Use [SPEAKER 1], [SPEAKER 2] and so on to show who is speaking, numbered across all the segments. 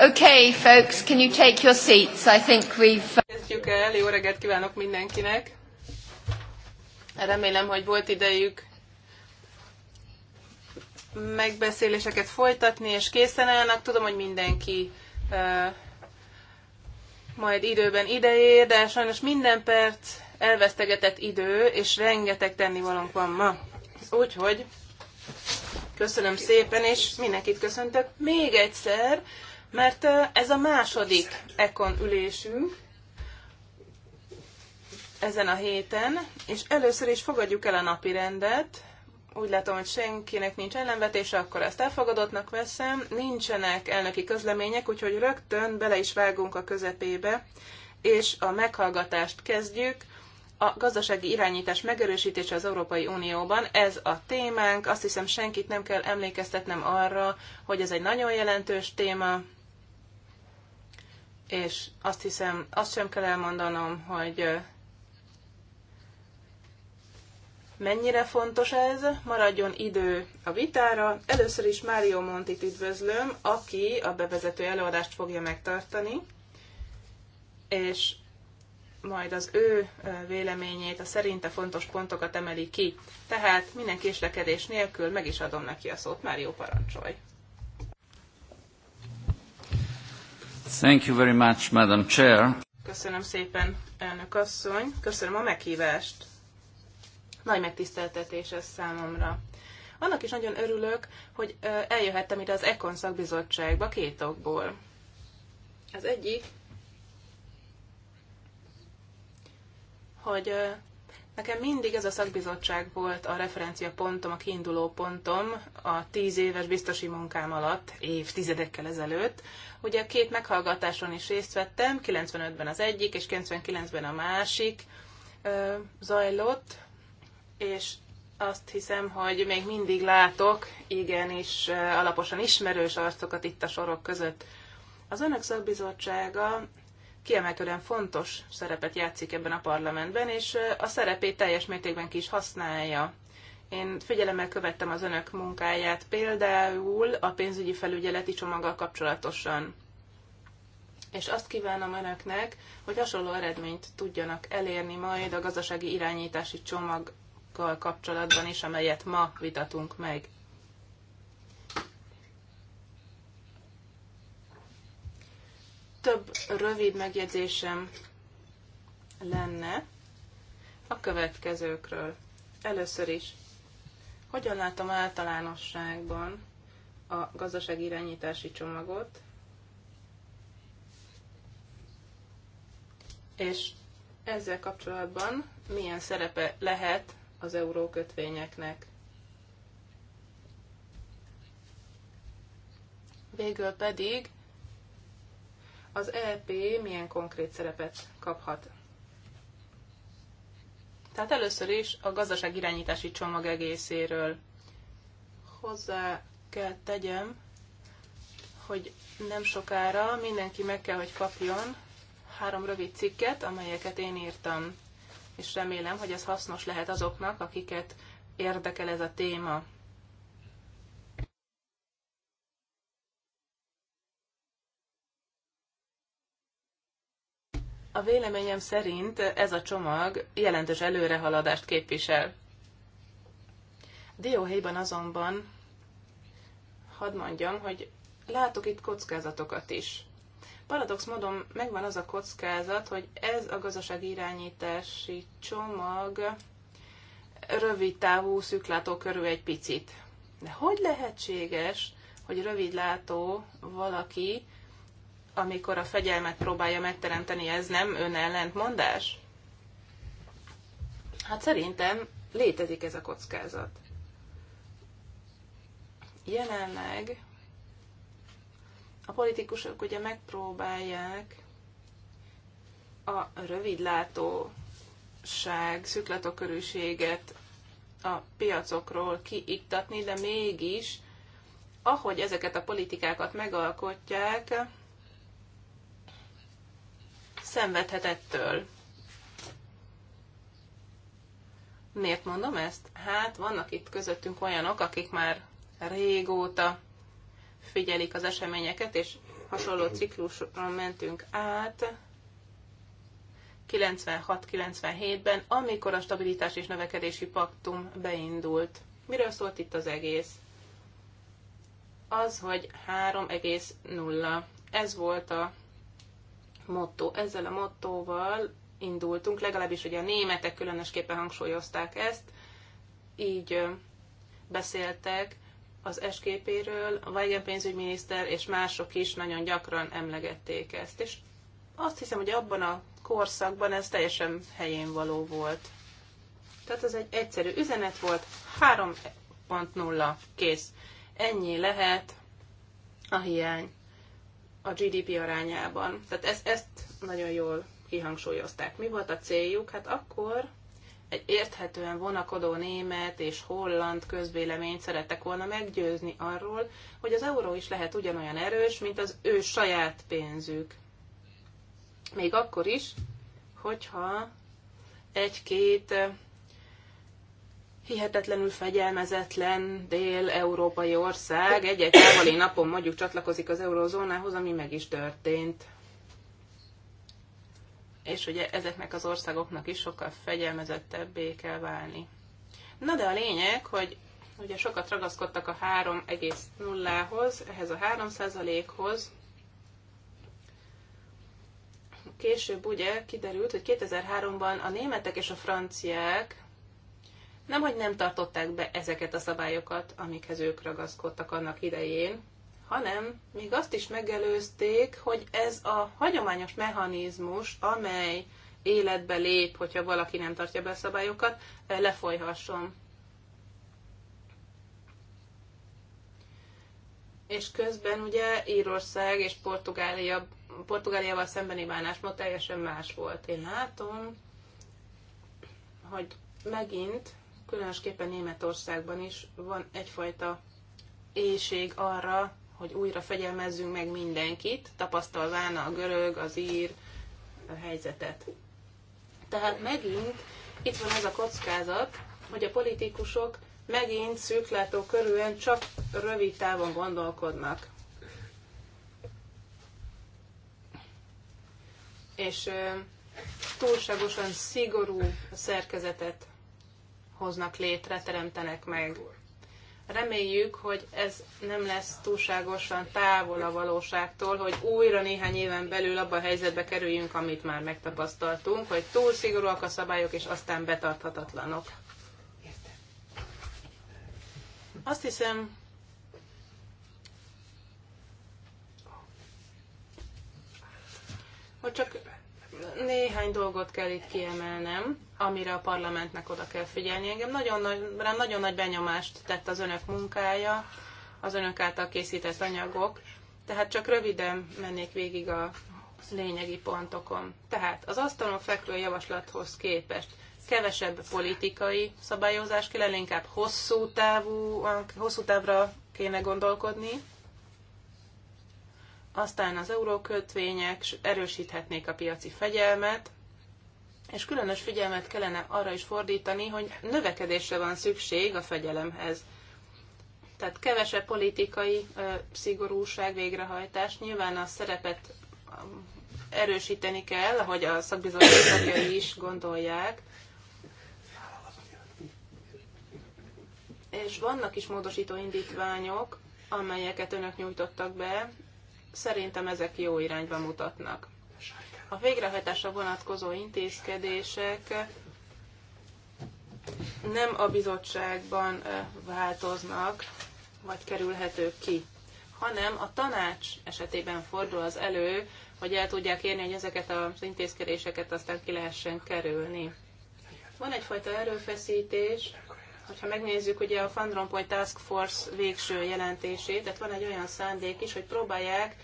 [SPEAKER 1] Okay, folks, can you take your seats? I think we've... Uh,
[SPEAKER 2] Kezdjük el, jó reggelt kívánok mindenkinek. Remélem, hogy volt idejük megbeszéléseket folytatni, és készen állnak. Tudom, hogy mindenki uh, majd időben ideér, de sajnos minden perc elvesztegetett idő, és rengeteg tennivalónk van ma. Úgyhogy köszönöm szépen, és mindenkit köszöntök még egyszer mert ez a második ekon ülésünk ezen a héten, és először is fogadjuk el a napi rendet, úgy látom, hogy senkinek nincs ellenvetése, akkor ezt elfogadottnak veszem. Nincsenek elnöki közlemények, úgyhogy rögtön bele is vágunk a közepébe, és a meghallgatást kezdjük. A gazdasági irányítás megerősítése az Európai Unióban, ez a témánk. Azt hiszem, senkit nem kell emlékeztetnem arra, hogy ez egy nagyon jelentős téma, és azt hiszem, azt sem kell elmondanom, hogy mennyire fontos ez, maradjon idő a vitára. Először is Mário Montit üdvözlöm, aki a bevezető előadást fogja megtartani, és majd az ő véleményét, a szerinte fontos pontokat emeli ki. Tehát minden késlekedés nélkül meg is adom neki a szót, Mário parancsolj.
[SPEAKER 3] Thank you very much, Madam Chair.
[SPEAKER 2] Köszönöm szépen, elnök asszony. Köszönöm a meghívást. Nagy megtiszteltetés ez számomra. Annak is nagyon örülök, hogy eljöhettem ide az Ekon szakbizottságba két okból. Az egyik, hogy Nekem mindig ez a szakbizottság volt a referencia pontom, a kiinduló pontom a tíz éves biztosi munkám alatt, évtizedekkel ezelőtt. Ugye két meghallgatáson is részt vettem, 95-ben az egyik, és 99-ben a másik ö, zajlott, és azt hiszem, hogy még mindig látok igenis alaposan ismerős arcokat itt a sorok között. Az önök szakbizottsága kiemelkedően fontos szerepet játszik ebben a parlamentben, és a szerepét teljes mértékben ki is használja. Én figyelemmel követtem az önök munkáját, például a pénzügyi felügyeleti csomaggal kapcsolatosan. És azt kívánom önöknek, hogy hasonló eredményt tudjanak elérni majd a gazdasági irányítási csomaggal kapcsolatban is, amelyet ma vitatunk meg. több rövid megjegyzésem lenne a következőkről. Először is, hogyan látom általánosságban a gazdasági irányítási csomagot, és ezzel kapcsolatban milyen szerepe lehet az eurókötvényeknek. Végül pedig az EP milyen konkrét szerepet kaphat. Tehát először is a gazdaság irányítási csomag egészéről hozzá kell tegyem, hogy nem sokára mindenki meg kell, hogy kapjon három rövid cikket, amelyeket én írtam, és remélem, hogy ez hasznos lehet azoknak, akiket érdekel ez a téma. A véleményem szerint ez a csomag jelentős előrehaladást képvisel. Dióhéjban azonban, hadd mondjam, hogy látok itt kockázatokat is. Paradox módon megvan az a kockázat, hogy ez a gazdasági irányítási csomag rövid távú szüklátó körül egy picit. De hogy lehetséges, hogy rövidlátó valaki amikor a fegyelmet próbálja megteremteni, ez nem ellentmondás? Hát szerintem létezik ez a kockázat. Jelenleg a politikusok ugye megpróbálják a rövidlátóság, szüklatokörűséget a piacokról kiiktatni, de mégis, ahogy ezeket a politikákat megalkotják, szenvedhet ettől. Miért mondom ezt? Hát vannak itt közöttünk olyanok, akik már régóta figyelik az eseményeket, és hasonló cikluson mentünk át 96-97-ben, amikor a stabilitás és növekedési paktum beindult. Miről szólt itt az egész? Az, hogy 3,0. Ez volt a motto. Ezzel a mottóval indultunk, legalábbis ugye a németek különösképpen hangsúlyozták ezt, így beszéltek az esképéről, a Weigen pénzügyminiszter és mások is nagyon gyakran emlegették ezt, és azt hiszem, hogy abban a korszakban ez teljesen helyén való volt. Tehát ez egy egyszerű üzenet volt, 3.0 kész. Ennyi lehet a hiány a GDP arányában. Tehát ezt, ezt nagyon jól kihangsúlyozták. Mi volt a céljuk? Hát akkor egy érthetően vonakodó német és holland közvéleményt szerettek volna meggyőzni arról, hogy az euró is lehet ugyanolyan erős, mint az ő saját pénzük. Még akkor is, hogyha egy-két hihetetlenül fegyelmezetlen dél-európai ország egy-egy távoli napon mondjuk csatlakozik az eurozónához, ami meg is történt. És ugye ezeknek az országoknak is sokkal fegyelmezettebbé kell válni. Na de a lényeg, hogy ugye sokat ragaszkodtak a 3,0-hoz, ehhez a 3%-hoz, később ugye kiderült, hogy 2003-ban a németek és a franciák nem, hogy nem tartották be ezeket a szabályokat, amikhez ők ragaszkodtak annak idején, hanem még azt is megelőzték, hogy ez a hagyományos mechanizmus, amely életbe lép, hogyha valaki nem tartja be a szabályokat, eh, lefolyhasson. És közben ugye Írország és Portugália, Portugáliával szembeni bánásmód teljesen más volt. Én látom, hogy megint különösképpen Németországban is van egyfajta éjség arra, hogy újra fegyelmezzünk meg mindenkit, tapasztalván a görög, az ír a helyzetet. Tehát megint itt van ez a kockázat, hogy a politikusok megint szűklátó körülön csak rövid távon gondolkodnak. És túlságosan szigorú szerkezetet hoznak létre, teremtenek meg. Reméljük, hogy ez nem lesz túlságosan távol a valóságtól, hogy újra néhány éven belül abba a helyzetbe kerüljünk, amit már megtapasztaltunk, hogy túl szigorúak a szabályok, és aztán betarthatatlanok. Azt hiszem, hogy csak néhány dolgot kell itt kiemelnem amire a parlamentnek oda kell figyelni. Engem nagyon nagy, rám nagyon nagy benyomást tett az önök munkája, az önök által készített anyagok, tehát csak röviden mennék végig a lényegi pontokon. Tehát az asztalon fekvő javaslathoz képest kevesebb politikai szabályozás kell, inkább hosszú, távú, hosszú távra kéne gondolkodni. Aztán az eurókötvények erősíthetnék a piaci fegyelmet, és különös figyelmet kellene arra is fordítani, hogy növekedésre van szükség a fegyelemhez. Tehát kevesebb politikai szigorúság, végrehajtás. Nyilván a szerepet erősíteni kell, ahogy a szakbizottság tagjai is gondolják. És vannak is módosító indítványok, amelyeket önök nyújtottak be. Szerintem ezek jó irányba mutatnak a végrehajtásra vonatkozó intézkedések nem a bizottságban változnak, vagy kerülhetők ki, hanem a tanács esetében fordul az elő, hogy el tudják érni, hogy ezeket az intézkedéseket aztán ki lehessen kerülni. Van egyfajta erőfeszítés, hogyha megnézzük ugye a Fandrompoly Task Force végső jelentését, tehát van egy olyan szándék is, hogy próbálják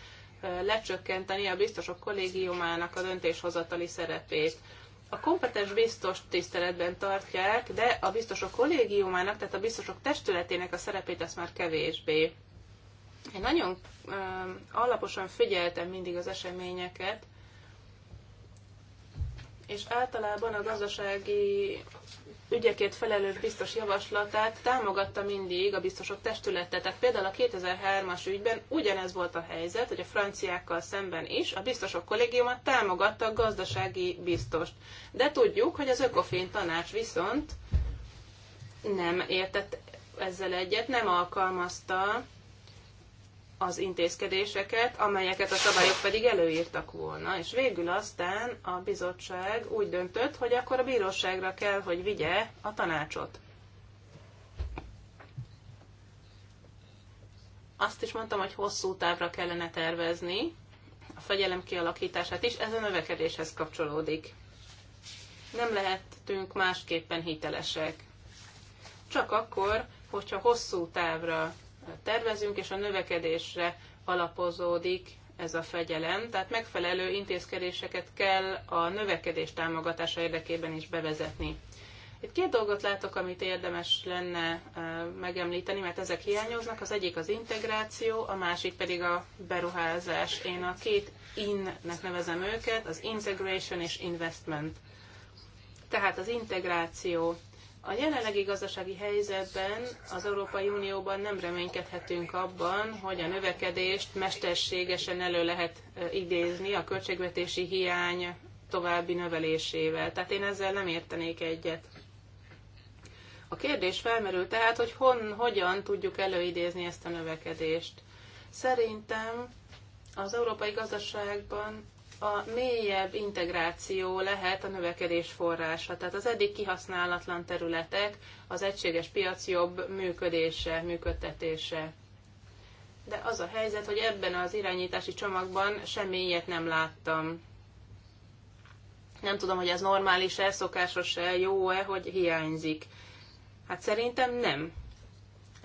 [SPEAKER 2] lecsökkenteni a biztosok kollégiumának a döntéshozatali szerepét. A kompetens biztos tiszteletben tartják, de a biztosok kollégiumának, tehát a biztosok testületének a szerepét ezt már kevésbé. Én nagyon alaposan figyeltem mindig az eseményeket, és általában a gazdasági ügyekért felelős biztos javaslatát támogatta mindig a biztosok testülete. Tehát például a 2003-as ügyben ugyanez volt a helyzet, hogy a franciákkal szemben is a biztosok kollégiuma támogatta a gazdasági biztost. De tudjuk, hogy az ökofén tanács viszont nem értett ezzel egyet, nem alkalmazta az intézkedéseket, amelyeket a szabályok pedig előírtak volna, és végül aztán a bizottság úgy döntött, hogy akkor a bíróságra kell, hogy vigye a tanácsot. Azt is mondtam, hogy hosszú távra kellene tervezni a fegyelem kialakítását is, ez a növekedéshez kapcsolódik. Nem lehetünk másképpen hitelesek. Csak akkor, hogyha hosszú távra tervezünk, és a növekedésre alapozódik ez a fegyelem, tehát megfelelő intézkedéseket kell a növekedés támogatása érdekében is bevezetni. Itt két dolgot látok, amit érdemes lenne eh, megemlíteni, mert ezek hiányoznak. Az egyik az integráció, a másik pedig a beruházás. Én a két in-nek nevezem őket, az integration és investment. Tehát az integráció a jelenlegi gazdasági helyzetben az Európai Unióban nem reménykedhetünk abban, hogy a növekedést mesterségesen elő lehet idézni a költségvetési hiány további növelésével. Tehát én ezzel nem értenék egyet. A kérdés felmerül tehát, hogy hon, hogyan tudjuk előidézni ezt a növekedést. Szerintem az európai gazdaságban a mélyebb integráció lehet a növekedés forrása. Tehát az eddig kihasználatlan területek, az egységes piac jobb működése, működtetése. De az a helyzet, hogy ebben az irányítási csomagban semmi ilyet nem láttam. Nem tudom, hogy ez normális-e, szokásos-e, jó-e, hogy hiányzik. Hát szerintem nem.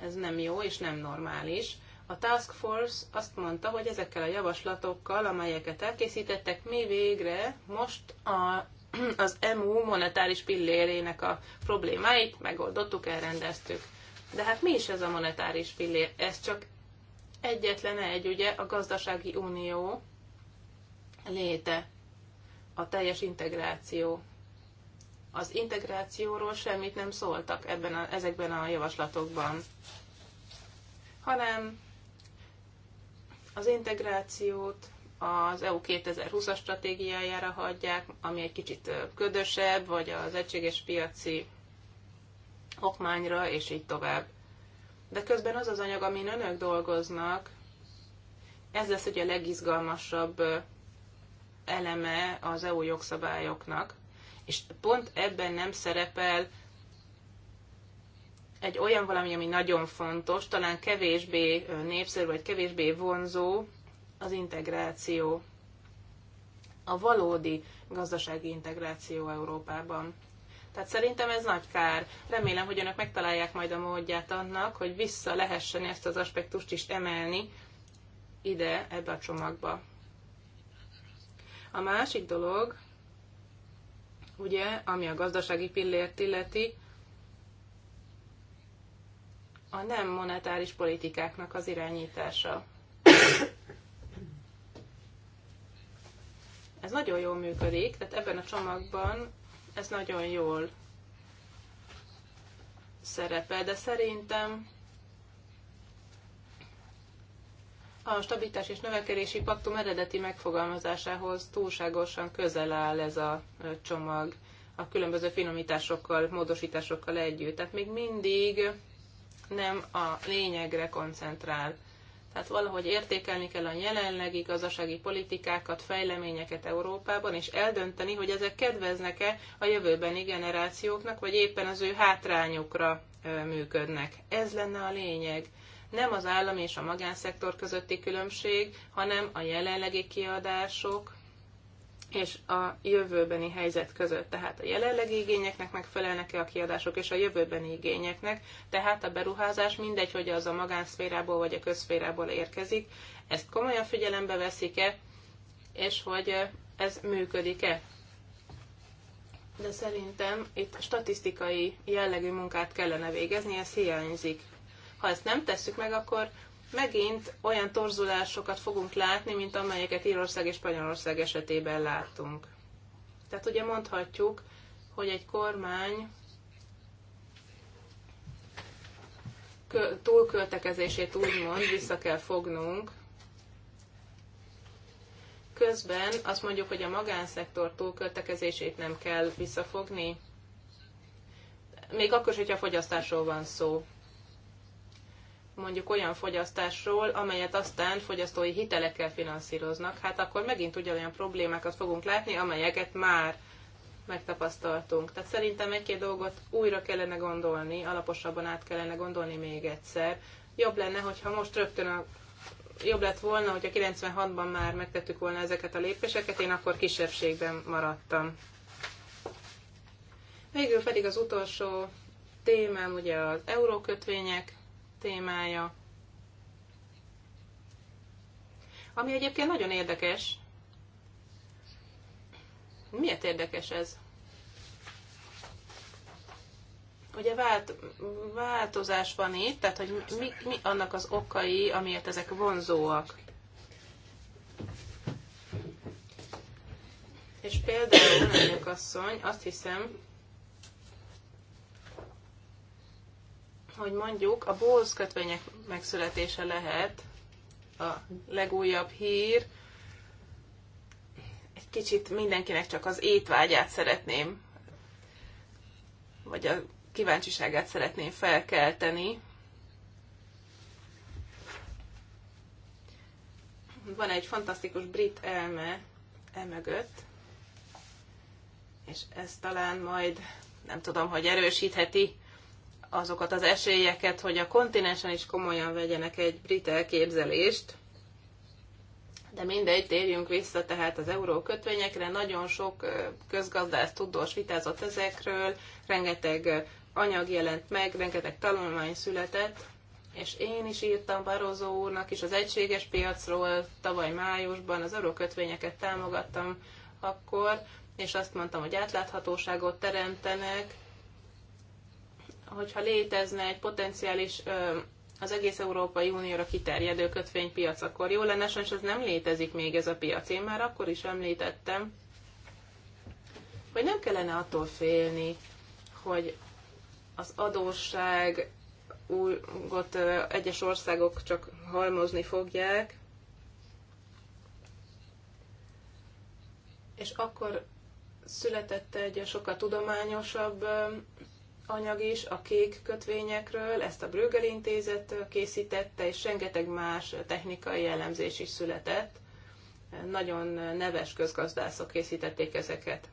[SPEAKER 2] Ez nem jó és nem normális a Task Force azt mondta, hogy ezekkel a javaslatokkal, amelyeket elkészítettek, mi végre most a, az EMU monetáris pillérének a problémáit megoldottuk, elrendeztük. De hát mi is ez a monetáris pillér? Ez csak egyetlen egy, ugye, a gazdasági unió léte, a teljes integráció. Az integrációról semmit nem szóltak ebben a, ezekben a javaslatokban, hanem az integrációt az EU 2020-as stratégiájára hagyják, ami egy kicsit ködösebb, vagy az egységes piaci okmányra, és így tovább. De közben az az anyag, amin önök dolgoznak, ez lesz ugye a legizgalmasabb eleme az EU jogszabályoknak, és pont ebben nem szerepel egy olyan valami, ami nagyon fontos, talán kevésbé népszerű, vagy kevésbé vonzó, az integráció. A valódi gazdasági integráció Európában. Tehát szerintem ez nagy kár. Remélem, hogy önök megtalálják majd a módját annak, hogy vissza lehessen ezt az aspektust is emelni ide, ebbe a csomagba. A másik dolog, ugye, ami a gazdasági pillért illeti, a nem monetáris politikáknak az irányítása. Ez nagyon jól működik, tehát ebben a csomagban ez nagyon jól szerepel, de szerintem a stabilitás és növekedési paktum eredeti megfogalmazásához túlságosan közel áll ez a csomag a különböző finomításokkal, módosításokkal együtt. Tehát még mindig nem a lényegre koncentrál. Tehát valahogy értékelni kell a jelenlegi gazdasági politikákat, fejleményeket Európában, és eldönteni, hogy ezek kedveznek-e a jövőbeni generációknak, vagy éppen az ő hátrányukra működnek. Ez lenne a lényeg. Nem az állami és a magánszektor közötti különbség, hanem a jelenlegi kiadások és a jövőbeni helyzet között, tehát a jelenlegi igényeknek megfelelnek-e a kiadások, és a jövőbeni igényeknek, tehát a beruházás mindegy, hogy az a magánszférából vagy a közszférából érkezik, ezt komolyan figyelembe veszik-e, és hogy ez működik-e. De szerintem itt statisztikai jellegű munkát kellene végezni, ez hiányzik. Ha ezt nem tesszük meg, akkor megint olyan torzulásokat fogunk látni, mint amelyeket Írország és Spanyolország esetében láttunk. Tehát ugye mondhatjuk, hogy egy kormány túlköltekezését úgymond vissza kell fognunk, közben azt mondjuk, hogy a magánszektor túlköltekezését nem kell visszafogni, még akkor is, hogyha a fogyasztásról van szó mondjuk olyan fogyasztásról, amelyet aztán fogyasztói hitelekkel finanszíroznak, hát akkor megint ugyanolyan problémákat fogunk látni, amelyeket már megtapasztaltunk. Tehát szerintem egy-két dolgot újra kellene gondolni, alaposabban át kellene gondolni még egyszer. Jobb lenne, hogyha most rögtön a jobb lett volna, hogy a 96-ban már megtettük volna ezeket a lépéseket, én akkor kisebbségben maradtam. Végül pedig az utolsó témám ugye az eurókötvények, témája, ami egyébként nagyon érdekes. Miért érdekes ez? Ugye vált, változás van itt, tehát hogy mi, mi annak az okai, amiért ezek vonzóak. És például, a asszony, azt hiszem, hogy mondjuk a bóz kötvények megszületése lehet a legújabb hír. Egy kicsit mindenkinek csak az étvágyát szeretném, vagy a kíváncsiságát szeretném felkelteni. Van egy fantasztikus brit elme e mögött, és ez talán majd nem tudom, hogy erősítheti azokat az esélyeket, hogy a kontinensen is komolyan vegyenek egy brit elképzelést. De mindegy, térjünk vissza tehát az euró kötvényekre. Nagyon sok közgazdász, tudós vitázott ezekről, rengeteg anyag jelent meg, rengeteg tanulmány született, és én is írtam Barozó úrnak is az egységes piacról tavaly májusban, az eurókötvényeket támogattam akkor, és azt mondtam, hogy átláthatóságot teremtenek, hogyha létezne egy potenciális az egész Európai Unióra kiterjedő kötvénypiac, akkor jó lenne, sajnos ez nem létezik még ez a piac. Én már akkor is említettem, hogy nem kellene attól félni, hogy az adósság úgot egyes országok csak halmozni fogják, és akkor született egy sokkal tudományosabb anyag is a kék kötvényekről, ezt a Brüggel intézet készítette, és rengeteg más technikai jellemzés is született. Nagyon neves közgazdászok készítették ezeket.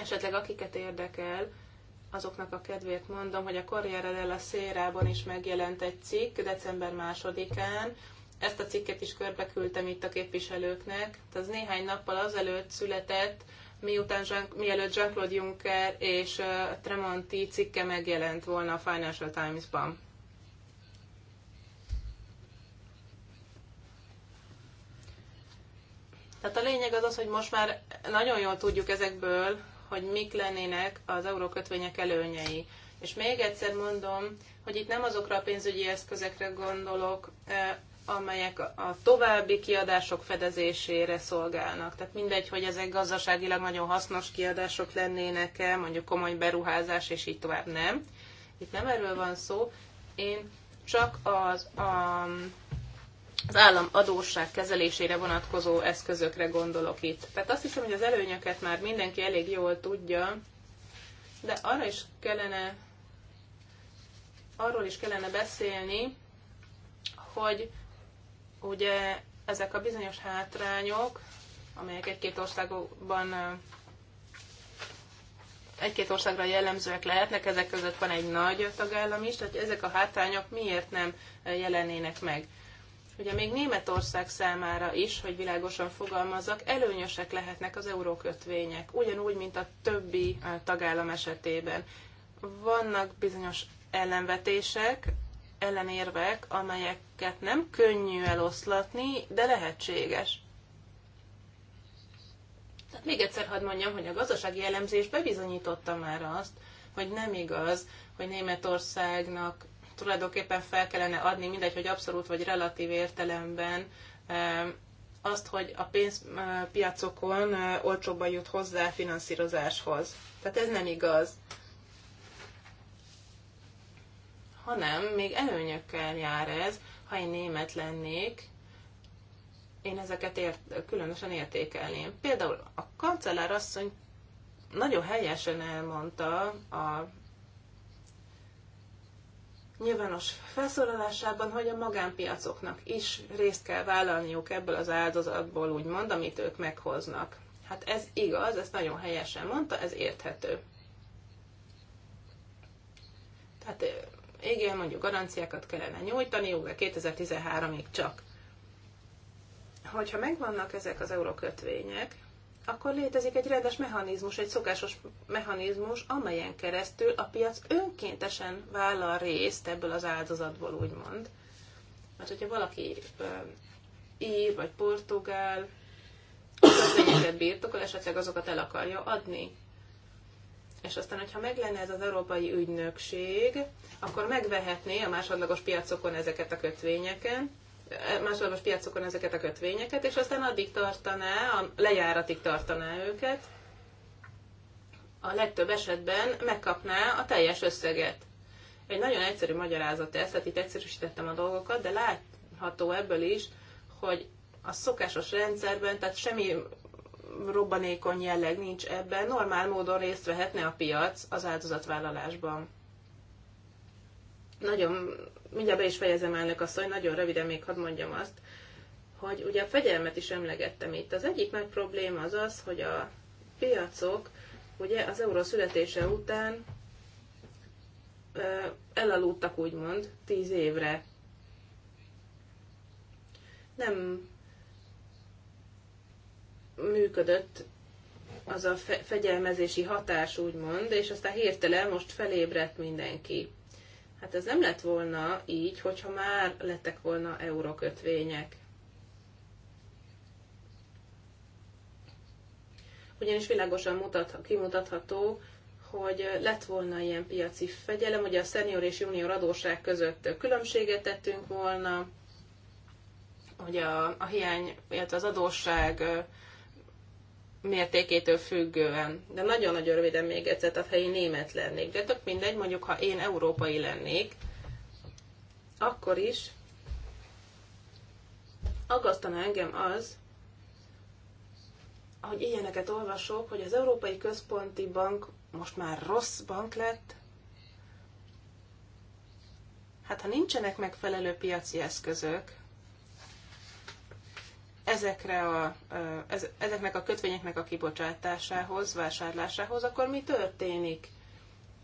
[SPEAKER 2] Esetleg akiket érdekel, azoknak a kedvéért mondom, hogy a Corriere della Sera-ban is megjelent egy cikk december másodikán. Ezt a cikket is körbeküldtem itt a képviselőknek. Az néhány nappal azelőtt született, miután Jean, mielőtt Jean-Claude Juncker és uh, Tremonti cikke megjelent volna a Financial Times-ban. Tehát a lényeg az az, hogy most már nagyon jól tudjuk ezekből, hogy mik lennének az eurókötvények előnyei. És még egyszer mondom, hogy itt nem azokra a pénzügyi eszközekre gondolok, amelyek a további kiadások fedezésére szolgálnak. Tehát mindegy, hogy ezek gazdaságilag nagyon hasznos kiadások lennének-e, mondjuk komoly beruházás, és így tovább nem. Itt nem erről van szó. Én csak az, a, az állam adósság kezelésére vonatkozó eszközökre gondolok itt. Tehát azt hiszem, hogy az előnyöket már mindenki elég jól tudja, de arra is kellene, arról is kellene beszélni, hogy Ugye ezek a bizonyos hátrányok, amelyek egy-két országban egy-két országra jellemzőek lehetnek, ezek között van egy nagy tagállam is, tehát ezek a hátrányok miért nem jelennének meg. Ugye még Németország számára is, hogy világosan fogalmazzak, előnyösek lehetnek az eurókötvények, ugyanúgy, mint a többi tagállam esetében. Vannak bizonyos ellenvetések ellenérvek, amelyeket nem könnyű eloszlatni, de lehetséges. Tehát még egyszer hadd mondjam, hogy a gazdasági elemzés bebizonyította már azt, hogy nem igaz, hogy Németországnak tulajdonképpen fel kellene adni, mindegy, hogy abszolút vagy relatív értelemben azt, hogy a pénzpiacokon olcsóban jut hozzá finanszírozáshoz. Tehát ez nem igaz hanem még előnyökkel jár ez, ha én német lennék, én ezeket ért, különösen értékelném. Például a kancellár asszony nagyon helyesen elmondta a nyilvános felszólalásában, hogy a magánpiacoknak is részt kell vállalniuk ebből az áldozatból, úgymond, amit ők meghoznak. Hát ez igaz, ezt nagyon helyesen mondta, ez érthető. Tehát igen, mondjuk garanciákat kellene nyújtani, ugye 2013-ig csak. Hogyha megvannak ezek az eurókötvények, akkor létezik egy rendes mechanizmus, egy szokásos mechanizmus, amelyen keresztül a piac önkéntesen vállal részt ebből az áldozatból, úgymond. Mert hogyha valaki ír vagy portugál kötvényeket birtokol, esetleg azokat el akarja adni és aztán, hogyha meg lenne ez az európai ügynökség, akkor megvehetné a másodlagos piacokon ezeket a kötvényeken, e, másodlagos piacokon ezeket a kötvényeket, és aztán addig tartaná, a lejáratig tartaná őket, a legtöbb esetben megkapná a teljes összeget. Egy nagyon egyszerű magyarázat ez, tehát itt egyszerűsítettem a dolgokat, de látható ebből is, hogy a szokásos rendszerben, tehát semmi robbanékony jelleg nincs ebben, normál módon részt vehetne a piac az áldozatvállalásban. Nagyon, mindjárt be is fejezem elnök hogy nagyon röviden még hadd mondjam azt, hogy ugye a fegyelmet is emlegettem itt. Az egyik nagy probléma az az, hogy a piacok ugye az euró születése után elaludtak úgymond tíz évre. Nem működött az a fe- fegyelmezési hatás, úgymond, és aztán hirtelen most felébredt mindenki. Hát ez nem lett volna így, hogyha már lettek volna eurokötvények. Ugyanis világosan mutat, kimutatható, hogy lett volna ilyen piaci fegyelem, ugye a szenior és junior adóság között különbséget tettünk volna, hogy a, a hiány, illetve az adósság mértékétől függően. De nagyon-nagyon röviden még egyszer, tehát ha én német lennék, de tök mindegy, mondjuk ha én európai lennék, akkor is aggasztana engem az, hogy ilyeneket olvasok, hogy az Európai Központi Bank most már rossz bank lett. Hát ha nincsenek megfelelő piaci eszközök, ezekre a, ezeknek a kötvényeknek a kibocsátásához, vásárlásához, akkor mi történik?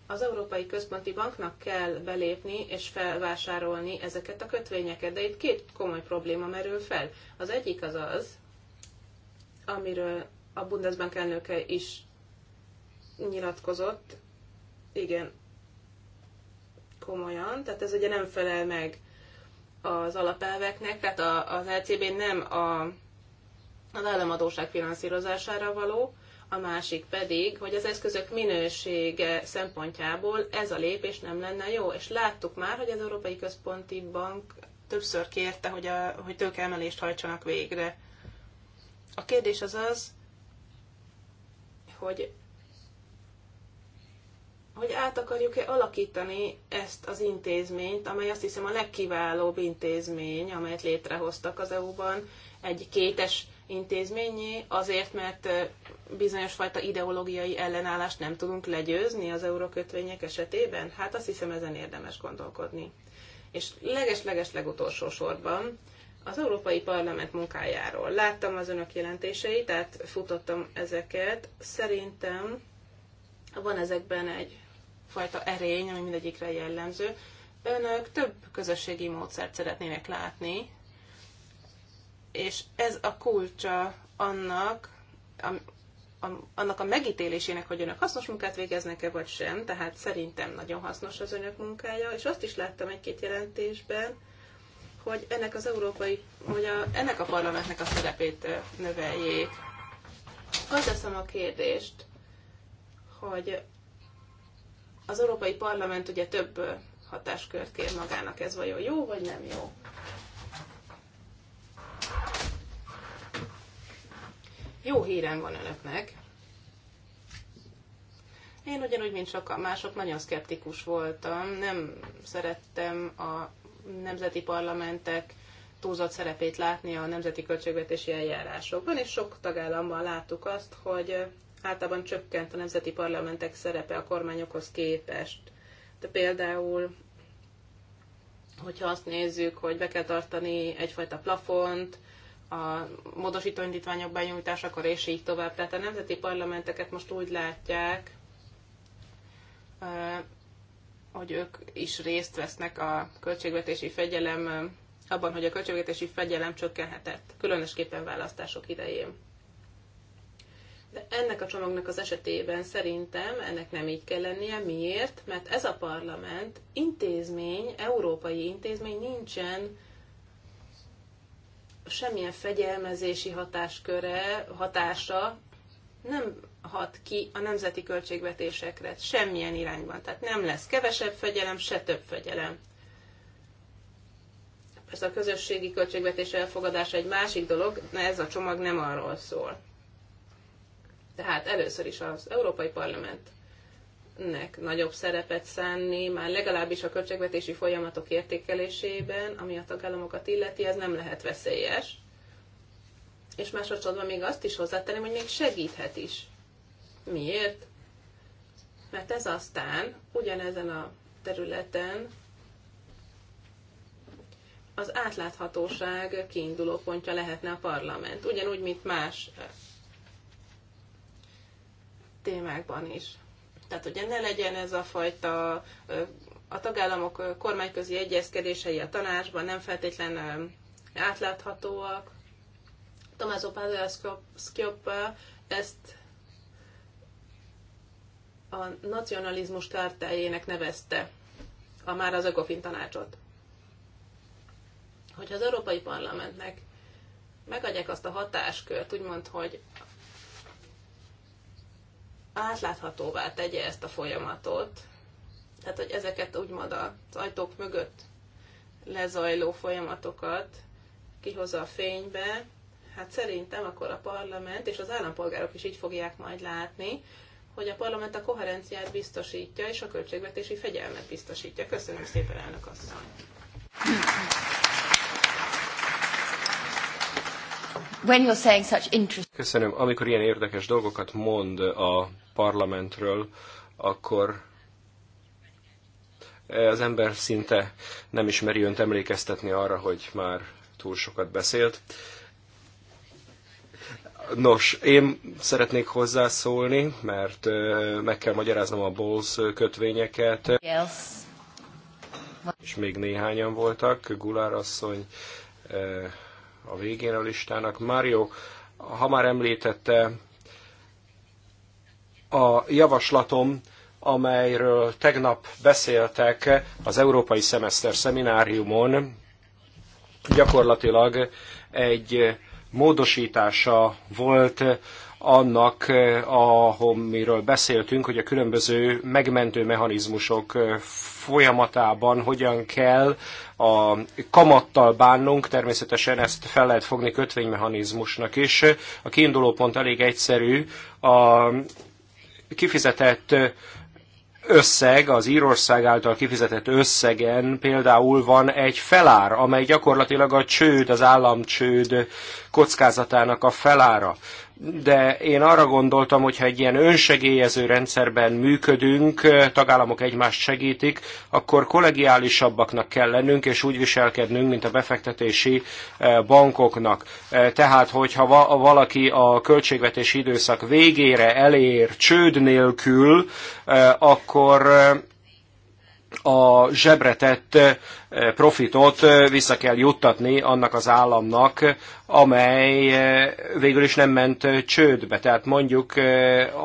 [SPEAKER 2] Az Európai Központi Banknak kell belépni és felvásárolni ezeket a kötvényeket, de itt két komoly probléma merül fel. Az egyik az az, amiről a Bundesbank elnöke is nyilatkozott, igen, komolyan, tehát ez ugye nem felel meg az alapelveknek, tehát a, az LCB nem a, az államadóság finanszírozására való, a másik pedig, hogy az eszközök minősége szempontjából ez a lépés nem lenne jó. És láttuk már, hogy az Európai Központi Bank többször kérte, hogy, a, hogy tőkeemelést hajtsanak végre. A kérdés az az, hogy hogy át akarjuk-e alakítani ezt az intézményt, amely azt hiszem a legkiválóbb intézmény, amelyet létrehoztak az EU-ban, egy kétes intézményé, azért, mert bizonyos fajta ideológiai ellenállást nem tudunk legyőzni az eurókötvények esetében? Hát azt hiszem ezen érdemes gondolkodni. És leges-leges legutolsó sorban az Európai Parlament munkájáról. Láttam az önök jelentéseit, tehát futottam ezeket. Szerintem van ezekben egy fajta erény, ami mindegyikre jellemző. Önök több közösségi módszert szeretnének látni, és ez a kulcsa annak, am- am, annak a megítélésének, hogy önök hasznos munkát végeznek-e vagy sem, tehát szerintem nagyon hasznos az önök munkája, és azt is láttam egy-két jelentésben, hogy ennek az európai, hogy a, ennek a parlamentnek a szerepét növeljék. Azt teszem a kérdést, hogy az Európai Parlament ugye több hatáskört kér magának, ez vajon jó vagy nem jó? Jó hírem van önöknek. Én ugyanúgy, mint sokan mások, nagyon szkeptikus voltam. Nem szerettem a nemzeti parlamentek túlzott szerepét látni a nemzeti költségvetési eljárásokban, és sok tagállamban láttuk azt, hogy általában csökkent a nemzeti parlamentek szerepe a kormányokhoz képest. De például, hogyha azt nézzük, hogy be kell tartani egyfajta plafont, a módosító indítványok benyújtásakor és így tovább. Tehát a nemzeti parlamenteket most úgy látják, hogy ők is részt vesznek a költségvetési fegyelem, abban, hogy a költségvetési fegyelem csökkenhetett, különösképpen választások idején. De ennek a csomagnak az esetében szerintem ennek nem így kell lennie. Miért? Mert ez a parlament intézmény, európai intézmény nincsen semmilyen fegyelmezési hatásköre, hatása nem hat ki a nemzeti költségvetésekre semmilyen irányban. Tehát nem lesz kevesebb fegyelem, se több fegyelem. Persze a közösségi költségvetés elfogadása egy másik dolog, mert ez a csomag nem arról szól. Tehát először is az Európai Parlamentnek nagyobb szerepet szánni, már legalábbis a költségvetési folyamatok értékelésében, ami a tagállamokat illeti, ez nem lehet veszélyes. És másodszorban még azt is hozzátenném, hogy még segíthet is. Miért? Mert ez aztán ugyanezen a területen az átláthatóság kiinduló pontja lehetne a parlament. Ugyanúgy, mint más témákban is. Tehát ugye ne legyen ez a fajta a tagállamok kormányközi egyezkedései a tanácsban nem feltétlenül átláthatóak. Tomázó Pazelszkioppa ezt a nacionalizmus kártájének nevezte a már az Ökofin tanácsot. Hogyha az Európai Parlamentnek megadják azt a hatáskört, úgymond, hogy átláthatóvá tegye ezt a folyamatot, tehát hogy ezeket úgymond az ajtók mögött lezajló folyamatokat kihozza a fénybe, hát szerintem akkor a parlament és az állampolgárok is így fogják majd látni, hogy a parlament a koherenciát biztosítja és a költségvetési fegyelmet biztosítja. Köszönöm szépen, elnök asszony!
[SPEAKER 3] when you're saying such interest... Köszönöm. Amikor ilyen érdekes dolgokat mond a parlamentről, akkor az ember szinte nem ismeri önt emlékeztetni arra, hogy már túl sokat beszélt. Nos, én szeretnék hozzászólni, mert meg kell magyaráznom a Bowles kötvényeket. Yes. És még néhányan voltak, Gulár asszony, a végén a listának. Mário, ha már említette, a javaslatom, amelyről tegnap beszéltek az Európai Szemeszter szemináriumon, gyakorlatilag egy módosítása volt annak, eh, amiről beszéltünk, hogy a különböző megmentő mechanizmusok eh, folyamatában hogyan kell a kamattal bánnunk, természetesen ezt fel lehet fogni kötvénymechanizmusnak is. A kiinduló pont elég egyszerű, a kifizetett összeg, az Írország által kifizetett összegen például van egy felár, amely gyakorlatilag a csőd, az államcsőd kockázatának a felára de én arra gondoltam, hogyha egy ilyen önsegélyező rendszerben működünk, tagállamok egymást segítik, akkor kollegiálisabbaknak kell lennünk, és úgy viselkednünk, mint a befektetési bankoknak. Tehát, hogyha valaki a költségvetési időszak végére elér csőd nélkül, akkor a zsebretett eh, profitot eh, vissza kell juttatni annak az államnak, amely eh, végül is nem ment csődbe. Tehát mondjuk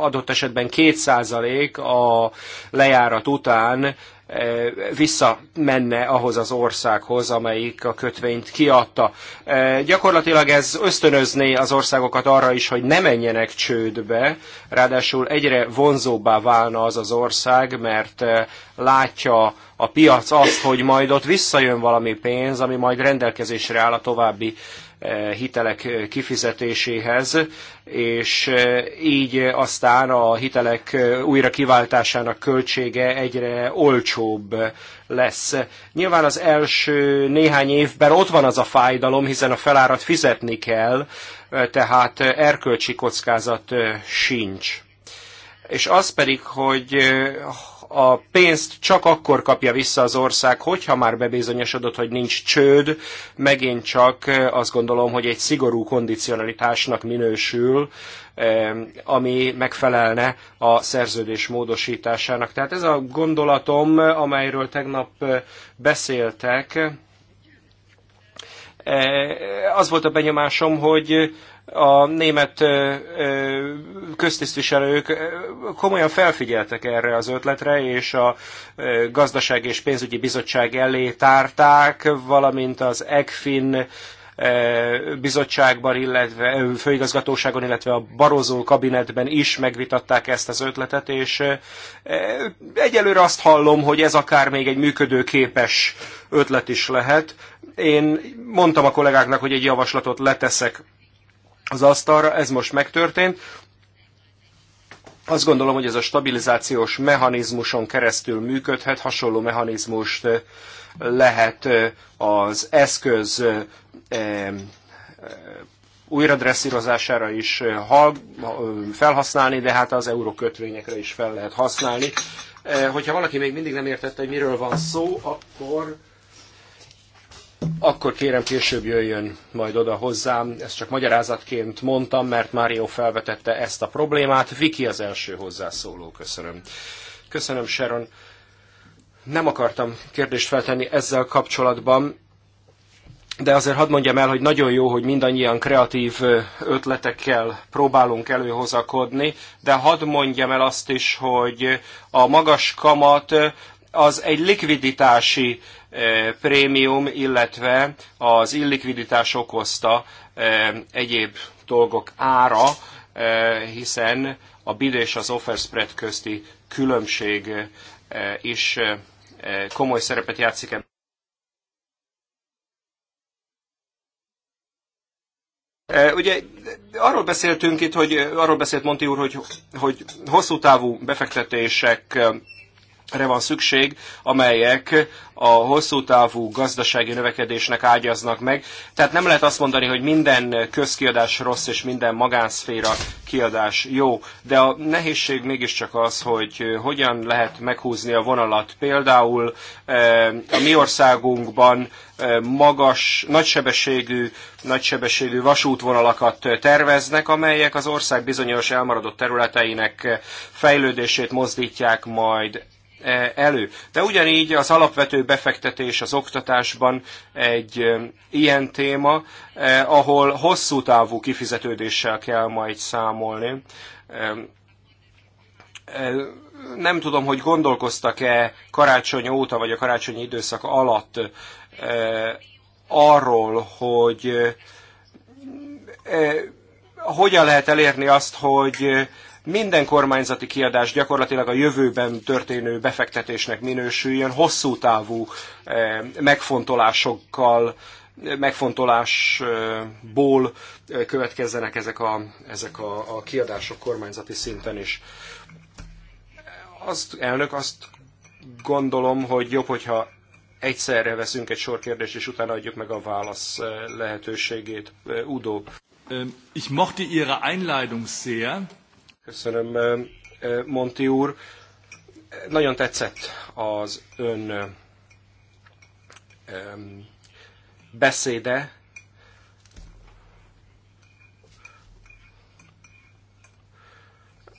[SPEAKER 3] adott esetben 2% a lejárat után Eh, visszamenne ahhoz az országhoz, amelyik a kötvényt kiadta. Eh, gyakorlatilag ez ösztönözné az országokat arra is, hogy ne menjenek csődbe, ráadásul egyre vonzóbbá válna az az ország, mert eh, látja a piac azt, hogy majd ott visszajön valami pénz, ami majd rendelkezésre áll a további hitelek kifizetéséhez, és eh, így aztán a hitelek eh, újra kiváltásának költsége egyre olcsóbb lesz. Nyilván az első néhány évben ott van az a fájdalom, hiszen a felárat fizetni kell, eh, tehát erkölcsi kockázat sincs és az pedig, hogy a pénzt csak akkor kapja vissza az ország, hogyha már bebizonyosodott, hogy nincs csőd, megint csak eh, azt gondolom, hogy egy szigorú kondicionalitásnak minősül, eh, ami megfelelne a szerződés módosításának. Tehát ez a gondolatom, amelyről tegnap eh, beszéltek, az volt a benyomásom, hogy a német köztisztviselők komolyan felfigyeltek erre az ötletre, és a Gazdaság és Pénzügyi Bizottság elé tárták, valamint az ECFIN bizottságban, illetve főigazgatóságon, illetve a Barozó kabinetben is megvitatták ezt az ötletet, és egyelőre azt hallom, hogy ez akár még egy működőképes ötlet is lehet. Én mondtam a kollégáknak, hogy egy javaslatot leteszek az asztalra, ez most megtörtént. Azt gondolom, hogy ez a stabilizációs mechanizmuson keresztül működhet, hasonló mechanizmust eh, lehet eh, az eszköz eh, újradresszírozására is felhasználni, de hát az eurókötvényekre is fel lehet használni. Hogyha valaki még mindig nem értette, hogy miről van szó, akkor akkor kérem később jöjjön majd oda hozzám. Ezt csak magyarázatként mondtam, mert Mário felvetette ezt a problémát. Viki az első hozzászóló, köszönöm. Köszönöm, Sharon. Nem akartam kérdést feltenni ezzel kapcsolatban, de azért hadd mondjam el, hogy nagyon jó, hogy mindannyian kreatív ötletekkel próbálunk előhozakodni, de hadd mondjam el azt is, hogy a magas kamat az egy likviditási prémium, illetve az illikviditás okozta egyéb dolgok ára, hiszen a bid és az offer spread közti különbség is komoly szerepet játszik ebben. Ugye arról beszéltünk itt, hogy arról beszélt Monti úr, hogy, hogy hosszú távú befektetések re van szükség, amelyek a hosszú távú gazdasági növekedésnek ágyaznak meg. Tehát nem lehet azt mondani, hogy minden közkiadás rossz és minden magánszféra kiadás jó, de a nehézség mégiscsak az, hogy hogyan lehet meghúzni a vonalat. Például eh, a mi országunkban eh, magas, nagysebességű, nagysebességű vasútvonalakat terveznek, amelyek az ország bizonyos elmaradott területeinek fejlődését mozdítják majd E, elő. De ugyanígy az alapvető befektetés az oktatásban egy e, ilyen téma, e, ahol hosszú távú kifizetődéssel kell majd számolni. Nem tudom, hogy gondolkoztak-e karácsony óta, vagy a karácsonyi időszak alatt arról, hogy hogyan lehet elérni azt, hogy minden kormányzati kiadás gyakorlatilag a jövőben történő befektetésnek minősüljön, hosszú távú eh, megfontolásokkal, eh, megfontolásból eh, következzenek ezek a, ezek a, a kiadások kormányzati szinten is. Azt, elnök, azt gondolom, hogy jobb, hogyha egyszerre veszünk egy sor kérdést, és utána adjuk meg a válasz lehetőségét. Udo. Ich mochte Ihre Einleitung sehr. Köszönöm, eh, Monti úr. Nagyon tetszett az ön eh, beszéde,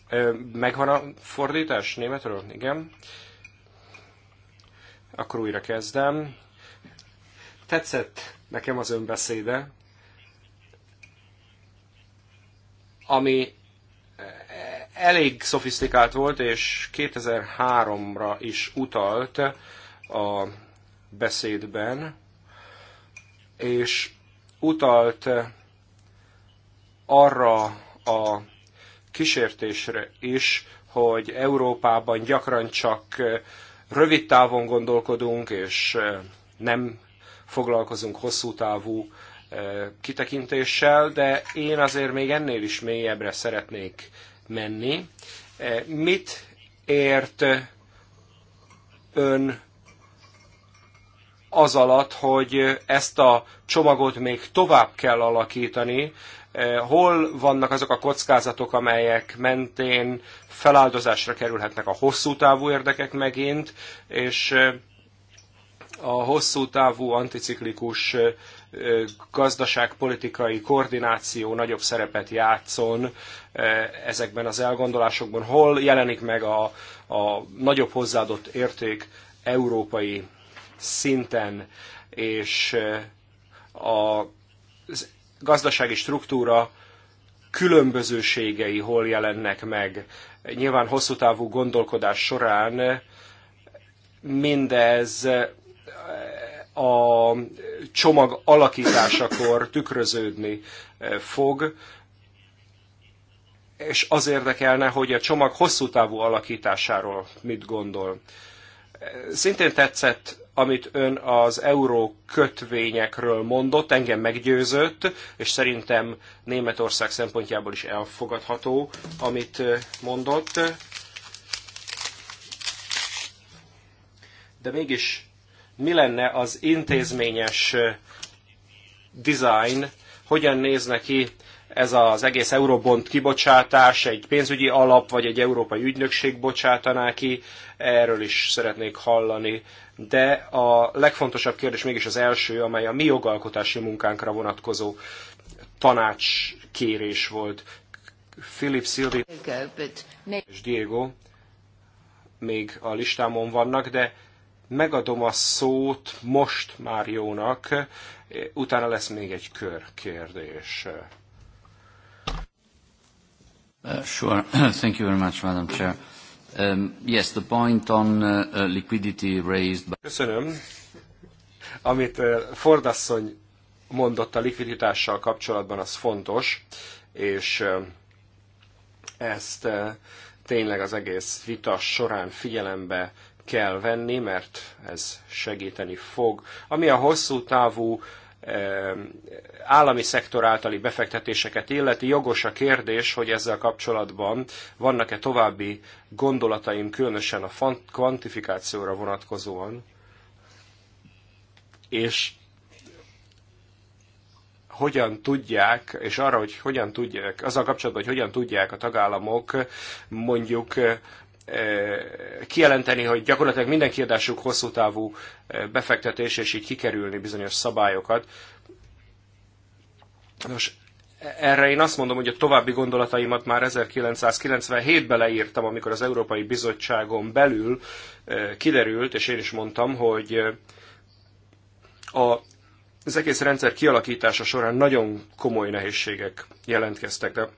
[SPEAKER 3] eh, Megvan a fordítás németről? Igen. Akkor újra kezdem. Tetszett nekem az önbeszéde, ami elég szofisztikált volt, és 2003-ra is utalt a beszédben, és utalt arra a kísértésre is, hogy Európában gyakran csak rövid távon gondolkodunk, és nem foglalkozunk hosszú távú eh, kitekintéssel, de én azért még ennél is mélyebbre szeretnék menni. E, mit ért ön az alatt, hogy ezt a csomagot még tovább kell alakítani, e, hol vannak azok a kockázatok, amelyek mentén feláldozásra kerülhetnek a hosszú távú érdekek megint, és a hosszú távú anticiklikus gazdaságpolitikai koordináció nagyobb szerepet játszon ezekben az elgondolásokban. Hol jelenik meg a, a nagyobb hozzáadott érték európai szinten, és a gazdasági struktúra különbözőségei hol jelennek meg. Nyilván hosszú távú gondolkodás során mindez a csomag alakításakor tükröződni eh, fog, és az érdekelne, hogy a csomag hosszú távú alakításáról mit gondol. Eh, szintén tetszett, amit ön az euró kötvényekről mondott, engem meggyőzött, és szerintem Németország szempontjából is elfogadható, amit eh, mondott. De mégis mi lenne az intézményes design, hogyan néz neki ez az egész eurobond kibocsátás, egy pénzügyi alap vagy egy európai ügynökség bocsátaná ki, erről is szeretnék hallani. De a legfontosabb kérdés mégis az első, amely a mi jogalkotási munkánkra vonatkozó tanácskérés volt. Philip Szilvi és Diego még a listámon vannak, de Megadom a szót most Máriónak, utána lesz még egy körkérdés. Uh, sure. Thank you very much, Madam Chair. Um, yes, the point on uh, uh liquidity raised by... Köszönöm. Amit uh, Fordasszony mondott a likviditással kapcsolatban, az fontos, és uh, ezt uh, tényleg az egész vita során figyelembe kell venni, mert ez segíteni fog. Ami a hosszú távú eh, állami szektor általi befektetéseket illeti, jogos a kérdés, hogy ezzel kapcsolatban vannak-e további gondolataim, különösen a kvantifikációra vonatkozóan, és hogyan tudják, és arra, hogy hogyan tudják, azzal kapcsolatban, hogy hogyan tudják a tagállamok mondjuk eh, kijelenteni, hogy gyakorlatilag minden kiadásuk hosszú távú befektetés, és így kikerülni bizonyos szabályokat. Nos, erre én azt mondom, hogy a további gondolataimat már 1997-ben leírtam, amikor az Európai Bizottságon belül kiderült, és én is mondtam, hogy a az egész rendszer kialakítása során nagyon komoly nehézségek jelentkeztek. De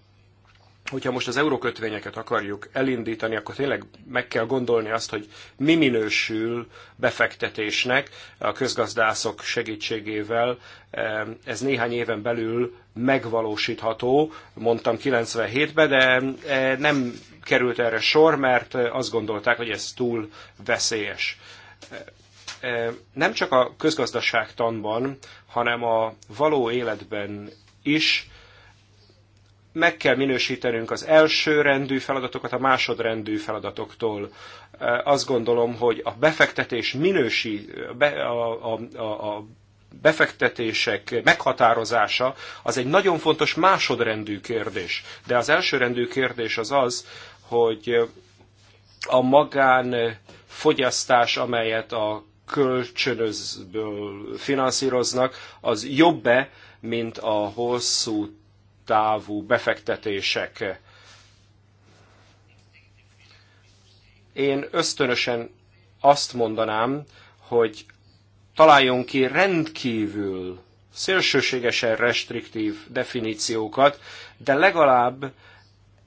[SPEAKER 3] hogyha most az eurókötvényeket akarjuk elindítani, akkor tényleg meg kell gondolni azt, hogy mi minősül befektetésnek a közgazdászok segítségével. Eh, ez néhány éven belül megvalósítható, mondtam 97-ben, de eh, nem került erre sor, mert eh, azt gondolták, hogy ez túl veszélyes. Nem csak a közgazdaságtanban, hanem a való életben is meg kell minősítenünk az első rendű feladatokat a másodrendű feladatoktól. Azt gondolom, hogy a befektetés minősi, a, a, a, a befektetések meghatározása az egy nagyon fontos másodrendű kérdés. De az elsőrendű kérdés az az, hogy a magánfogyasztás, amelyet a kölcsönözből finanszíroznak, az jobb-e, mint a hosszú távú befektetések. Én ösztönösen azt mondanám, hogy találjon ki rendkívül szélsőségesen restriktív definíciókat, de legalább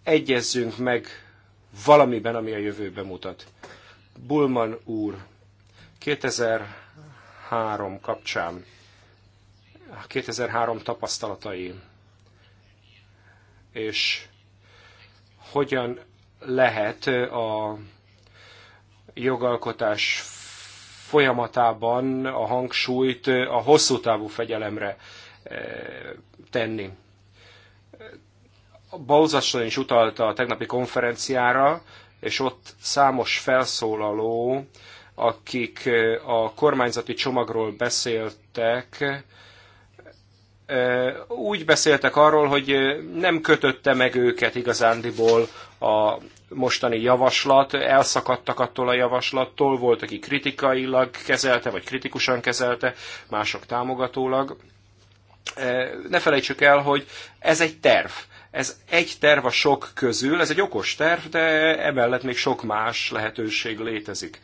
[SPEAKER 3] egyezzünk meg valamiben, ami a jövőbe mutat. Bulman úr, 2003 kapcsán, 2003 tapasztalatai és hogyan lehet a jogalkotás folyamatában a hangsúlyt a hosszú távú fegyelemre tenni. Bauzasson is utalta a tegnapi konferenciára, és ott számos felszólaló, akik a kormányzati csomagról beszéltek, úgy beszéltek arról, hogy nem kötötte meg őket igazándiból a mostani javaslat, elszakadtak attól a javaslattól, volt, aki kritikailag kezelte, vagy kritikusan kezelte, mások támogatólag. Ne felejtsük el, hogy ez egy terv. Ez egy terv a sok közül, ez egy okos terv, de emellett még sok más lehetőség létezik.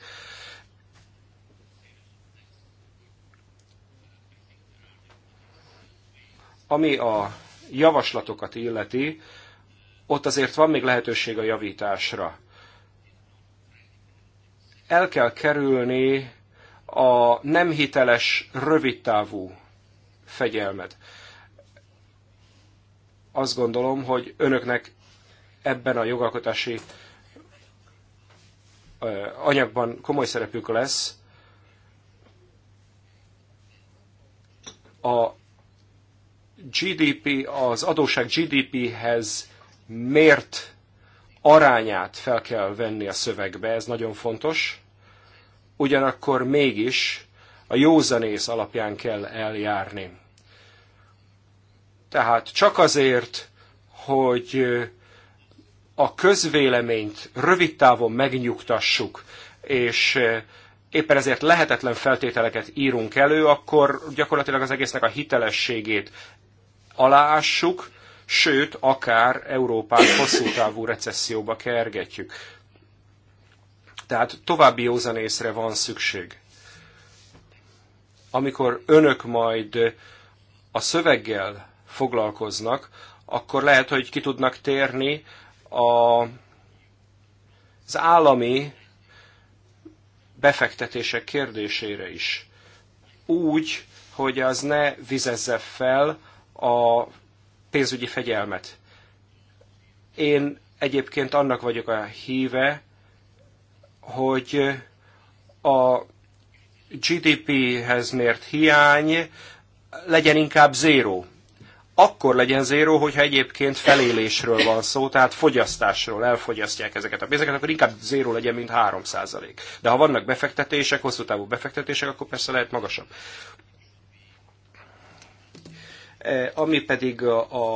[SPEAKER 3] Ami a javaslatokat illeti, ott azért van még lehetőség a javításra. El kell kerülni a nem hiteles, rövidtávú fegyelmet. Azt gondolom, hogy önöknek ebben a jogalkotási anyagban komoly szerepük lesz. A GDP, az adóság GDP-hez mért arányát fel kell venni a szövegbe, ez nagyon fontos. Ugyanakkor mégis a józanész alapján kell eljárni. Tehát csak azért, hogy a közvéleményt rövid távon megnyugtassuk, és éppen ezért lehetetlen feltételeket írunk elő, akkor gyakorlatilag az egésznek a hitelességét aláássuk, sőt, akár Európát hosszú távú recesszióba kergetjük. Tehát további józanészre van szükség. Amikor önök majd a szöveggel foglalkoznak, akkor lehet, hogy ki tudnak térni a, az állami befektetések kérdésére is. Úgy, hogy az ne vizezze fel a pénzügyi fegyelmet. Én egyébként annak vagyok a híve, hogy a GDP-hez mért hiány legyen inkább zéró. Akkor legyen zéró, hogyha egyébként felélésről van szó, tehát fogyasztásról elfogyasztják ezeket a pénzeket, akkor inkább zéró legyen, mint 3 De ha vannak befektetések, hosszú távú befektetések, akkor persze lehet magasabb. Eh, ami pedig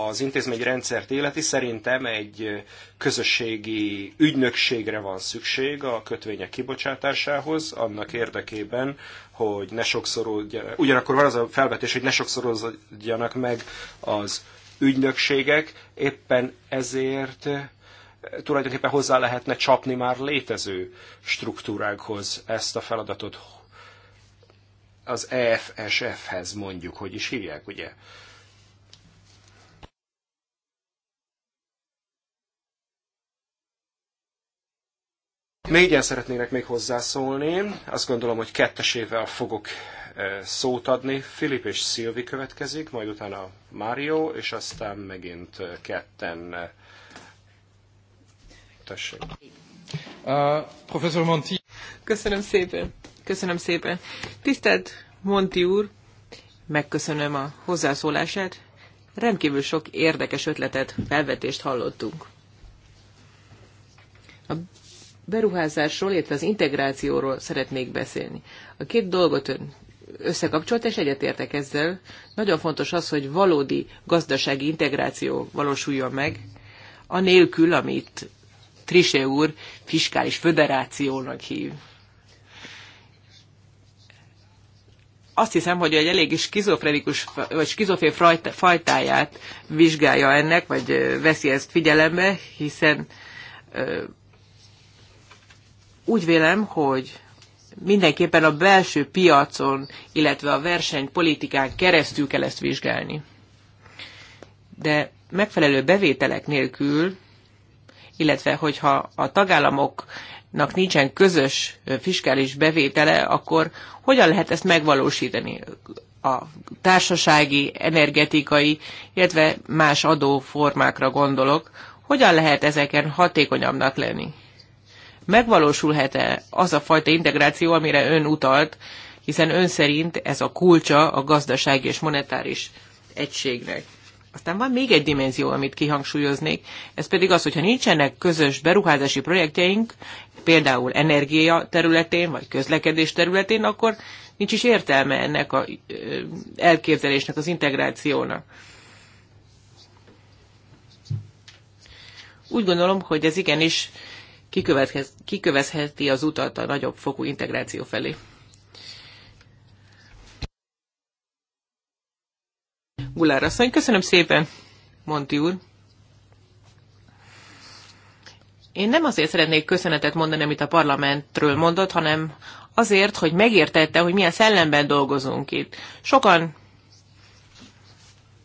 [SPEAKER 3] az intézmény rendszert életi, szerintem egy eh, közösségi ügynökségre van szükség a kötvények kibocsátásához, annak érdekében, hogy ne sokszorodjanak. ugyanakkor van az a felvetés, hogy ne sokszorodjanak meg az ügynökségek, éppen ezért eh, tulajdonképpen hozzá lehetne csapni már létező struktúrákhoz ezt a feladatot az EFSF-hez mondjuk, hogy is hívják, ugye? Négyen szeretnének még hozzászólni. Azt gondolom, hogy kettesével fogok eh, szót adni. Filip és Szilvi következik, majd utána Mário, és aztán megint eh, ketten. Eh, tessék. Uh, professzor Monti. Köszönöm szépen.
[SPEAKER 1] Köszönöm szépen. Tisztelt Monti úr, megköszönöm a hozzászólását. Rendkívül sok érdekes ötletet, felvetést hallottunk beruházásról, illetve az integrációról szeretnék beszélni. A két dolgot ön összekapcsolt, és egyetértek ezzel. Nagyon fontos az, hogy valódi gazdasági integráció valósuljon meg, anélkül, amit Trise úr fiskális föderációnak hív. Azt hiszem, hogy egy elég is skizofrenikus, vagy skizofén fajtáját vizsgálja ennek, vagy veszi ezt figyelembe, hiszen úgy vélem, hogy mindenképpen a belső piacon, illetve a versenypolitikán keresztül kell ezt vizsgálni. De megfelelő bevételek nélkül, illetve hogyha a tagállamoknak nincsen közös fiskális bevétele, akkor hogyan lehet ezt megvalósítani? A társasági, energetikai, illetve más adóformákra gondolok, hogyan lehet ezeken hatékonyabbnak lenni? megvalósulhet-e az a fajta integráció, amire ön utalt, hiszen ön szerint ez a kulcsa a gazdasági és monetáris egységnek. Aztán van még egy dimenzió, amit kihangsúlyoznék, ez pedig az, hogyha nincsenek közös beruházási projektjeink, például energia területén, vagy közlekedés területén, akkor nincs is értelme ennek a elképzelésnek, az integrációnak. Úgy gondolom, hogy ez igenis kikövezheti az utat a nagyobb fokú integráció felé. Gulár asszony, köszönöm szépen, Monti úr. Én nem azért szeretnék köszönetet mondani, amit a parlamentről mondott, hanem azért, hogy megértette, hogy milyen szellemben dolgozunk itt. Sokan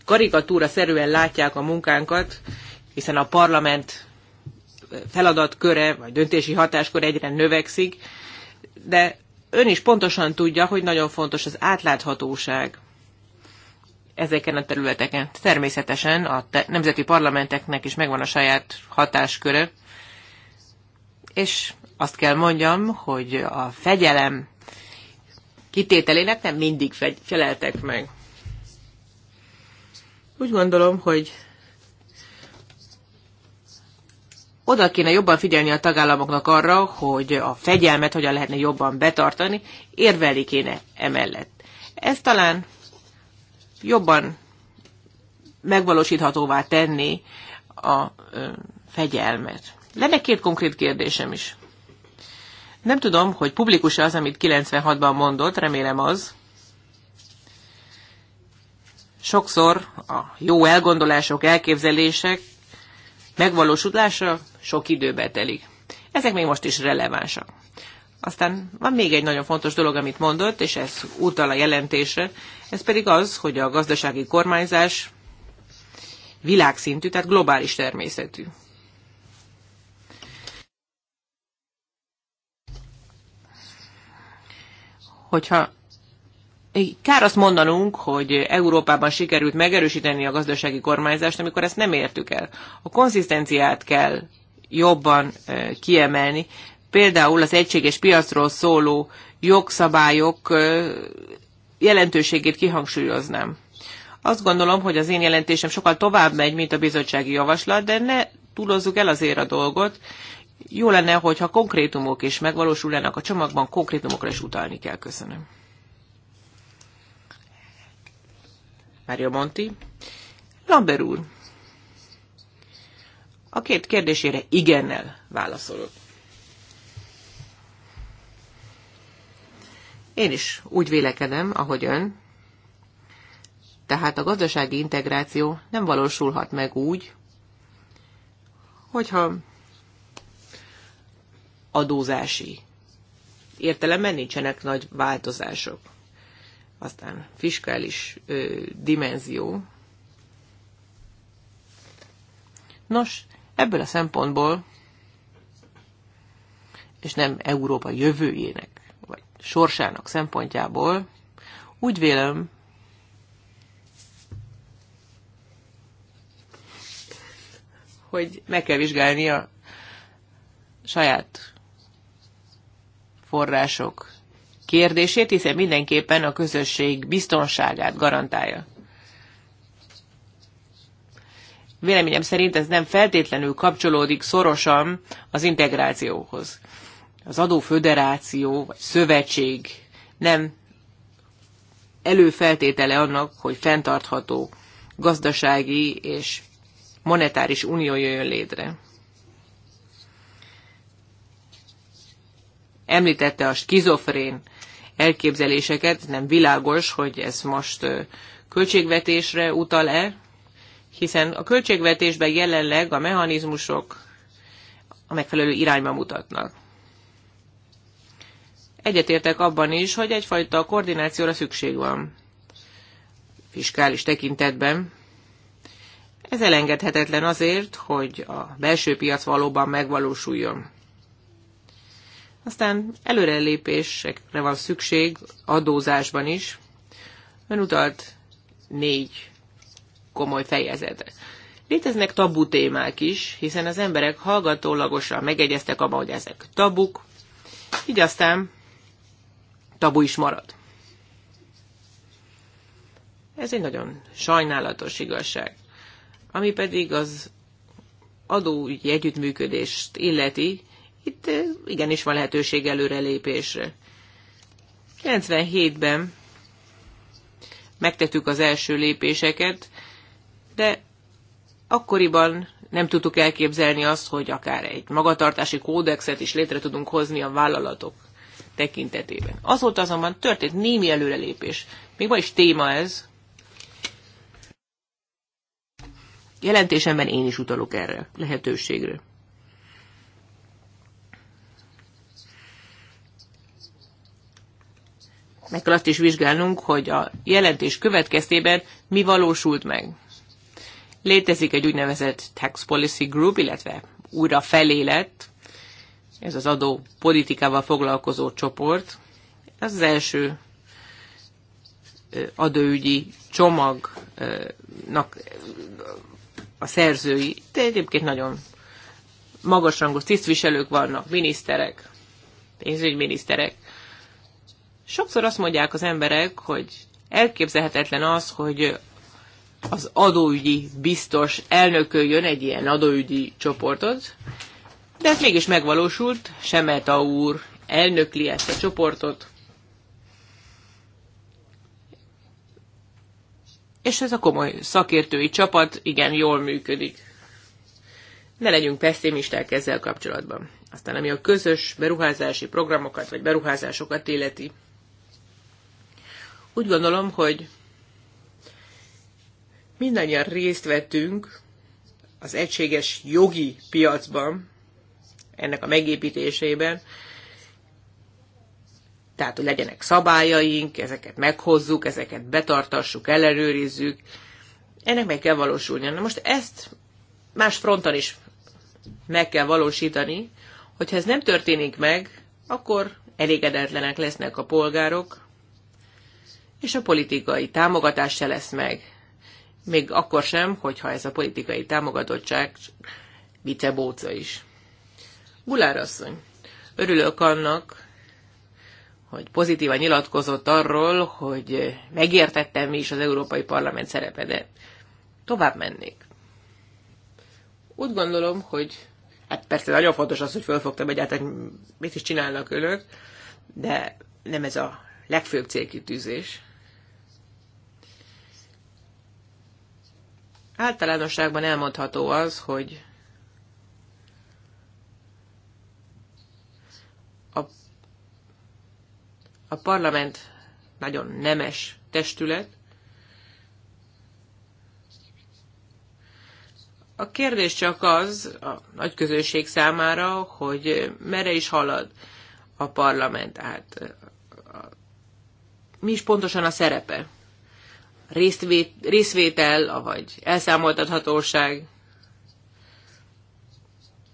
[SPEAKER 1] karikatúra szerűen látják a munkánkat, hiszen a parlament feladatköre, vagy döntési hatáskor egyre növekszik, de ön is pontosan tudja, hogy nagyon fontos az átláthatóság ezeken a területeken. Természetesen a te- nemzeti parlamenteknek is megvan a saját hatásköre, és azt kell mondjam, hogy a fegyelem kitételének nem mindig fegy- feleltek meg. Úgy gondolom, hogy oda kéne jobban figyelni a tagállamoknak arra, hogy a fegyelmet hogyan lehetne jobban betartani, érvelni kéne emellett. Ez talán jobban megvalósíthatóvá tenni a fegyelmet. Lenne két konkrét kérdésem is. Nem tudom, hogy publikus az, amit 96-ban mondott, remélem az. Sokszor a jó elgondolások, elképzelések megvalósulása sok időbe telik. Ezek még most is relevánsak. Aztán van még egy nagyon fontos dolog, amit mondott, és ez utal a jelentésre, ez pedig az, hogy a gazdasági kormányzás világszintű, tehát globális természetű. Hogyha Kár azt mondanunk, hogy Európában sikerült megerősíteni a gazdasági kormányzást, amikor ezt nem értük el. A konzisztenciát kell jobban kiemelni. Például az egységes piacról szóló jogszabályok jelentőségét kihangsúlyoznám. Azt gondolom, hogy az én jelentésem sokkal tovább megy, mint a bizottsági javaslat, de ne túlozzuk el azért a dolgot. Jó lenne, hogyha konkrétumok is megvalósulnának a csomagban, konkrétumokra is utalni kell. Köszönöm. Mário Monti. Lambert úr, a két kérdésére igennel válaszolok. Én is úgy vélekedem, ahogy ön. Tehát a gazdasági integráció nem valósulhat meg úgy, hogyha adózási értelemben nincsenek nagy változások. Aztán fiskális ö, dimenzió. Nos, ebből a szempontból, és nem Európa jövőjének, vagy sorsának szempontjából, úgy vélem, hogy meg kell vizsgálni a saját források kérdését, hiszen mindenképpen a közösség biztonságát garantálja. Véleményem szerint ez nem feltétlenül kapcsolódik szorosan az integrációhoz. Az adóföderáció vagy szövetség nem előfeltétele annak, hogy fenntartható gazdasági és monetáris unió jöjjön létre. említette a skizofrén elképzeléseket, nem világos, hogy ez most költségvetésre utal-e, hiszen a költségvetésben jelenleg a mechanizmusok a megfelelő irányba mutatnak. Egyetértek abban is, hogy egyfajta koordinációra szükség van fiskális tekintetben. Ez elengedhetetlen azért, hogy a belső piac valóban megvalósuljon. Aztán előrelépésekre van szükség adózásban is. Ön utalt négy komoly fejezetre. Léteznek tabu témák is, hiszen az emberek hallgatólagosan megegyeztek abban, hogy ezek tabuk, így aztán tabu is marad. Ez egy nagyon sajnálatos igazság. Ami pedig az adóügyi együttműködést illeti, itt eh, igenis van lehetőség előrelépésre. 97-ben megtettük az első lépéseket, de akkoriban nem tudtuk elképzelni azt, hogy akár egy magatartási kódexet is létre tudunk hozni a vállalatok tekintetében. Azóta azonban történt némi előrelépés. Még ma is téma ez. Jelentésemben én is utalok erre lehetőségre. meg kell azt is vizsgálnunk, hogy a jelentés következtében mi valósult meg. Létezik egy úgynevezett Tax Policy Group, illetve újra felélet, ez az adó politikával foglalkozó csoport. Ez az első adóügyi csomagnak a szerzői, de egyébként nagyon magasrangos tisztviselők vannak, miniszterek, pénzügyminiszterek. Sokszor azt mondják az emberek, hogy elképzelhetetlen az, hogy az adóügyi biztos elnököljön egy ilyen adóügyi csoportot, de ez mégis megvalósult, Semeta úr elnökli ezt a csoportot, és ez a komoly szakértői csapat igen jól működik. Ne legyünk pessimisták ezzel kapcsolatban. Aztán ami a közös beruházási programokat vagy beruházásokat életi, úgy gondolom, hogy mindannyian részt vettünk az egységes jogi piacban, ennek a megépítésében, tehát, hogy legyenek szabályaink, ezeket meghozzuk, ezeket betartassuk, ellenőrizzük. Ennek meg kell valósulnia. Na most ezt más fronton is meg kell valósítani, hogyha ez nem történik meg, akkor elégedetlenek lesznek a polgárok, és a politikai támogatás se lesz meg. Még akkor sem, hogyha ez a politikai támogatottság vicebóca is. Gulár asszony, örülök annak, hogy pozitívan nyilatkozott arról, hogy megértettem mi is az Európai Parlament szerepe, de tovább mennék. Úgy gondolom, hogy hát persze nagyon fontos az, hogy fölfogtam egyáltalán, mit is csinálnak önök, de nem ez a legfőbb célkitűzés. Általánosságban elmondható az, hogy a, a parlament nagyon nemes testület. A kérdés csak az a nagy közönség számára, hogy merre is halad a parlament. Tehát mi is pontosan a szerepe? részvét, részvétel, vagy elszámoltathatóság.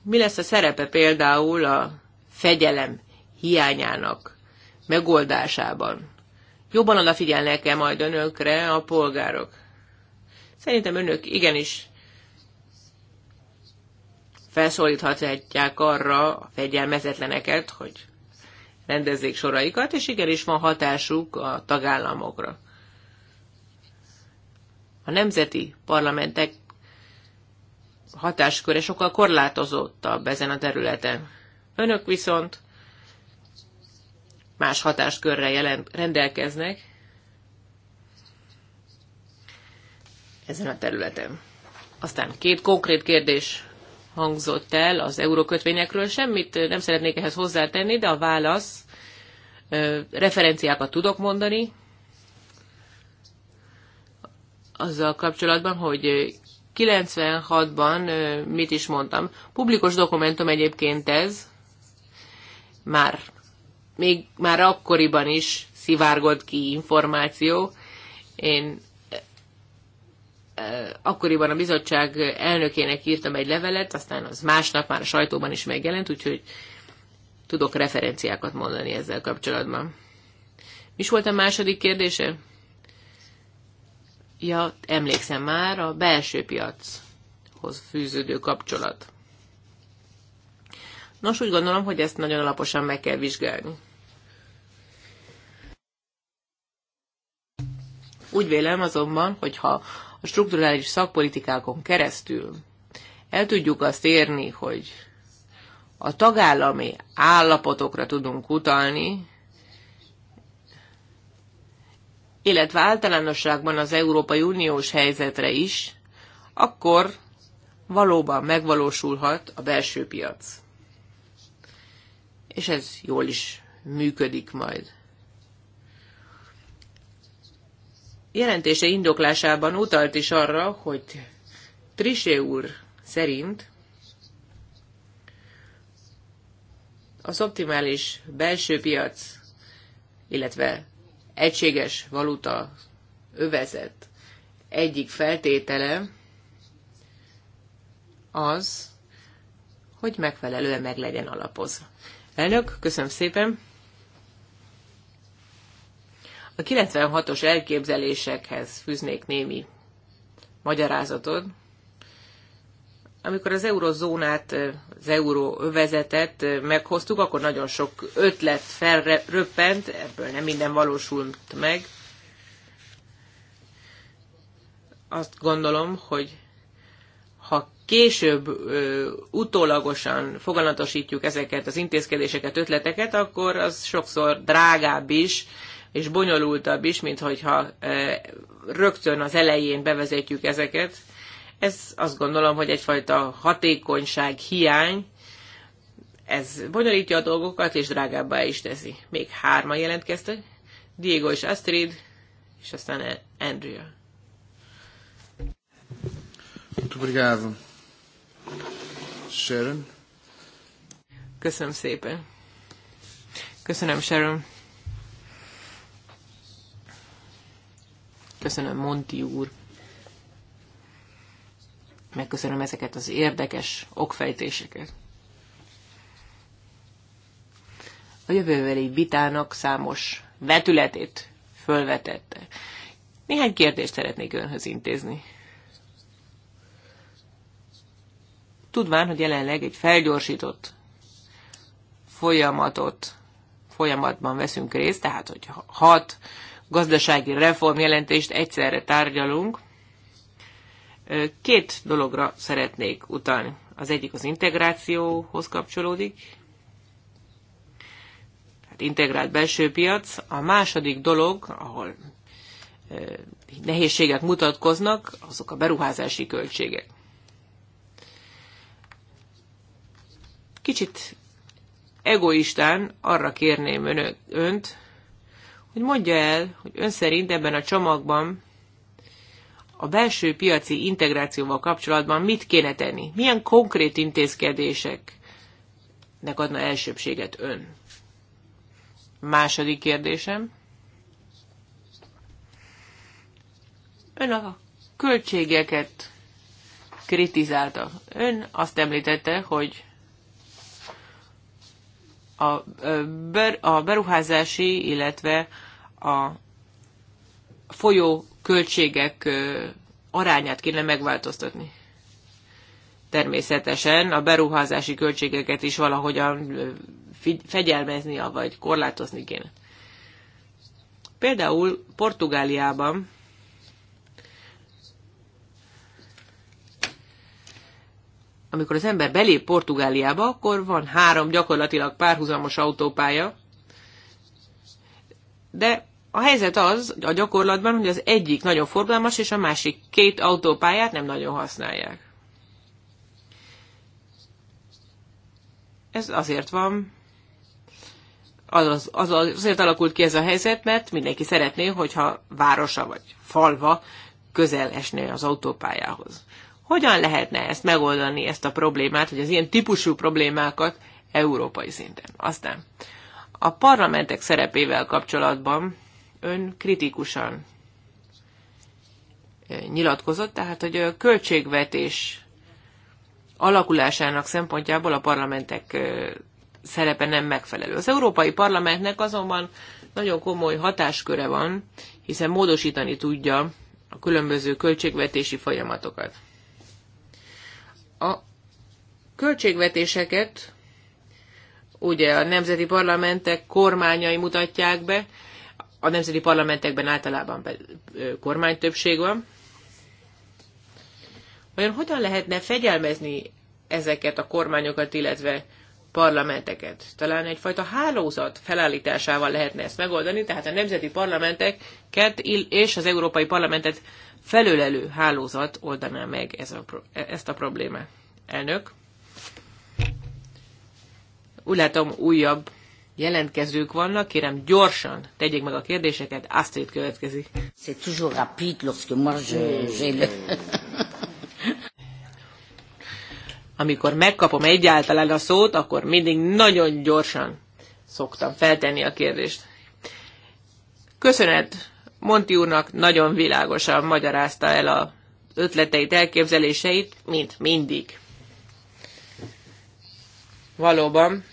[SPEAKER 1] Mi lesz a szerepe például a fegyelem hiányának megoldásában? Jobban odafigyelnek-e majd önökre a polgárok? Szerintem önök igenis felszólíthatják arra a fegyelmezetleneket, hogy rendezzék soraikat, és igenis van hatásuk a tagállamokra a nemzeti parlamentek hatásköre sokkal korlátozottabb ezen a területen. Önök viszont más hatáskörre jelent, rendelkeznek ezen a területen. Aztán két konkrét kérdés hangzott el az eurókötvényekről. Semmit nem szeretnék ehhez hozzátenni, de a válasz referenciákat tudok mondani, azzal kapcsolatban, hogy 96-ban mit is mondtam. Publikus dokumentum egyébként ez, már, még már akkoriban is szivárgott ki információ. Én akkoriban a bizottság elnökének írtam egy levelet, aztán az másnap már a sajtóban is megjelent, úgyhogy tudok referenciákat mondani ezzel kapcsolatban. Mi is volt a második kérdése? ja, emlékszem már, a belső piachoz fűződő kapcsolat. Nos, úgy gondolom, hogy ezt nagyon alaposan meg kell vizsgálni. Úgy vélem azonban, hogy ha a strukturális szakpolitikákon keresztül el tudjuk azt érni, hogy a tagállami állapotokra tudunk utalni, illetve általánosságban az Európai Uniós helyzetre is, akkor valóban megvalósulhat a belső piac. És ez jól is működik majd. Jelentése indoklásában utalt is arra, hogy Trisé úr szerint az optimális belső piac, illetve egységes valuta övezet egyik feltétele az, hogy megfelelően meg legyen alapozva. Elnök, köszönöm szépen! A 96-os elképzelésekhez fűznék némi magyarázatot amikor az eurozónát, az vezetett, meghoztuk, akkor nagyon sok ötlet felröppent, ebből nem minden valósult meg. Azt gondolom, hogy ha később ö, utólagosan foganatosítjuk ezeket az intézkedéseket, ötleteket, akkor az sokszor drágább is, és bonyolultabb is, mint hogyha ö, rögtön az elején bevezetjük ezeket ez azt gondolom, hogy egyfajta hatékonyság hiány, ez bonyolítja a dolgokat, és drágábbá is teszi. Még hárman jelentkeztek, Diego és Astrid, és aztán Andrea.
[SPEAKER 3] Muito obrigado. Sharon.
[SPEAKER 1] Köszönöm szépen. Köszönöm, Sharon. Köszönöm, Monti úr. Megköszönöm ezeket az érdekes okfejtéseket. A jövőbeli vitának számos vetületét fölvetette. Néhány kérdést szeretnék önhöz intézni. Tudván, hogy jelenleg egy felgyorsított folyamatot, folyamatban veszünk részt, tehát hogy hat gazdasági reformjelentést egyszerre tárgyalunk, Két dologra szeretnék utalni. Az egyik az integrációhoz kapcsolódik, tehát integrált belső piac. A második dolog, ahol nehézségek mutatkoznak, azok a beruházási költségek. Kicsit egoistán arra kérném önök, önt, hogy mondja el, hogy ön szerint ebben a csomagban a belső piaci integrációval kapcsolatban mit kéne tenni? Milyen konkrét intézkedéseknek adna elsőbséget ön? Második kérdésem. Ön a költségeket kritizálta. Ön azt említette, hogy a, beruházási, illetve a folyó költségek arányát kéne megváltoztatni. Természetesen a beruházási költségeket is valahogyan fegyelmezni, vagy korlátozni kéne. Például Portugáliában amikor az ember belép Portugáliába, akkor van három gyakorlatilag párhuzamos autópálya, de a helyzet az a gyakorlatban, hogy az egyik nagyon forgalmas, és a másik két autópályát nem nagyon használják. Ez azért van, az, az, azért alakult ki ez a helyzet, mert mindenki szeretné, hogyha városa vagy falva közel esné az autópályához. Hogyan lehetne ezt megoldani, ezt a problémát, hogy az ilyen típusú problémákat európai szinten? Aztán a parlamentek szerepével kapcsolatban ön kritikusan nyilatkozott, tehát hogy a költségvetés alakulásának szempontjából a parlamentek szerepe nem megfelelő. Az Európai Parlamentnek azonban nagyon komoly hatásköre van, hiszen módosítani tudja a különböző költségvetési folyamatokat. A költségvetéseket ugye a nemzeti parlamentek kormányai mutatják be, a nemzeti parlamentekben általában kormánytöbbség van. Vajon hogyan lehetne fegyelmezni ezeket a kormányokat, illetve parlamenteket? Talán egyfajta hálózat felállításával lehetne ezt megoldani, tehát a nemzeti parlamenteket és az Európai Parlamentet felölelő hálózat oldaná meg ez a, e- ezt a problémát. Elnök. Úgy látom, újabb jelentkezők vannak, kérem gyorsan tegyék meg a kérdéseket, Astrid következik. C'est toujours rapide lorsque moi le... Amikor megkapom egyáltalán a szót, akkor mindig nagyon gyorsan szoktam feltenni a kérdést. Köszönet Monti úrnak nagyon világosan magyarázta el a ötleteit, elképzeléseit, mint mindig. Valóban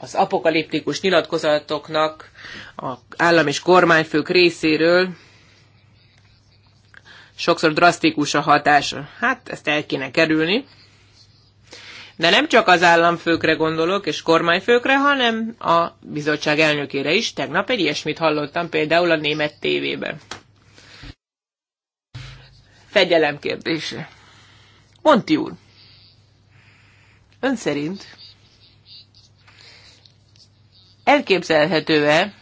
[SPEAKER 1] az apokaliptikus nyilatkozatoknak a állam és kormányfők részéről sokszor drasztikus a hatása. Hát ezt el kéne kerülni. De nem csak az államfőkre gondolok, és kormányfőkre, hanem a bizottság elnökére is. Tegnap egy ilyesmit hallottam például a német tévében. Fegyelem kérdése. Monti úr, ön szerint Elképzelhető-e,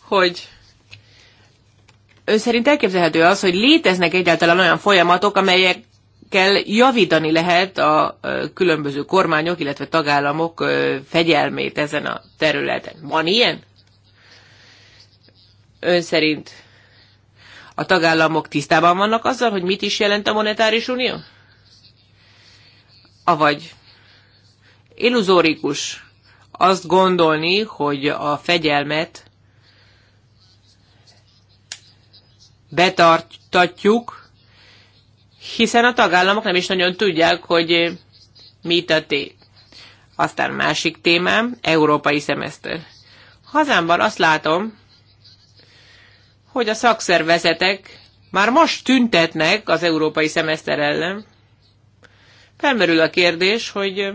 [SPEAKER 1] hogy ő szerint elképzelhető az, hogy léteznek egyáltalán olyan folyamatok, kell javítani lehet a különböző kormányok, illetve tagállamok fegyelmét ezen a területen. Van ilyen? Ön szerint a tagállamok tisztában vannak azzal, hogy mit is jelent a monetáris unió? Avagy illuzórikus azt gondolni, hogy a fegyelmet betartatjuk, hiszen a tagállamok nem is nagyon tudják, hogy mit a tét. Aztán másik témám, európai szemeszter. Hazámban azt látom, hogy a szakszervezetek már most tüntetnek az európai szemeszter ellen. Felmerül a kérdés, hogy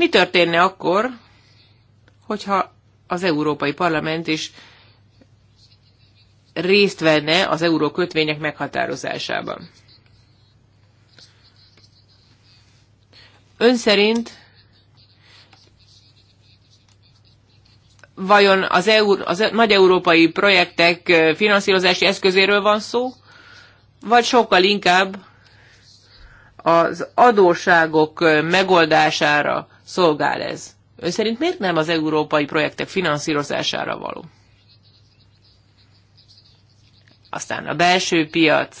[SPEAKER 1] Mi történne akkor, hogyha az Európai Parlament is részt venne az eurókötvények meghatározásában? Ön szerint vajon az, EU, az nagy európai projektek finanszírozási eszközéről van szó, vagy sokkal inkább az adóságok megoldására szolgál ez? Ön szerint miért nem az európai projektek finanszírozására való? Aztán a belső piac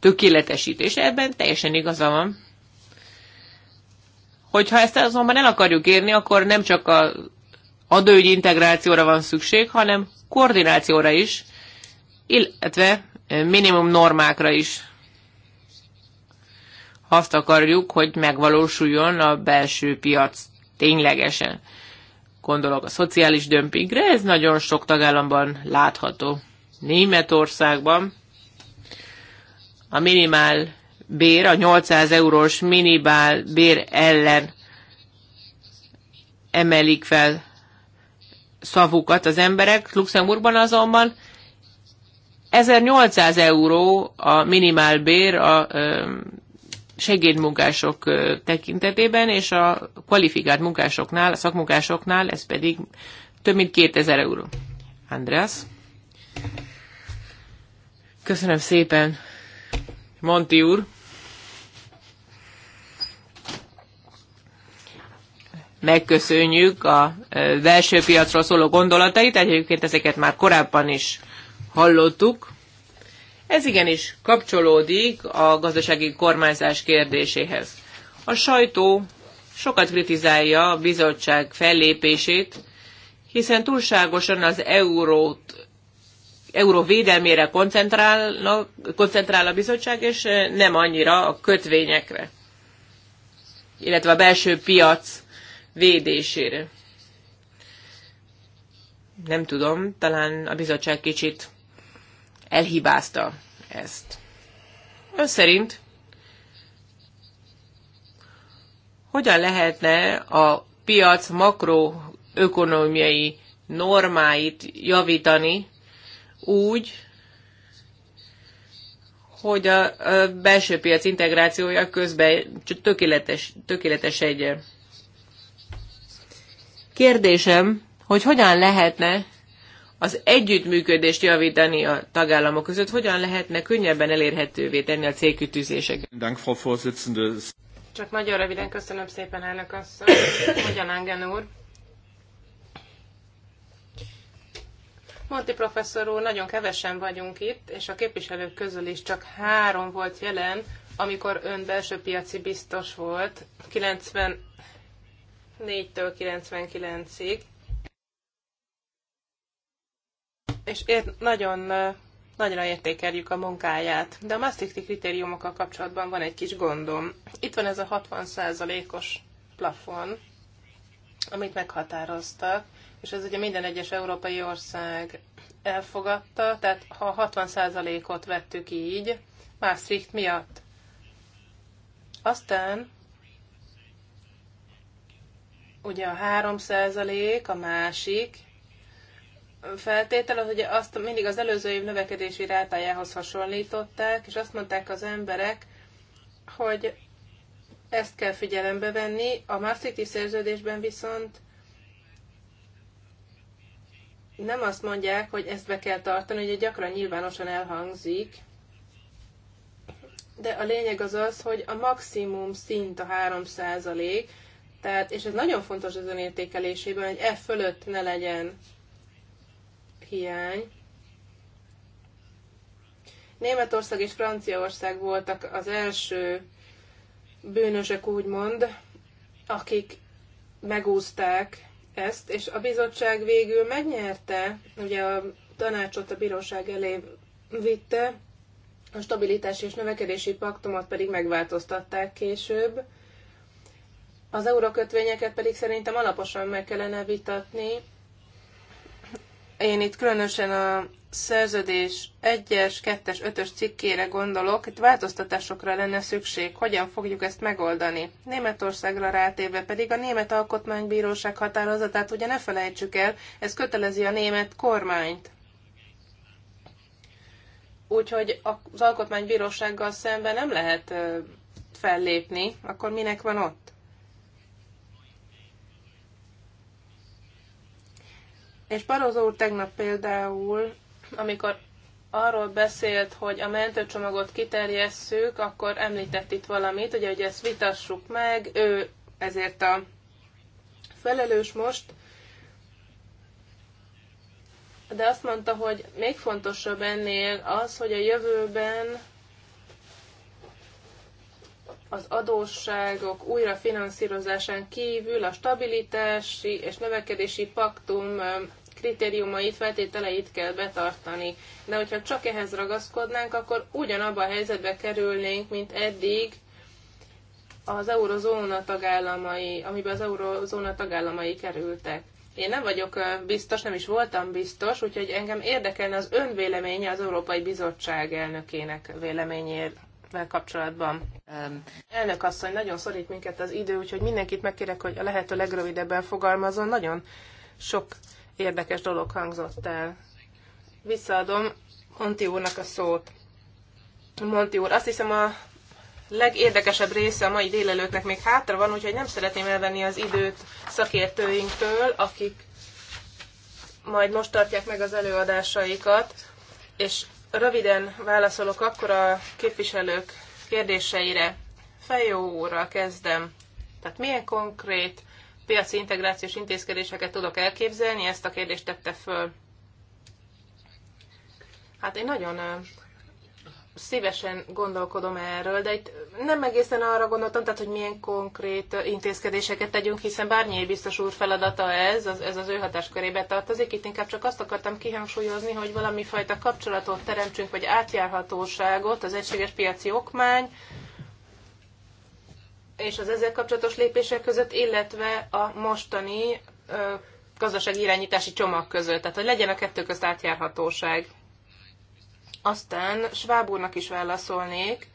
[SPEAKER 1] tökéletesítése, ebben teljesen igaza van. Hogyha ezt azonban el akarjuk érni, akkor nem csak a adóügyi integrációra van szükség, hanem koordinációra is, illetve minimum normákra is azt akarjuk, hogy megvalósuljon a belső piac ténylegesen. Gondolok a szociális dömpingre, ez nagyon sok tagállamban látható. Németországban a minimál bér, a 800 eurós minimál bér ellen emelik fel szavukat az emberek. Luxemburgban azonban 1800 euró a bér a segédmunkások tekintetében, és a kvalifikált munkásoknál, a szakmunkásoknál ez pedig több mint 2000 euró. András? Köszönöm szépen, Monti úr. Megköszönjük a belső piacról szóló gondolatait, egyébként ezeket már korábban is hallottuk. Ez igenis kapcsolódik a gazdasági kormányzás kérdéséhez. A sajtó sokat kritizálja a bizottság fellépését, hiszen túlságosan az eurót, euró védelmére koncentrálnak, koncentrál a bizottság, és nem annyira a kötvényekre, illetve a belső piac védésére. Nem tudom, talán a bizottság kicsit elhibázta ezt. Ön szerint hogyan lehetne a piac makroökonomiai normáit javítani úgy, hogy a belső piac integrációja közben tökéletes, tökéletes egy kérdésem, hogy hogyan lehetne az együttműködést javítani a tagállamok között, hogyan lehetne könnyebben elérhetővé tenni a célkütűzéseket.
[SPEAKER 2] Csak nagyon röviden köszönöm szépen, elnök asszony, hogy a úr. Monti professzor úr, nagyon kevesen vagyunk itt, és a képviselők közül is csak három volt jelen, amikor ön belső piaci biztos volt, 94-től 99-ig. és ér- nagyon nagyra értékeljük a munkáját. De a Maastrichti kritériumokkal kapcsolatban van egy kis gondom. Itt van ez a 60%-os plafon, amit meghatároztak, és ez ugye minden egyes európai ország elfogadta, tehát ha 60%-ot vettük így, Maastricht miatt. Aztán ugye a 3% a másik, feltétel, hogy azt mindig az előző év növekedési rátájához hasonlították, és azt mondták az emberek, hogy ezt kell figyelembe venni. A Maastrichti szerződésben viszont nem azt mondják, hogy ezt be kell tartani, ugye gyakran nyilvánosan elhangzik, de a lényeg az az, hogy a maximum szint a 3 tehát, és ez nagyon fontos az önértékelésében, hogy e fölött ne legyen hiány. Németország és Franciaország voltak az első bűnösök, úgymond, akik megúzták ezt, és a bizottság végül megnyerte, ugye a tanácsot a bíróság elé vitte, a stabilitási és növekedési paktumot pedig megváltoztatták később. Az eurokötvényeket pedig szerintem alaposan meg kellene vitatni, én itt különösen a szerződés 1-es, 2-es, 5-ös cikkére gondolok, itt változtatásokra lenne szükség, hogyan fogjuk ezt megoldani. Németországra rátérve pedig a Német Alkotmánybíróság határozatát ugye ne felejtsük el, ez kötelezi a német kormányt. Úgyhogy az Alkotmánybírósággal szemben nem lehet fellépni, akkor minek van ott? És Barozó úr tegnap például, amikor arról beszélt, hogy a mentőcsomagot kiterjesszük, akkor említett itt valamit, ugye, hogy ezt vitassuk meg, ő ezért a felelős most, de azt mondta, hogy még fontosabb ennél az, hogy a jövőben az adósságok újra kívül a stabilitási és növekedési paktum kritériumait, feltételeit kell betartani. De hogyha csak ehhez ragaszkodnánk, akkor ugyanabba a helyzetbe kerülnénk, mint eddig az eurozóna tagállamai, amiben az eurozóna tagállamai kerültek. Én nem vagyok biztos, nem is voltam biztos, úgyhogy engem érdekelne az ön véleménye az Európai Bizottság elnökének véleményéről kapcsolatban. Um, Elnök asszony, nagyon szorít minket az idő, úgyhogy mindenkit megkérek, hogy a lehető legrövidebben fogalmazon. Nagyon sok érdekes dolog hangzott el. Visszaadom Monti úrnak a szót. Monti úr, azt hiszem a legérdekesebb része a mai délelőttnek még hátra van, úgyhogy nem szeretném elvenni az időt szakértőinktől, akik majd most tartják meg az előadásaikat, és röviden válaszolok akkor a képviselők kérdéseire. Fejó úrral kezdem. Tehát milyen konkrét piaci integrációs intézkedéseket tudok elképzelni? Ezt a kérdést tette föl. Hát én nagyon szívesen gondolkodom erről, de itt nem egészen arra gondoltam, tehát hogy milyen konkrét intézkedéseket tegyünk, hiszen bármilyen biztos úr feladata ez, az, ez az ő hatáskörébe tartozik. Itt inkább csak azt akartam kihangsúlyozni, hogy valami fajta kapcsolatot teremtsünk, vagy átjárhatóságot az egységes piaci okmány, és az ezzel kapcsolatos lépések között, illetve a mostani ö, gazdasági irányítási csomag között. Tehát, hogy legyen a kettő közt átjárhatóság. Aztán Schwab úrnak is válaszolnék,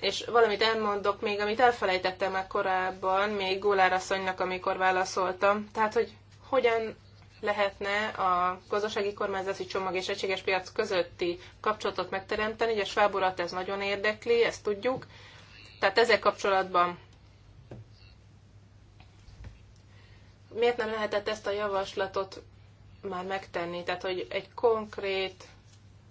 [SPEAKER 2] és valamit elmondok még, amit elfelejtettem már korábban, még Gólár asszonynak, amikor válaszoltam. Tehát, hogy hogyan lehetne a gazdasági kormányzási csomag és egységes piac közötti kapcsolatot megteremteni. Ugye Schwab urat ez nagyon érdekli, ezt tudjuk, tehát ezek kapcsolatban miért nem lehetett ezt a javaslatot már megtenni? Tehát, hogy egy konkrét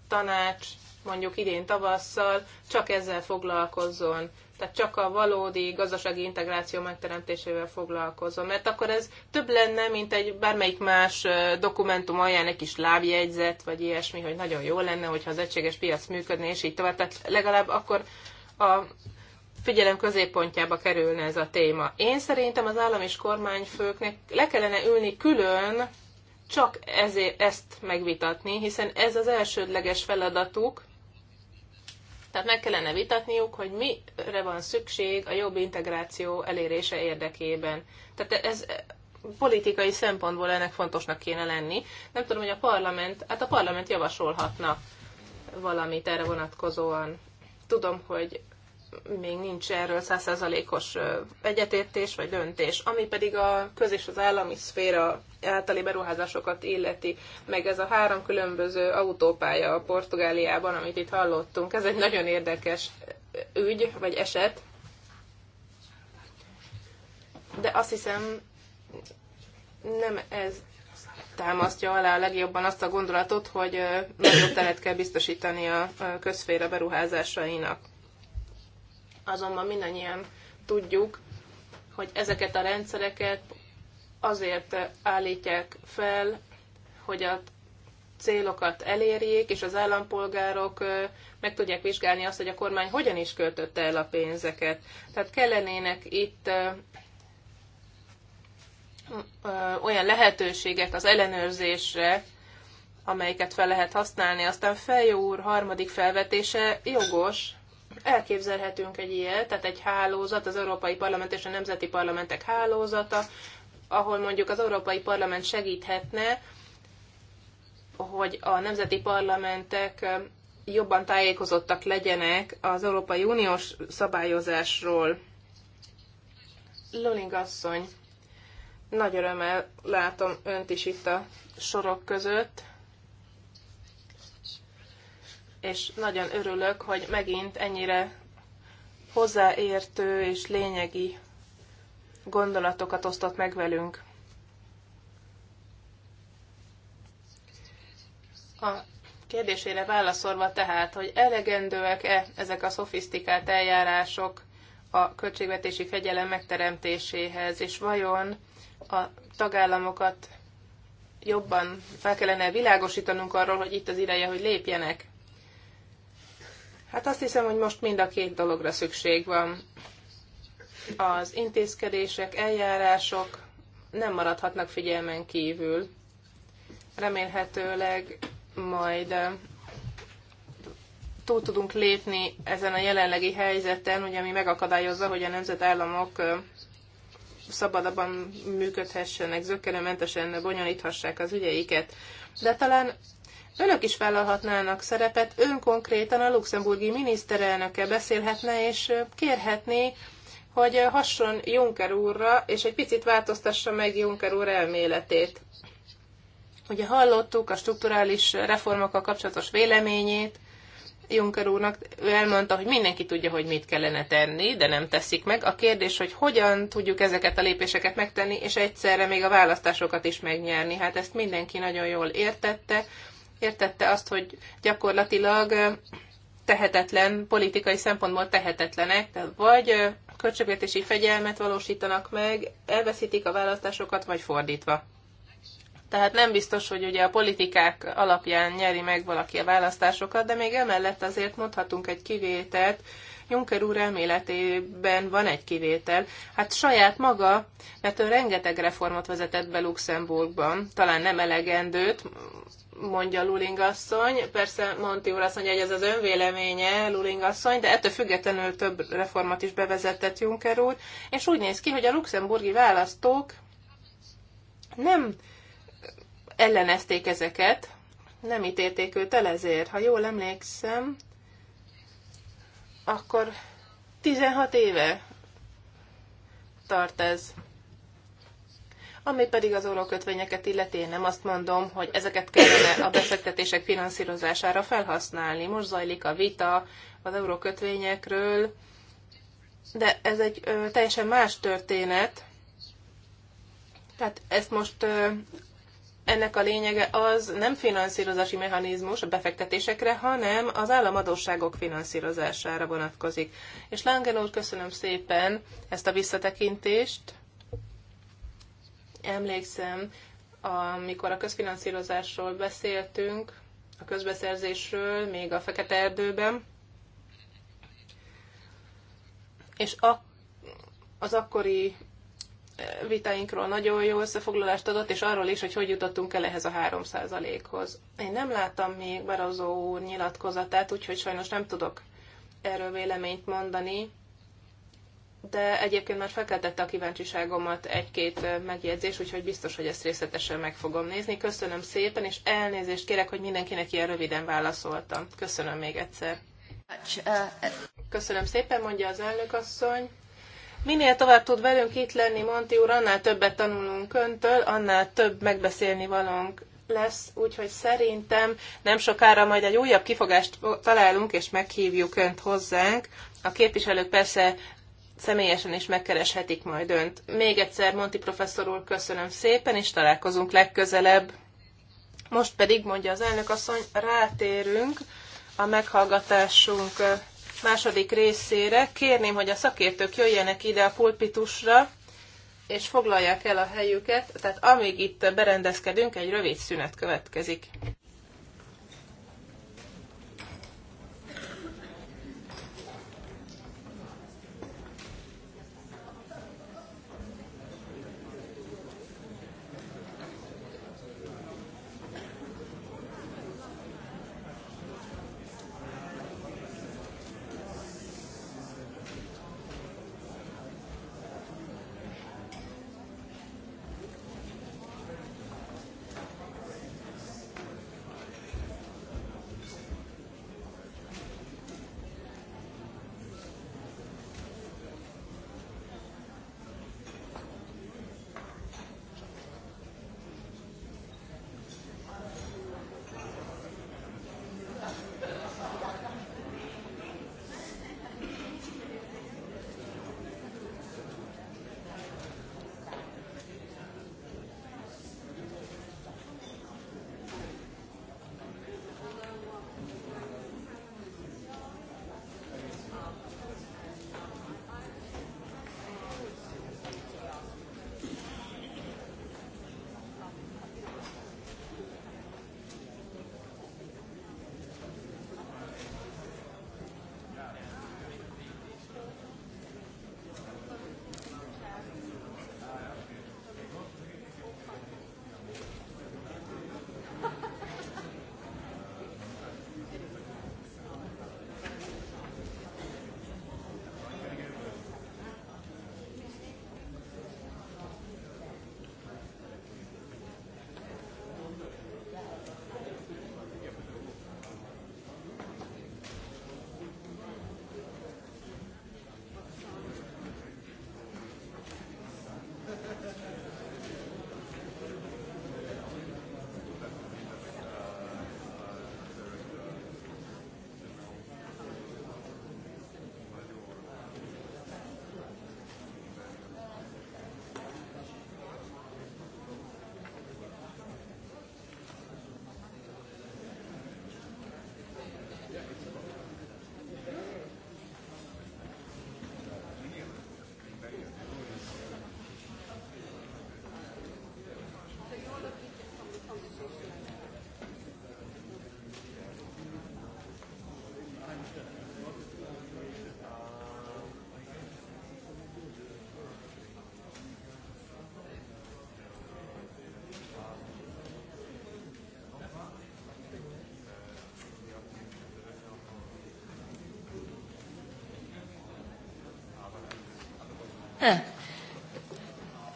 [SPEAKER 2] tanács mondjuk idén tavasszal csak ezzel foglalkozzon, tehát csak a valódi gazdasági integráció megteremtésével foglalkozom, mert akkor ez több lenne, mint egy bármelyik más dokumentum alján egy kis lábjegyzet, vagy ilyesmi, hogy nagyon jó lenne, hogyha az egységes piac működne, és így tovább. Tehát legalább akkor a figyelem középpontjába kerülne ez a téma. Én szerintem az állam és kormányfőknek le kellene ülni külön, csak ezért ezt megvitatni, hiszen ez az elsődleges feladatuk, tehát meg kellene vitatniuk, hogy mire van szükség a jobb integráció elérése érdekében. Tehát ez politikai szempontból ennek fontosnak kéne lenni. Nem tudom, hogy a parlament, hát a parlament javasolhatna valamit erre vonatkozóan. Tudom, hogy még nincs erről százszerzalékos egyetértés vagy döntés. Ami pedig a köz és az állami szféra általi beruházásokat illeti, meg ez a három különböző autópálya a Portugáliában, amit itt hallottunk, ez egy nagyon érdekes ügy vagy eset. De azt hiszem, nem ez támasztja alá a legjobban azt a gondolatot, hogy nagyobb teret kell biztosítani a közféra beruházásainak. Azonban mindannyian tudjuk, hogy ezeket a rendszereket azért állítják fel, hogy a célokat elérjék, és az állampolgárok meg tudják vizsgálni azt, hogy a kormány hogyan is költötte el a pénzeket. Tehát kellenének itt olyan lehetőséget az ellenőrzésre, amelyeket fel lehet használni. Aztán Fejó úr harmadik felvetése jogos, Elképzelhetünk egy ilyet, tehát egy hálózat, az Európai Parlament és a Nemzeti Parlamentek hálózata, ahol mondjuk az Európai Parlament segíthetne, hogy a nemzeti parlamentek jobban tájékozottak legyenek az Európai Uniós szabályozásról. Luling asszony, nagy örömmel látom önt is itt a sorok között és nagyon örülök, hogy megint ennyire hozzáértő és lényegi gondolatokat osztott meg velünk. A kérdésére válaszolva tehát, hogy elegendőek-e ezek a szofisztikált eljárások a költségvetési fegyelem megteremtéséhez, és vajon a tagállamokat jobban fel kellene világosítanunk arról, hogy itt az ideje, hogy lépjenek. Hát azt hiszem, hogy most mind a két dologra szükség van. Az intézkedések, eljárások nem maradhatnak figyelmen kívül. Remélhetőleg majd eh, túl tudunk lépni ezen a jelenlegi helyzeten, ugye ami megakadályozza, hogy a nemzetállamok eh, szabadabban működhessenek, zöggenőmentesen bonyolíthassák az ügyeiket. De talán Önök is vállalhatnának szerepet, ön konkrétan a luxemburgi miniszterelnöke beszélhetne és kérhetné, hogy hasson Juncker úrra, és egy picit változtassa meg Juncker úr elméletét. Ugye hallottuk a strukturális reformokkal kapcsolatos véleményét, Juncker úrnak ő elmondta, hogy mindenki tudja, hogy mit kellene tenni, de nem teszik meg. A kérdés, hogy hogyan tudjuk ezeket a lépéseket megtenni, és egyszerre még a választásokat is megnyerni. Hát ezt mindenki nagyon jól értette, értette azt, hogy gyakorlatilag tehetetlen, politikai szempontból tehetetlenek, tehát vagy költségvetési fegyelmet valósítanak meg, elveszítik a választásokat, vagy fordítva. Tehát nem biztos, hogy ugye a politikák alapján nyeri meg valaki a választásokat, de még emellett azért mondhatunk egy kivételt, Juncker úr elméletében van egy kivétel. Hát saját maga, mert ő rengeteg reformot vezetett be Luxemburgban, talán nem elegendőt, mondja Luling asszony. Persze Monti úr azt mondja, hogy ez az önvéleménye Luling asszony, de ettől függetlenül több reformat is bevezetett Juncker úr, és úgy néz ki, hogy a luxemburgi választók nem ellenezték ezeket, nem ítélték őt el ezért. Ha jól emlékszem, akkor 16 éve tart ez. Ami pedig az eurókötvényeket illeti, én nem azt mondom, hogy ezeket kellene a befektetések finanszírozására felhasználni. Most zajlik a vita az eurókötvényekről, de ez egy ö, teljesen más történet. Tehát ezt most ö, ennek a lényege az nem finanszírozási mechanizmus a befektetésekre, hanem az államadóságok finanszírozására vonatkozik. És Langen úr, köszönöm szépen ezt a visszatekintést. Emlékszem, amikor a közfinanszírozásról beszéltünk, a közbeszerzésről, még a Fekete Erdőben, és a, az akkori eh, vitáinkról nagyon jó összefoglalást adott, és arról is, hogy hogy jutottunk el ehhez a 3%-hoz. Én nem láttam még Barozó úr nyilatkozatát, úgyhogy sajnos nem tudok erről véleményt mondani, de egyébként már felkeltette a kíváncsiságomat egy-két megjegyzés, úgyhogy biztos, hogy ezt részletesen meg fogom nézni. Köszönöm szépen, és elnézést kérek, hogy mindenkinek ilyen röviden válaszoltam. Köszönöm még egyszer. Köszönöm szépen, mondja az asszony. Minél tovább tud velünk itt lenni, Monti úr, annál többet tanulunk öntől, annál több megbeszélni valónk lesz, úgyhogy szerintem nem sokára majd egy újabb kifogást találunk, és meghívjuk önt hozzánk. A képviselők persze személyesen is megkereshetik majd önt. Még egyszer, Monti professzor úr, köszönöm szépen, és találkozunk legközelebb. Most pedig, mondja az elnök asszony, rátérünk a meghallgatásunk második részére. Kérném, hogy a szakértők jöjjenek ide a pulpitusra, és foglalják el a helyüket, tehát amíg itt berendezkedünk, egy rövid szünet következik.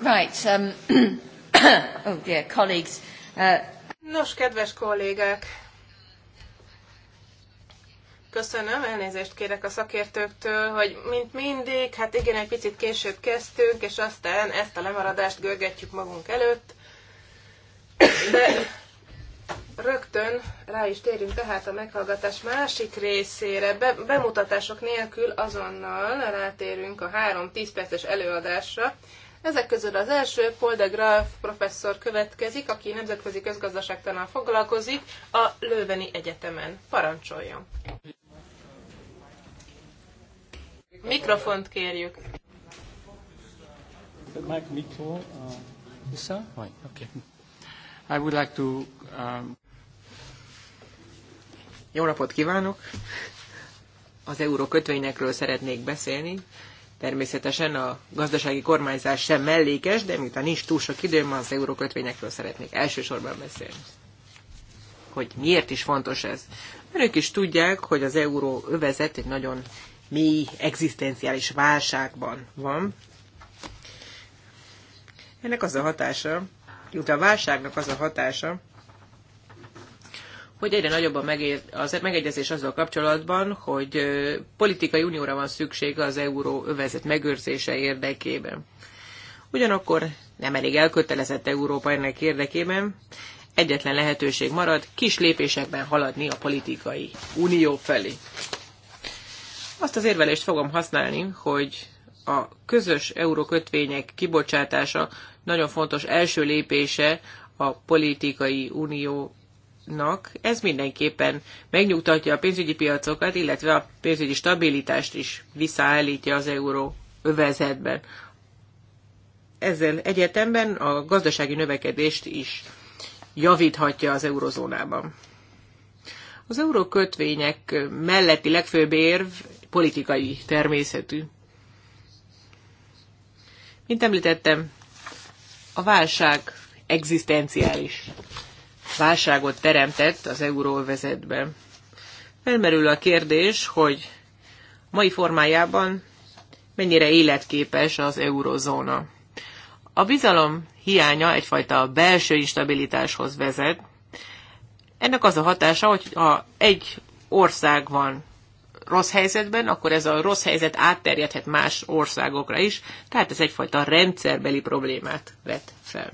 [SPEAKER 1] Right. Um, oh dear, colleagues.
[SPEAKER 3] Uh...
[SPEAKER 2] Nos, kedves kollégák, Köszönöm, elnézést kérek a szakértőktől, hogy mint mindig, hát igen, egy picit később kezdtünk, és aztán ezt a lemaradást görgetjük magunk előtt. De rögtön rá is térünk tehát a meghallgatás másik részére. Be, bemutatások nélkül azonnal rátérünk a három 10 perces előadásra. Ezek közül az első Paul de Graaf professzor következik, aki nemzetközi közgazdaságtalan foglalkozik a Lőveni Egyetemen. Parancsoljon! Mikrofont kérjük!
[SPEAKER 1] Mikro, uh, I would like to um... Jó napot kívánok! Az euró kötvényekről szeretnék beszélni. Természetesen a gazdasági kormányzás sem mellékes, de miután nincs túl sok időm, az euró kötvényekről szeretnék elsősorban beszélni. Hogy miért is fontos ez? Önök is tudják, hogy az euró övezet egy nagyon mély, egzisztenciális válságban van. Ennek az a hatása, mint a válságnak az a hatása, hogy egyre nagyobb a megegyezés azzal kapcsolatban, hogy politikai unióra van szükség az euró övezet megőrzése érdekében. Ugyanakkor nem elég elkötelezett Európa ennek érdekében, egyetlen lehetőség marad kis lépésekben haladni a politikai unió felé. Azt az érvelést fogom használni, hogy a közös eurókötvények kibocsátása nagyon fontos első lépése a politikai unió nak, ez mindenképpen megnyugtatja a pénzügyi piacokat, illetve a pénzügyi stabilitást is visszaállítja az euró övezetben. Ezzel egyetemben a gazdasági növekedést is javíthatja az eurozónában. Az eurókötvények melletti legfőbb érv politikai természetű. Mint említettem, a válság egzisztenciális válságot teremtett az euróvezetben. Felmerül a kérdés, hogy mai formájában mennyire életképes az eurozóna. A bizalom hiánya egyfajta belső instabilitáshoz vezet. Ennek az a hatása, hogy ha egy ország van rossz helyzetben, akkor ez a rossz helyzet átterjedhet más országokra is, tehát ez egyfajta rendszerbeli problémát vet fel.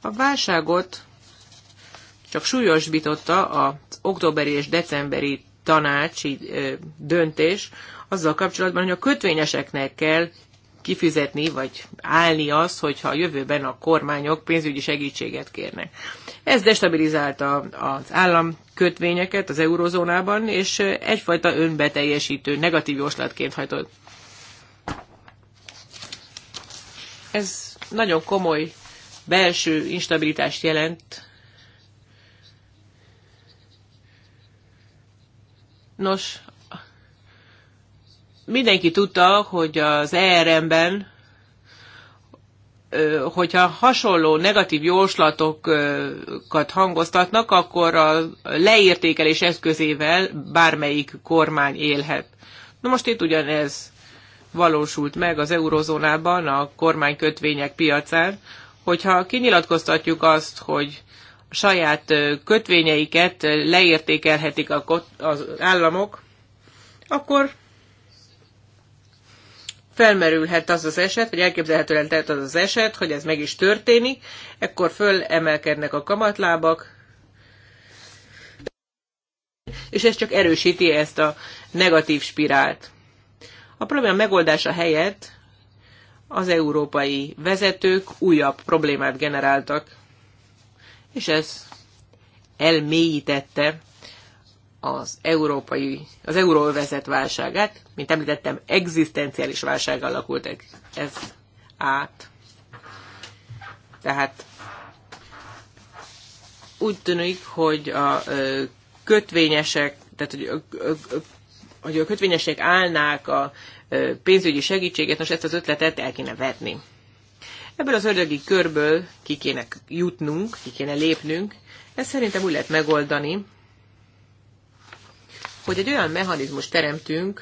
[SPEAKER 1] A válságot csak súlyosbította az októberi és decemberi tanácsi döntés azzal kapcsolatban, hogy a kötvényeseknek kell kifizetni, vagy állni az, hogyha a jövőben a kormányok pénzügyi segítséget kérnek. Ez destabilizálta az állam kötvényeket az eurozónában, és egyfajta önbeteljesítő, negatív jóslatként hajtott. Ez nagyon komoly belső instabilitást jelent. Nos, mindenki tudta, hogy az ERM-ben, hogyha hasonló negatív jóslatokat hangoztatnak, akkor a leértékelés eszközével bármelyik kormány élhet. Na most itt ugyanez valósult meg az eurozónában a kormánykötvények piacán hogyha kinyilatkoztatjuk azt, hogy a saját kötvényeiket leértékelhetik az államok, akkor felmerülhet az az eset, vagy elképzelhetően tehet az az eset, hogy ez meg is történik, ekkor fölemelkednek a kamatlábak, és ez csak erősíti ezt a negatív spirált. A probléma megoldása helyett az európai vezetők újabb problémát generáltak, és ez elmélyítette az európai, az vezet válságát, mint említettem, egzisztenciális válság alakult ez át. Tehát úgy tűnik, hogy a kötvényesek, tehát hogy a, hogy a kötvényesek állnák a pénzügyi segítséget, most ezt az ötletet el kéne vetni. Ebből az ördögi körből ki kéne jutnunk, ki kéne lépnünk. Ezt szerintem úgy lehet megoldani, hogy egy olyan mechanizmus teremtünk,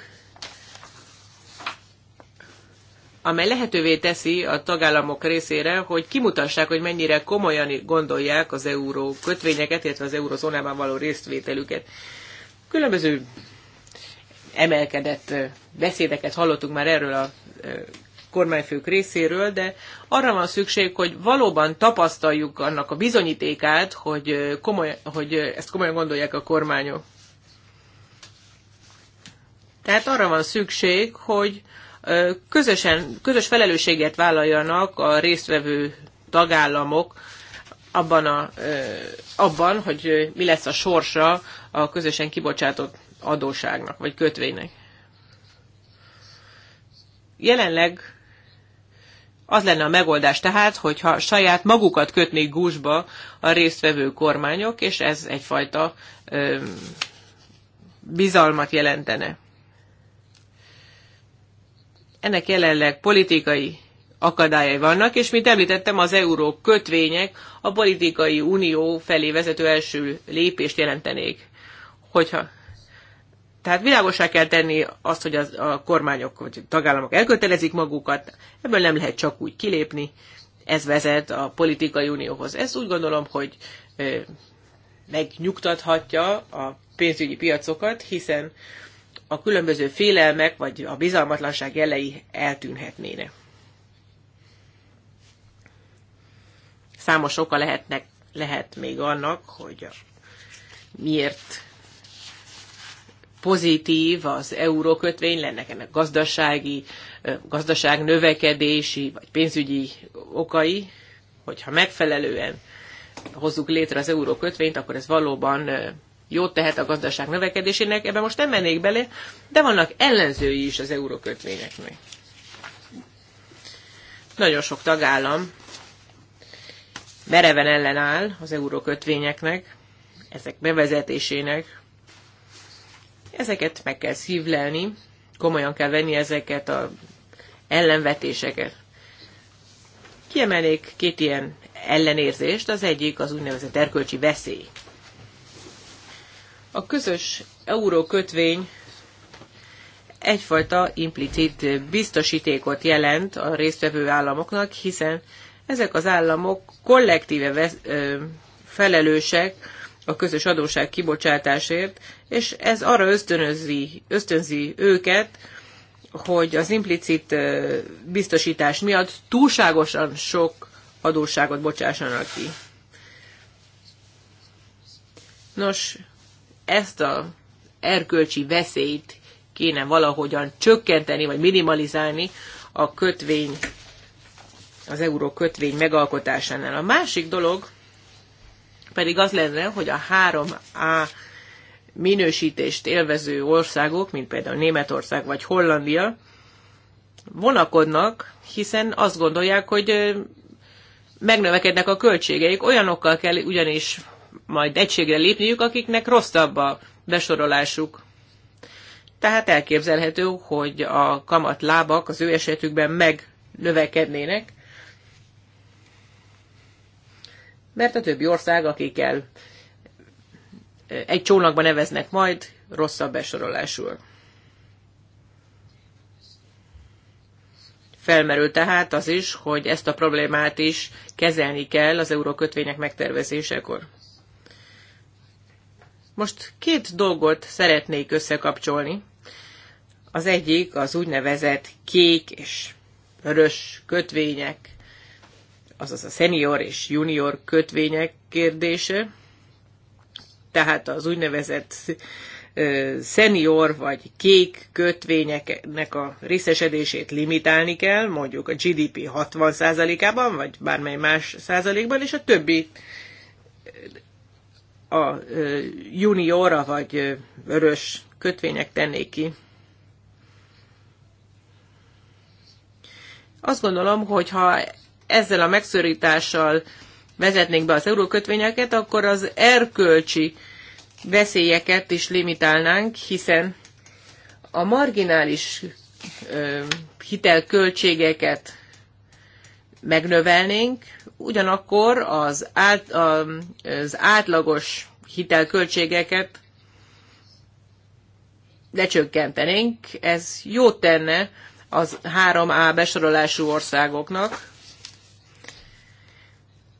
[SPEAKER 1] amely lehetővé teszi a tagállamok részére, hogy kimutassák, hogy mennyire komolyan gondolják az euró kötvényeket, illetve az eurozónában való résztvételüket. Különböző emelkedett beszédeket hallottuk már erről a kormányfők részéről, de arra van szükség, hogy valóban tapasztaljuk annak a bizonyítékát, hogy, komoly, hogy ezt komolyan gondolják a kormányok. Tehát arra van szükség, hogy közösen, közös felelősséget vállaljanak a résztvevő tagállamok abban, a, abban, hogy mi lesz a sorsa a közösen kibocsátott adóságnak, vagy kötvénynek. Jelenleg az lenne a megoldás tehát, hogyha saját magukat kötnék gúzsba a résztvevő kormányok, és ez egyfajta ö, bizalmat jelentene. Ennek jelenleg politikai akadályai vannak, és mint említettem, az euró kötvények a politikai unió felé vezető első lépést jelentenék. Hogyha tehát világosá kell tenni azt, hogy az, a kormányok vagy a tagállamok elkötelezik magukat, ebből nem lehet csak úgy kilépni, ez vezet a politikai unióhoz. Ez úgy gondolom, hogy megnyugtathatja a pénzügyi piacokat, hiszen a különböző félelmek vagy a bizalmatlanság jelei eltűnhetnének. Számos oka lehetnek, lehet még annak, hogy miért pozitív az eurókötvény, lenne ennek gazdasági, gazdaság növekedési vagy pénzügyi okai, hogyha megfelelően hozzuk létre az eurókötvényt, akkor ez valóban jót tehet a gazdaság növekedésének, ebben most nem mennék bele, de vannak ellenzői is az eurókötvényeknek. Nagyon sok tagállam mereven ellenáll az eurókötvényeknek, ezek bevezetésének, Ezeket meg kell szívlelni, komolyan kell venni ezeket a ellenvetéseket. Kiemelnék két ilyen ellenérzést, az egyik az úgynevezett erkölcsi veszély. A közös eurókötvény egyfajta implicit biztosítékot jelent a résztvevő államoknak, hiszen ezek az államok kollektíve vesz, ö, felelősek a közös adóság kibocsátásért, és ez arra ösztönözi, ösztönzi őket, hogy az implicit biztosítás miatt túlságosan sok adósságot bocsássanak ki. Nos, ezt a erkölcsi veszélyt kéne valahogyan csökkenteni, vagy minimalizálni a kötvény, az euró kötvény megalkotásánál. A másik dolog, pedig az lenne, hogy a 3A minősítést élvező országok, mint például Németország vagy Hollandia, vonakodnak, hiszen azt gondolják, hogy megnövekednek a költségeik, olyanokkal kell ugyanis majd egységre lépniük, akiknek rosszabb a besorolásuk. Tehát elképzelhető, hogy a kamatlábak az ő esetükben megnövekednének, mert a többi ország, akikkel egy csónakban neveznek majd, rosszabb besorolásul. Felmerül tehát az is, hogy ezt a problémát is kezelni kell az eurókötvények megtervezésekor. Most két dolgot szeretnék összekapcsolni. Az egyik az úgynevezett kék és vörös kötvények azaz a senior és junior kötvények kérdése, tehát az úgynevezett senior vagy kék kötvényeknek a részesedését limitálni kell, mondjuk a GDP 60%-ában, vagy bármely más százalékban, és a többi a juniorra vagy vörös kötvények tennék ki. Azt gondolom, hogy ha ezzel a megszorítással vezetnénk be az eurókötvényeket, akkor az erkölcsi veszélyeket is limitálnánk, hiszen a marginális ö, hitelköltségeket megnövelnénk, ugyanakkor az, át, a, az átlagos hitelköltségeket lecsökkentenénk. Ez jót tenne az 3A besorolású országoknak,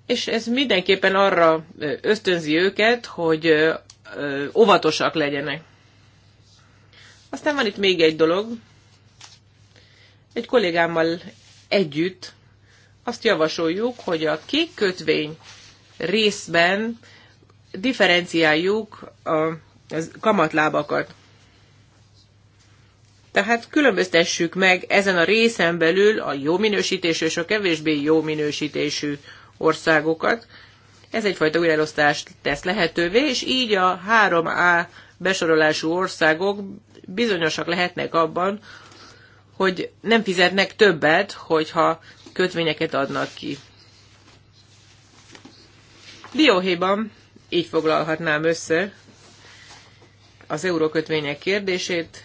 [SPEAKER 1] és ez mindenképpen arra ösztönzi őket, hogy óvatosak legyenek. Aztán van itt még egy dolog. Egy kollégámmal együtt azt javasoljuk, hogy a kék kötvény részben differenciáljuk a, kamatlábakat. Tehát különböztessük meg ezen a részen belül a jó minősítésű és a kevésbé jó minősítésű országokat. Ez egyfajta újraelosztást tesz lehetővé, és így a 3A besorolású országok bizonyosak lehetnek abban, hogy nem fizetnek többet, hogyha kötvényeket adnak ki. Dióhéjban így foglalhatnám össze az eurókötvények kérdését.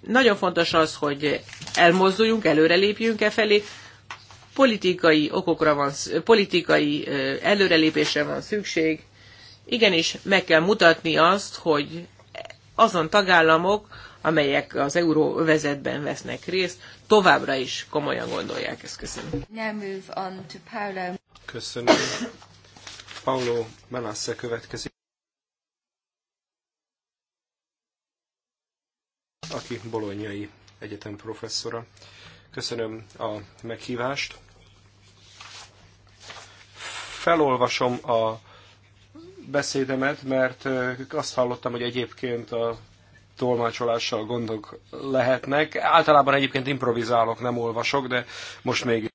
[SPEAKER 1] Nagyon fontos az, hogy elmozduljunk, előrelépjünk e felé, Politikai okokra van, politikai előrelépésre van szükség. Igenis, meg kell mutatni azt, hogy azon tagállamok, amelyek az euróvezetben vesznek részt,
[SPEAKER 3] továbbra is komolyan gondolják ezt. Köszönöm. Köszönöm. Paulo Menasse következik. aki bolonyai egyetem professzora. Köszönöm a meghívást felolvasom a beszédemet, mert azt hallottam, hogy egyébként a tolmácsolással gondok lehetnek. Általában egyébként improvizálok, nem olvasok, de most még.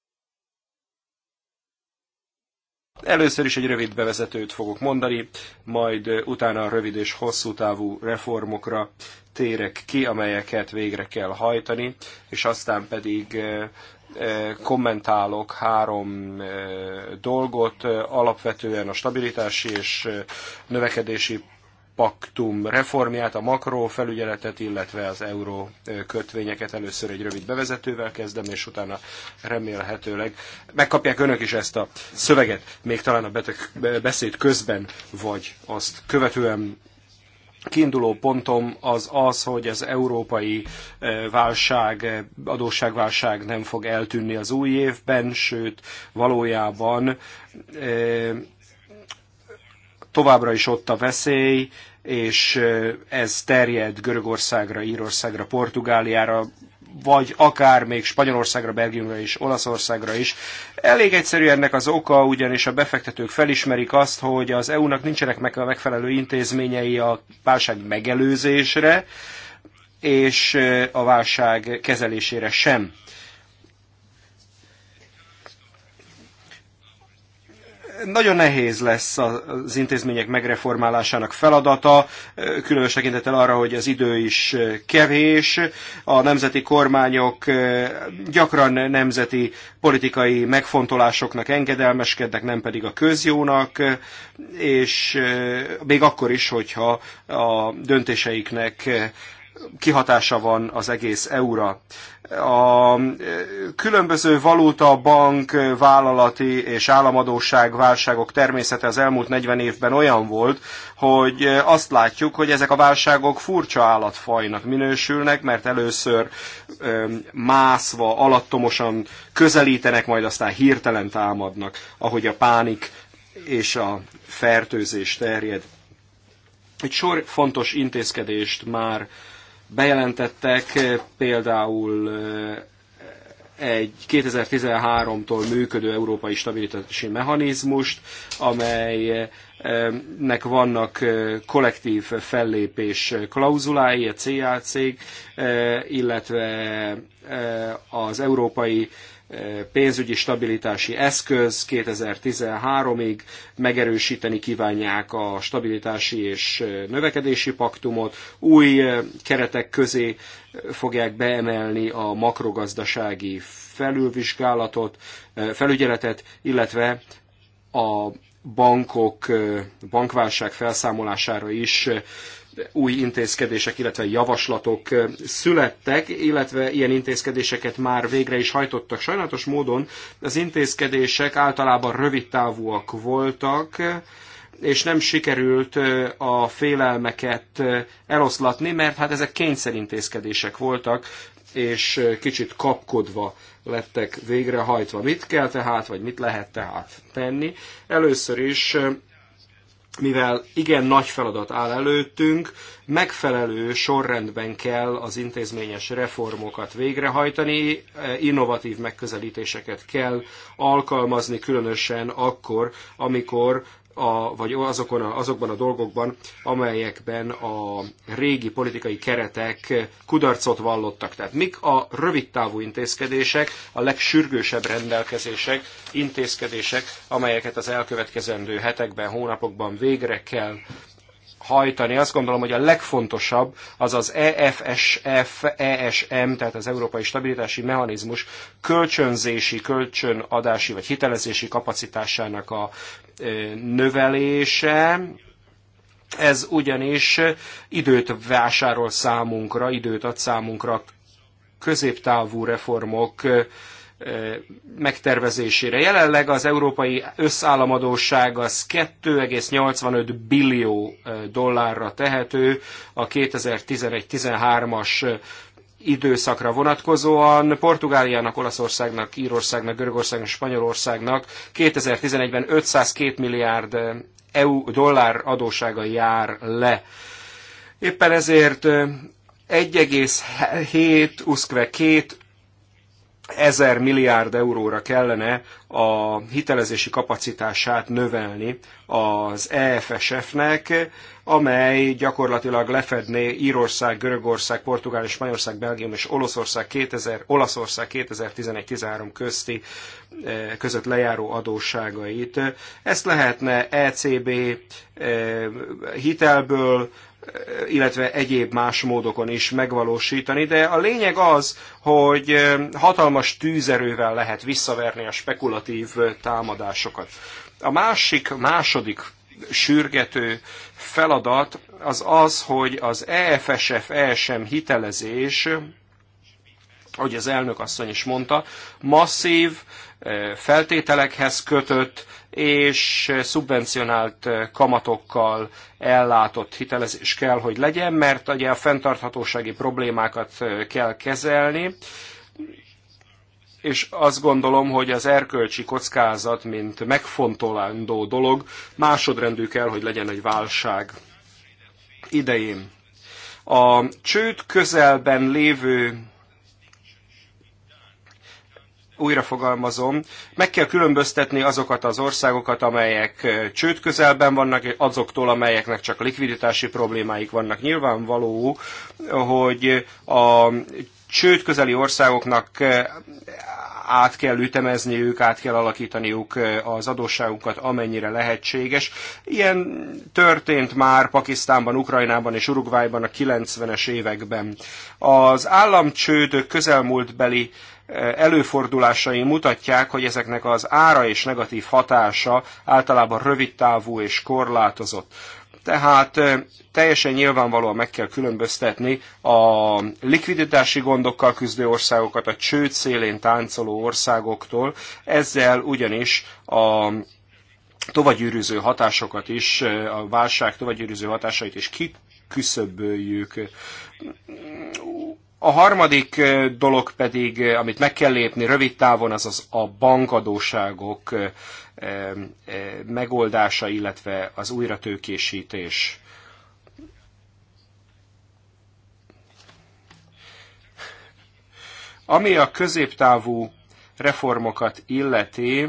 [SPEAKER 3] Először is egy rövid bevezetőt fogok mondani, majd utána a rövid és hosszú távú reformokra térek ki, amelyeket végre kell hajtani, és aztán pedig kommentálok három dolgot, alapvetően a stabilitási és növekedési paktum reformját, a felügyeletet illetve az euró kötvényeket. Először egy rövid bevezetővel kezdem, és utána remélhetőleg megkapják önök is ezt a szöveget, még talán a beteg beszéd közben, vagy azt követően kiinduló pontom az az, hogy az európai eh, válság, eh, adósságválság nem fog eltűnni az új évben, sőt valójában eh, továbbra is ott a veszély, és ez terjed Görögországra, Írországra, Portugáliára, vagy akár még Spanyolországra, Belgiumra és Olaszországra is. Elég egyszerű ennek az oka, ugyanis a befektetők felismerik azt, hogy az EU-nak nincsenek meg a megfelelő intézményei a válság megelőzésre, és a válság kezelésére sem. Nagyon nehéz lesz az intézmények megreformálásának feladata, különös tekintettel arra, hogy az idő is kevés. A nemzeti kormányok eh, gyakran nemzeti politikai megfontolásoknak engedelmeskednek, nem pedig a közjónak, és eh, még akkor is, hogyha a döntéseiknek kihatása van az egész eura. A e, különböző valuta, bank, vállalati és államadóság válságok természete az elmúlt 40 évben olyan volt, hogy e, azt látjuk, hogy ezek a válságok furcsa állatfajnak minősülnek, mert először e, mászva, alattomosan közelítenek, majd aztán hirtelen támadnak, ahogy a pánik és a fertőzés terjed. Egy sor fontos intézkedést már bejelentettek, eh, például eh, egy 2013-tól működő európai stabilitási mechanizmust, amelynek eh, vannak kollektív fellépés klauzulái, a CAC, illetve az európai pénzügyi stabilitási eszköz 2013-ig, megerősíteni kívánják a stabilitási és növekedési paktumot, új keretek közé fogják beemelni a makrogazdasági felülvizsgálatot, felügyeletet, illetve a bankok bankválság felszámolására is új intézkedések, illetve javaslatok születtek, illetve ilyen intézkedéseket már végre is hajtottak. Sajnálatos módon az intézkedések általában rövidtávúak voltak, és nem sikerült a félelmeket eloszlatni, mert hát ezek kényszerintézkedések voltak, és kicsit kapkodva lettek végrehajtva. Mit kell tehát, vagy mit lehet tehát tenni? Először is mivel igen nagy feladat áll előttünk, megfelelő sorrendben kell az intézményes reformokat végrehajtani, eh, innovatív megközelítéseket kell alkalmazni, különösen akkor, amikor a, vagy azokon a, azokban a dolgokban, amelyekben a régi politikai keretek kudarcot vallottak. Tehát mik a rövidtávú intézkedések, a legsürgősebb rendelkezések, intézkedések, amelyeket az elkövetkezendő hetekben, hónapokban végre kell hajtani. Azt gondolom, hogy a legfontosabb az az EFSF, ESM, tehát az Európai Stabilitási Mechanizmus kölcsönzési, kölcsönadási vagy hitelezési kapacitásának a növelése, ez ugyanis időt vásárol számunkra, időt ad számunkra középtávú reformok megtervezésére. Jelenleg az európai összállamadóság az 2,85 billió dollárra tehető a 2011-13-as időszakra vonatkozóan Portugáliának, Olaszországnak, Írországnak, Görögországnak, Spanyolországnak 2011-ben 502 milliárd EU dollár adósága jár le. Éppen ezért 1,7, uszkve 2 ezer milliárd euróra kellene a hitelezési kapacitását növelni az EFSF-nek, amely gyakorlatilag lefedné Írország, Görögország, Portugál és Spanyolország, Belgium és Olaszország 2000, Olaszország 2011-13 közti eh, között lejáró adósságait. Ezt lehetne ECB eh, hitelből, illetve egyéb más módokon is megvalósítani, de a lényeg az, hogy hatalmas tűzerővel lehet visszaverni a spekulatív támadásokat. A másik, második sürgető feladat az az, hogy az EFSF-ESM hitelezés ahogy az elnök asszony is mondta, masszív eh, feltételekhez kötött és szubvencionált eh, kamatokkal ellátott hitelezés kell, hogy legyen, mert ugye a fenntarthatósági problémákat eh, kell kezelni, és azt gondolom, hogy az erkölcsi kockázat, mint megfontolandó dolog, másodrendű kell, hogy legyen egy válság idején. A csőd közelben lévő újra fogalmazom, meg kell különböztetni azokat az országokat, amelyek csőd közelben vannak, azoktól, amelyeknek csak likviditási problémáik vannak. Nyilvánvaló, hogy a csőd közeli országoknak át kell ütemezniük, át kell alakítaniuk az adósságukat, amennyire lehetséges. Ilyen történt már Pakisztánban, Ukrajnában és Uruguayban a 90-es években. Az államcsődök közelmúltbeli előfordulásai mutatják, hogy ezeknek az ára és negatív hatása általában rövidtávú és korlátozott. Tehát teljesen nyilvánvalóan meg kell különböztetni a likviditási gondokkal küzdő országokat a csőd szélén táncoló országoktól, ezzel ugyanis a tovagyűrűző hatásokat is, a válság tovagyűrűző hatásait is kiküszöböljük a harmadik eh, dolog pedig, eh, amit meg kell lépni rövid távon, az, az a bankadóságok eh, megoldása, illetve az újratőkésítés. Ami a középtávú reformokat illeti,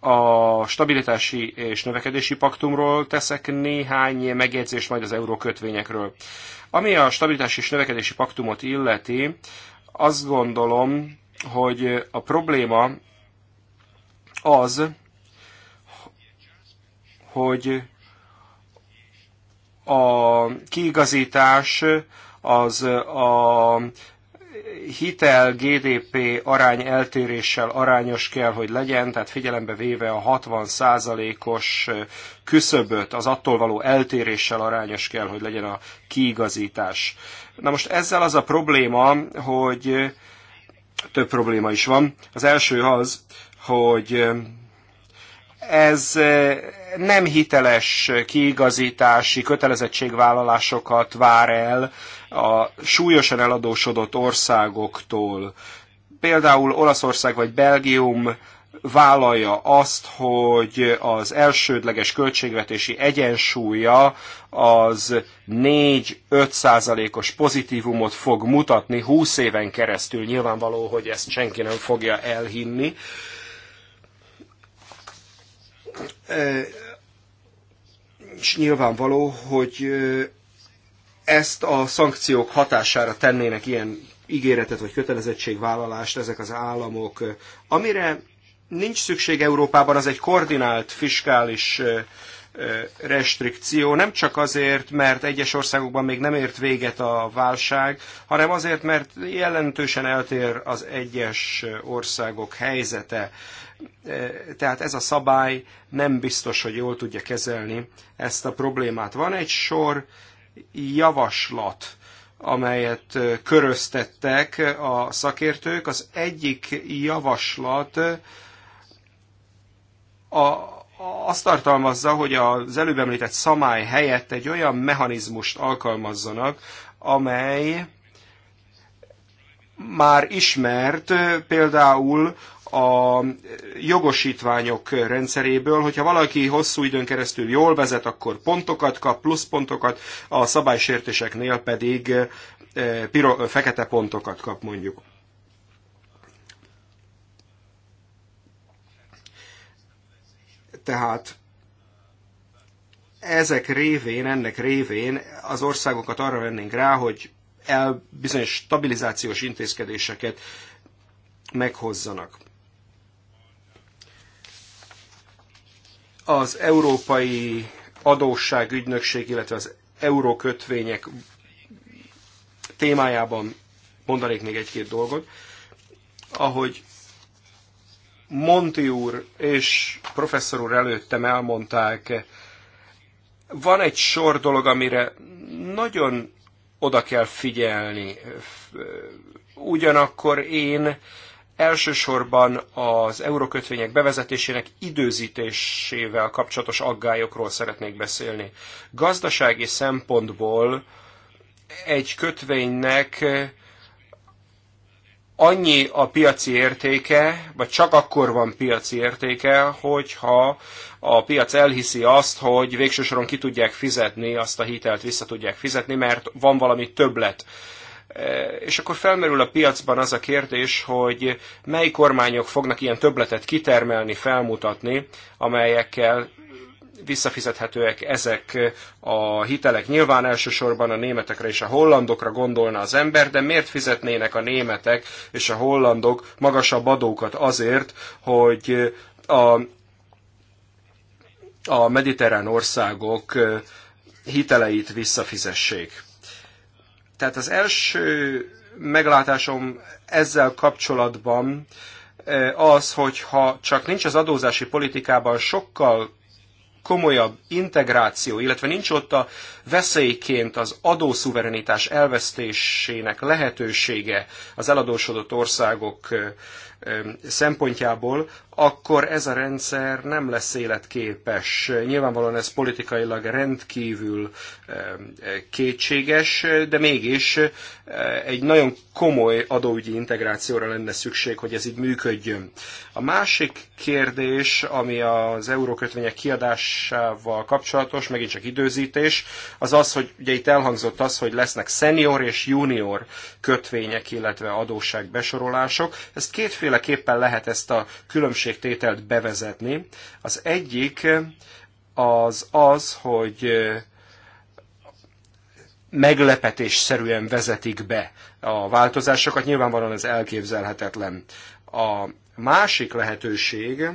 [SPEAKER 3] a stabilitási és növekedési paktumról teszek néhány megjegyzést majd az eurókötvényekről. Ami a stabilitási és növekedési paktumot illeti, azt gondolom, hogy a probléma az, hogy a kiigazítás az a hitel GDP arány eltéréssel arányos kell, hogy legyen, tehát figyelembe véve a 60%-os küszöböt, az attól való eltéréssel arányos kell, hogy legyen a kiigazítás. Na most ezzel az a probléma, hogy több probléma is van. Az első az, hogy ez nem hiteles kiigazítási kötelezettségvállalásokat vár el a súlyosan eladósodott országoktól, például Olaszország vagy Belgium vállalja azt, hogy az elsődleges költségvetési egyensúlya az 4-5 százalékos pozitívumot fog mutatni 20 éven keresztül. Nyilvánvaló, hogy ezt senki nem fogja elhinni. E, és nyilvánvaló, hogy ezt a szankciók hatására tennének ilyen ígéretet vagy kötelezettségvállalást ezek az államok. Amire nincs szükség Európában, az egy koordinált fiskális restrikció, nem csak azért, mert egyes országokban még nem ért véget a válság, hanem azért, mert jelentősen eltér az egyes országok helyzete. Tehát ez a szabály nem biztos, hogy jól tudja kezelni ezt a problémát. Van egy sor javaslat, amelyet köröztettek a szakértők. Az egyik javaslat a, azt tartalmazza, hogy az előbb említett szamály helyett egy olyan mechanizmust alkalmazzanak, amely már ismert, például a jogosítványok rendszeréből, hogyha valaki hosszú időn keresztül jól vezet, akkor pontokat kap, plusz pontokat, a szabálysértéseknél pedig eh, piro, fekete pontokat kap mondjuk. Tehát ezek révén, ennek révén az országokat arra vennénk rá, hogy el bizonyos stabilizációs intézkedéseket meghozzanak. az Európai Adósságügynökség, illetve az eurókötvények témájában mondanék még egy-két dolgot. Ahogy Monti úr és professzor úr előttem elmondták, van egy sor dolog, amire nagyon oda kell figyelni. Ugyanakkor én Elsősorban az eurókötvények bevezetésének időzítésével kapcsolatos aggályokról szeretnék beszélni. Gazdasági szempontból egy kötvénynek annyi a piaci értéke, vagy csak akkor van piaci értéke, hogyha a piac elhiszi azt, hogy végső soron ki tudják fizetni, azt a hitelt vissza tudják fizetni, mert van valami többlet Eh, és akkor felmerül a piacban az a kérdés, hogy mely kormányok fognak ilyen töbletet kitermelni, felmutatni, amelyekkel visszafizethetőek ezek a hitelek. Nyilván elsősorban a németekre és a hollandokra gondolna az ember, de miért fizetnének a németek és a hollandok magasabb adókat azért, hogy a, a mediterrán országok hiteleit visszafizessék? Tehát az első meglátásom ezzel kapcsolatban e, az, hogyha csak nincs az adózási politikában sokkal komolyabb integráció, illetve nincs ott a veszélyként az adószuverenitás elvesztésének lehetősége az eladósodott országok e, szempontjából, akkor ez a rendszer nem lesz életképes. Nyilvánvalóan ez politikailag rendkívül kétséges, de mégis egy nagyon komoly adóügyi integrációra lenne szükség, hogy ez így működjön. A másik kérdés, ami az eurókötvények kiadásával kapcsolatos, megint csak időzítés, az az, hogy ugye itt elhangzott az, hogy lesznek senior és junior kötvények, illetve adósság besorolások. Ezt kétféle kétféleképpen lehet ezt a különbségtételt bevezetni. Az egyik eh, az az, hogy eh, meglepetésszerűen vezetik be a változásokat, nyilvánvalóan ez elképzelhetetlen. A másik lehetőség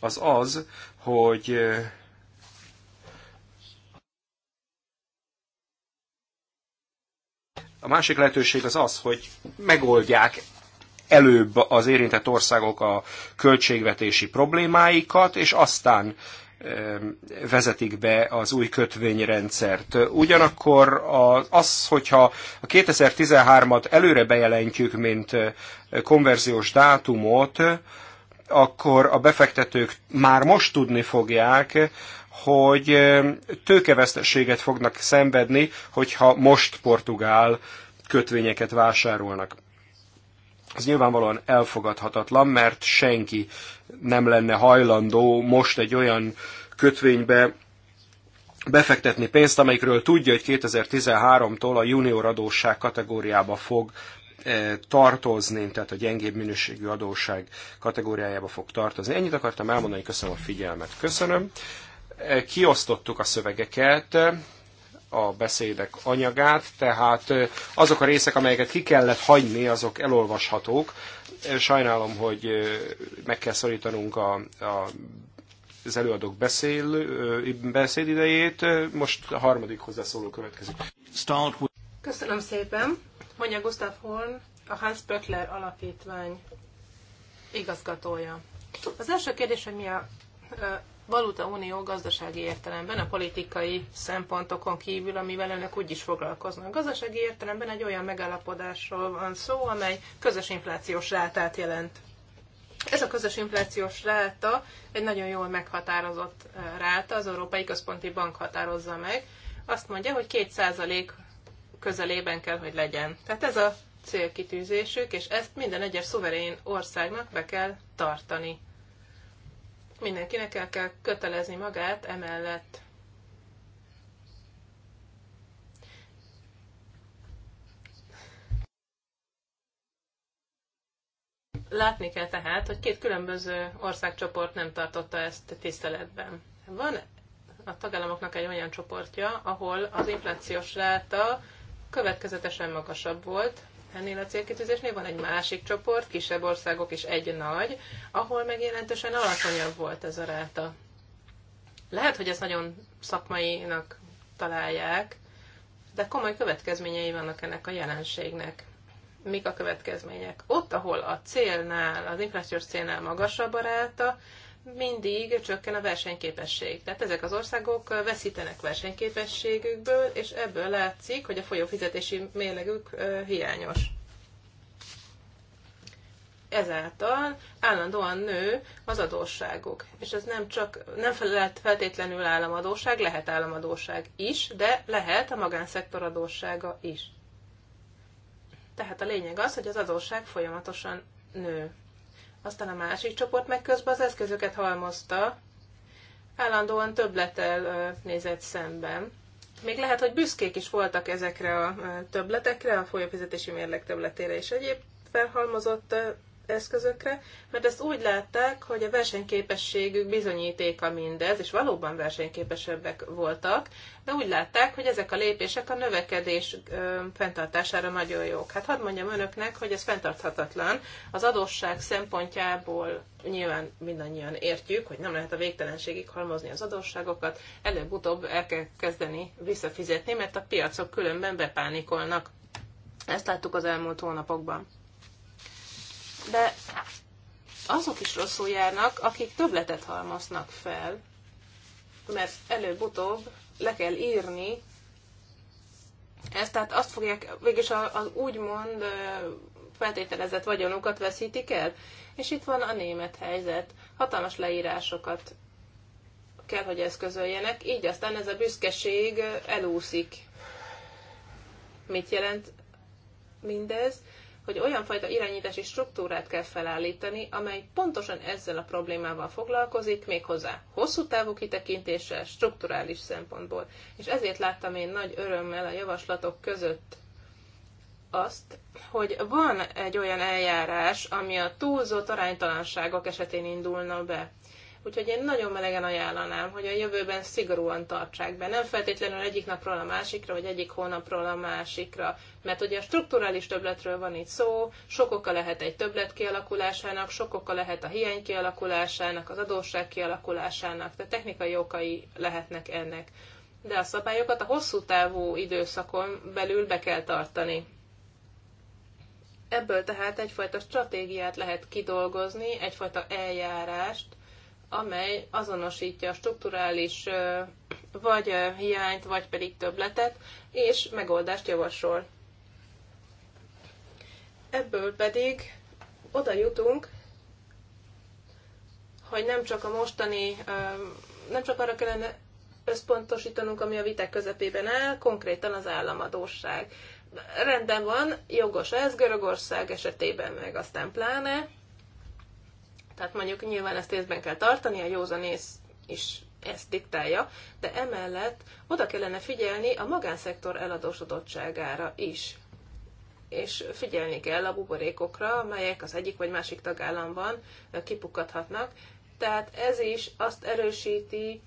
[SPEAKER 3] az az, hogy eh, A másik lehetőség az az, hogy megoldják előbb az érintett országok a költségvetési problémáikat, és aztán vezetik be az új kötvényrendszert. Ugyanakkor az, hogyha a 2013-at előre bejelentjük, mint konverziós dátumot, akkor a befektetők már most tudni fogják, hogy tőkevesztességet fognak szenvedni, hogyha most portugál kötvényeket vásárolnak. Ez nyilvánvalóan elfogadhatatlan, mert senki nem lenne hajlandó most egy olyan kötvénybe befektetni pénzt, amelyikről tudja, hogy 2013-tól a junior adósság kategóriába fog e, tartozni, tehát a gyengébb minőségű adósság kategóriájába fog tartozni. Ennyit akartam elmondani, köszönöm a figyelmet. Köszönöm kiosztottuk a szövegeket, a beszédek anyagát, tehát azok a részek, amelyeket ki kellett hagyni, azok elolvashatók. Sajnálom, hogy meg kell szorítanunk a, a az előadók beszél, idejét. Most a harmadik hozzászóló következik.
[SPEAKER 2] Köszönöm szépen. Mondja Gustav Horn, a Hans Böckler Alapítvány igazgatója. Az első kérdés, hogy mi a valuta unió gazdasági értelemben, a politikai szempontokon kívül, amivel önök úgy is foglalkoznak. Gazdasági értelemben egy olyan megállapodásról van szó, amely közös inflációs rátát jelent. Ez a közös inflációs ráta egy nagyon jól meghatározott eh, ráta, az Európai Központi Bank határozza meg. Azt mondja, hogy 2% közelében kell, hogy legyen. Tehát ez a célkitűzésük, és ezt minden egyes szuverén országnak be kell tartani. Mindenkinek el kell kötelezni magát emellett. Látni kell tehát, hogy két különböző országcsoport nem tartotta ezt tiszteletben. Van a tagállamoknak egy olyan csoportja, ahol az inflációs ráta következetesen magasabb volt, ennél a célkitűzésnél van egy másik csoport, kisebb országok és egy nagy, ahol meg jelentősen alacsonyabb volt ez a ráta. Lehet, hogy ezt nagyon szakmainak találják, de komoly következményei vannak ennek a jelenségnek. Mik a következmények? Ott, ahol a célnál, az inflációs célnál magasabb a ráta, mindig csökken a versenyképesség. Tehát ezek az országok veszítenek versenyképességükből, és ebből látszik, hogy a folyófizetési mérlegük hiányos. Ezáltal állandóan nő az adósságuk. És ez nem csak, nem lehet feltétlenül államadóság, lehet államadóság is, de lehet a magánszektor adóssága is. Tehát a lényeg az, hogy az adósság folyamatosan nő. Aztán a másik csoport meg közben az eszközöket halmozta, állandóan többlettel nézett szemben. Még lehet, hogy büszkék is voltak ezekre a többletekre, a folyófizetési mérleg többletére és egyéb felhalmozott eszközökre, mert ezt úgy látták, hogy a versenyképességük bizonyítéka mindez, és valóban versenyképesebbek voltak, de úgy látták, hogy ezek a lépések a növekedés ö, fenntartására nagyon jók. Hát hadd mondjam önöknek, hogy ez fenntarthatatlan. Az adósság szempontjából nyilván mindannyian értjük, hogy nem lehet a végtelenségig halmozni az adósságokat, előbb-utóbb el kell kezdeni visszafizetni, mert a piacok különben bepánikolnak. Ezt láttuk az elmúlt hónapokban de azok is rosszul járnak, akik töbletet halmoznak fel, mert előbb-utóbb le kell írni ezt, tehát azt fogják, végülis az úgymond feltételezett vagyonukat veszítik el. És itt van a német helyzet. Hatalmas leírásokat kell, hogy eszközöljenek, így aztán ez a büszkeség elúszik. Mit jelent mindez? hogy olyan fajta irányítási struktúrát kell felállítani, amely pontosan ezzel a problémával foglalkozik, méghozzá hosszú távú kitekintéssel, strukturális szempontból. És ezért láttam én nagy örömmel a javaslatok között azt, hogy van egy olyan eljárás, ami a túlzott aránytalanságok esetén indulna be. Úgyhogy én nagyon melegen ajánlanám, hogy a jövőben szigorúan tartsák be. Nem feltétlenül egyik napról a másikra, vagy egyik hónapról a másikra. Mert ugye a strukturális többletről van itt szó, sok oka lehet egy többlet kialakulásának, sok oka lehet a hiány kialakulásának, az adósság kialakulásának, tehát technikai okai lehetnek ennek. De a szabályokat a hosszú távú időszakon belül be kell tartani. Ebből tehát egyfajta stratégiát lehet kidolgozni, egyfajta eljárást, amely azonosítja a strukturális vagy hiányt, vagy pedig többletet, és megoldást javasol. Ebből pedig oda jutunk, hogy nem csak a mostani, nem csak arra kellene összpontosítanunk, ami a vitek közepében áll, konkrétan az államadóság. Rendben van, jogos ez Görögország esetében, meg aztán pláne, tehát mondjuk nyilván ezt észben kell tartani, a józan ész is ezt diktálja, de emellett oda kellene figyelni a magánszektor eladósodottságára is. És figyelni kell a buborékokra, amelyek az egyik vagy másik tagállamban kipukkadhatnak. Tehát ez is azt erősíti,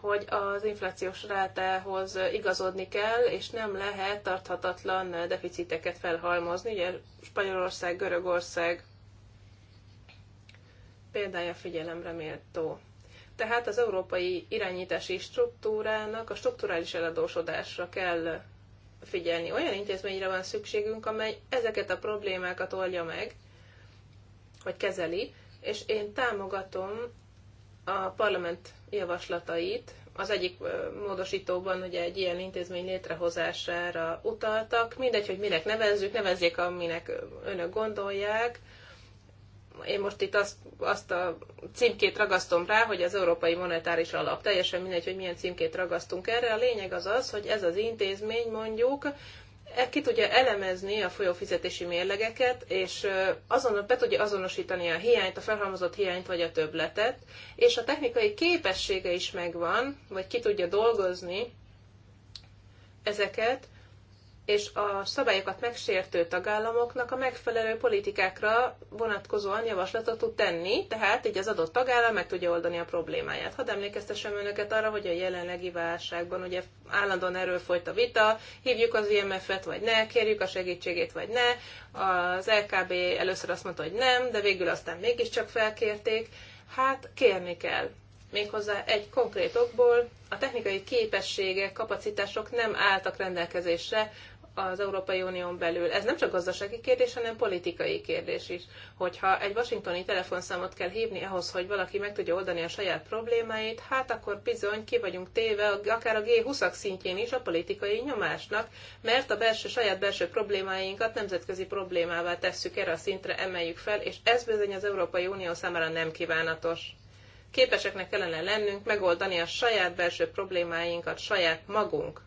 [SPEAKER 2] hogy az inflációs rátához igazodni kell, és nem lehet tarthatatlan deficiteket felhalmozni. Ugye Spanyolország, Görögország példája figyelemre méltó. Tehát az európai irányítási struktúrának a strukturális eladósodásra kell figyelni. Olyan intézményre van szükségünk, amely ezeket a problémákat oldja meg, vagy kezeli, és én támogatom a parlament javaslatait. Az egyik módosítóban ugye egy ilyen intézmény létrehozására utaltak. Mindegy, hogy minek nevezzük, nevezzék, aminek önök gondolják én most itt azt, azt a címkét ragasztom rá, hogy az Európai Monetáris Alap. Teljesen mindegy, hogy milyen címkét ragasztunk erre. A lényeg az az, hogy ez az intézmény mondjuk e, ki tudja elemezni a folyófizetési mérlegeket, és azon, be tudja azonosítani a hiányt, a felhalmozott hiányt vagy a többletet, és a technikai képessége is megvan, vagy ki tudja dolgozni ezeket, és a szabályokat megsértő tagállamoknak a megfelelő politikákra vonatkozóan javaslatot tud tenni, tehát így az adott tagállam meg tudja oldani a problémáját. Hadd emlékeztessem önöket arra, hogy a jelenlegi válságban ugye állandóan erről folyt a vita, hívjuk az IMF-et vagy ne, kérjük a segítségét vagy ne, az LKB először azt mondta, hogy nem, de végül aztán mégiscsak felkérték, hát kérni kell méghozzá egy konkrét okból, a technikai képességek, kapacitások nem álltak rendelkezésre az Európai Unión belül. Ez nem csak gazdasági kérdés, hanem politikai kérdés is. Hogyha egy washingtoni telefonszámot kell hívni ahhoz, hogy valaki meg tudja oldani a saját problémáit, hát akkor bizony ki vagyunk téve akár a G20-ak szintjén is a politikai nyomásnak, mert a belső, saját belső problémáinkat nemzetközi problémává tesszük erre a szintre, emeljük fel, és ez bizony az Európai Unió számára nem kívánatos képeseknek kellene lennünk megoldani a saját belső problémáinkat saját magunk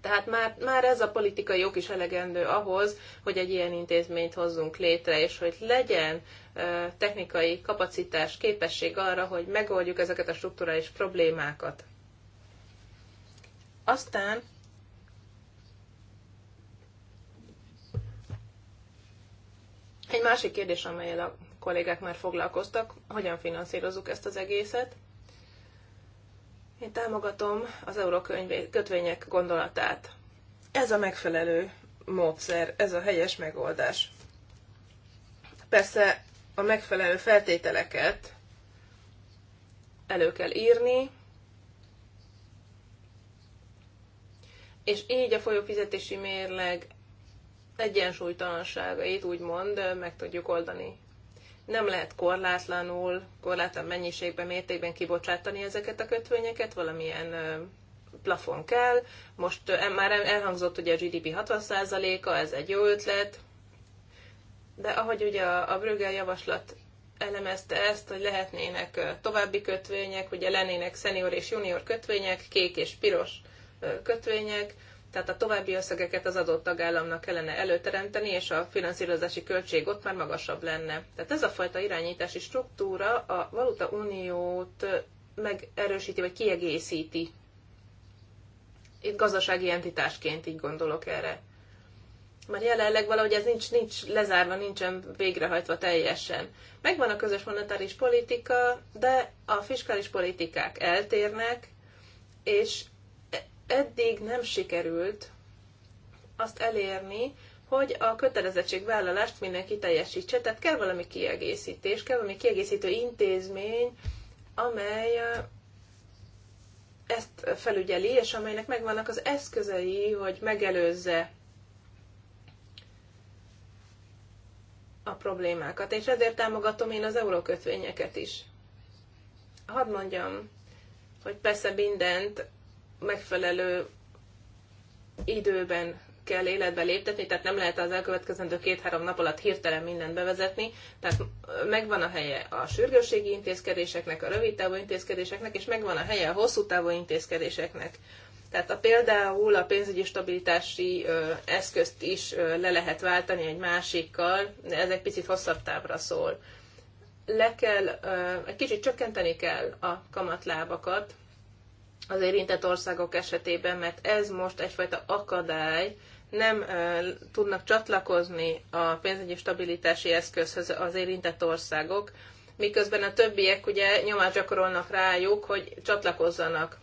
[SPEAKER 2] tehát már, már ez a politikai jog is elegendő ahhoz, hogy egy ilyen intézményt hozzunk létre, és hogy legyen technikai kapacitás, képesség arra, hogy megoldjuk ezeket a strukturális problémákat. Aztán egy másik kérdés, amelyel a kollégák már foglalkoztak, hogyan finanszírozzuk ezt az egészet. Én támogatom az eurókönyv kötvények gondolatát. Ez a megfelelő módszer, ez a helyes megoldás. Persze a megfelelő feltételeket elő kell írni, és így a folyófizetési mérleg egyensúlytalanságait úgymond meg tudjuk oldani nem lehet korlátlanul, korlátlan mennyiségben, mértékben kibocsátani ezeket a kötvényeket, valamilyen plafon kell. Most már elhangzott ugye a GDP 60%-a, ez egy jó ötlet, de ahogy ugye a, a Brüggel javaslat elemezte ezt, hogy lehetnének további kötvények, ugye lennének szenior és junior kötvények, kék és piros kötvények, tehát a további összegeket az adott tagállamnak kellene előteremteni, és a finanszírozási költség ott már magasabb lenne. Tehát ez a fajta irányítási struktúra a Valuta Uniót megerősíti, vagy kiegészíti. Itt gazdasági entitásként így gondolok erre. Mert jelenleg valahogy ez nincs, nincs lezárva, nincsen végrehajtva teljesen. Megvan a közös monetáris politika, de a fiskális politikák eltérnek, és eddig nem sikerült azt elérni, hogy a kötelezettségvállalást mindenki teljesítse. Tehát kell valami kiegészítés, kell valami kiegészítő intézmény, amely ezt felügyeli, és amelynek megvannak az eszközei, hogy megelőzze a problémákat. És ezért támogatom én az eurókötvényeket is. Hadd mondjam, hogy persze mindent megfelelő időben kell életbe léptetni, tehát nem lehet az elkövetkezendő két-három nap alatt hirtelen mindent bevezetni. Tehát megvan a helye a sürgősségi intézkedéseknek, a rövid távú intézkedéseknek, és megvan a helye a hosszú távú intézkedéseknek. Tehát a, például a pénzügyi stabilitási ö, eszközt is ö, le lehet váltani egy másikkal, de ez egy picit hosszabb távra szól. Le kell, ö, egy kicsit csökkenteni kell a kamatlábakat, az érintett országok esetében, mert ez most egyfajta akadály, nem tudnak csatlakozni a pénzügyi stabilitási eszközhöz az érintett országok, miközben a többiek ugye nyomást gyakorolnak rájuk, hogy csatlakozzanak.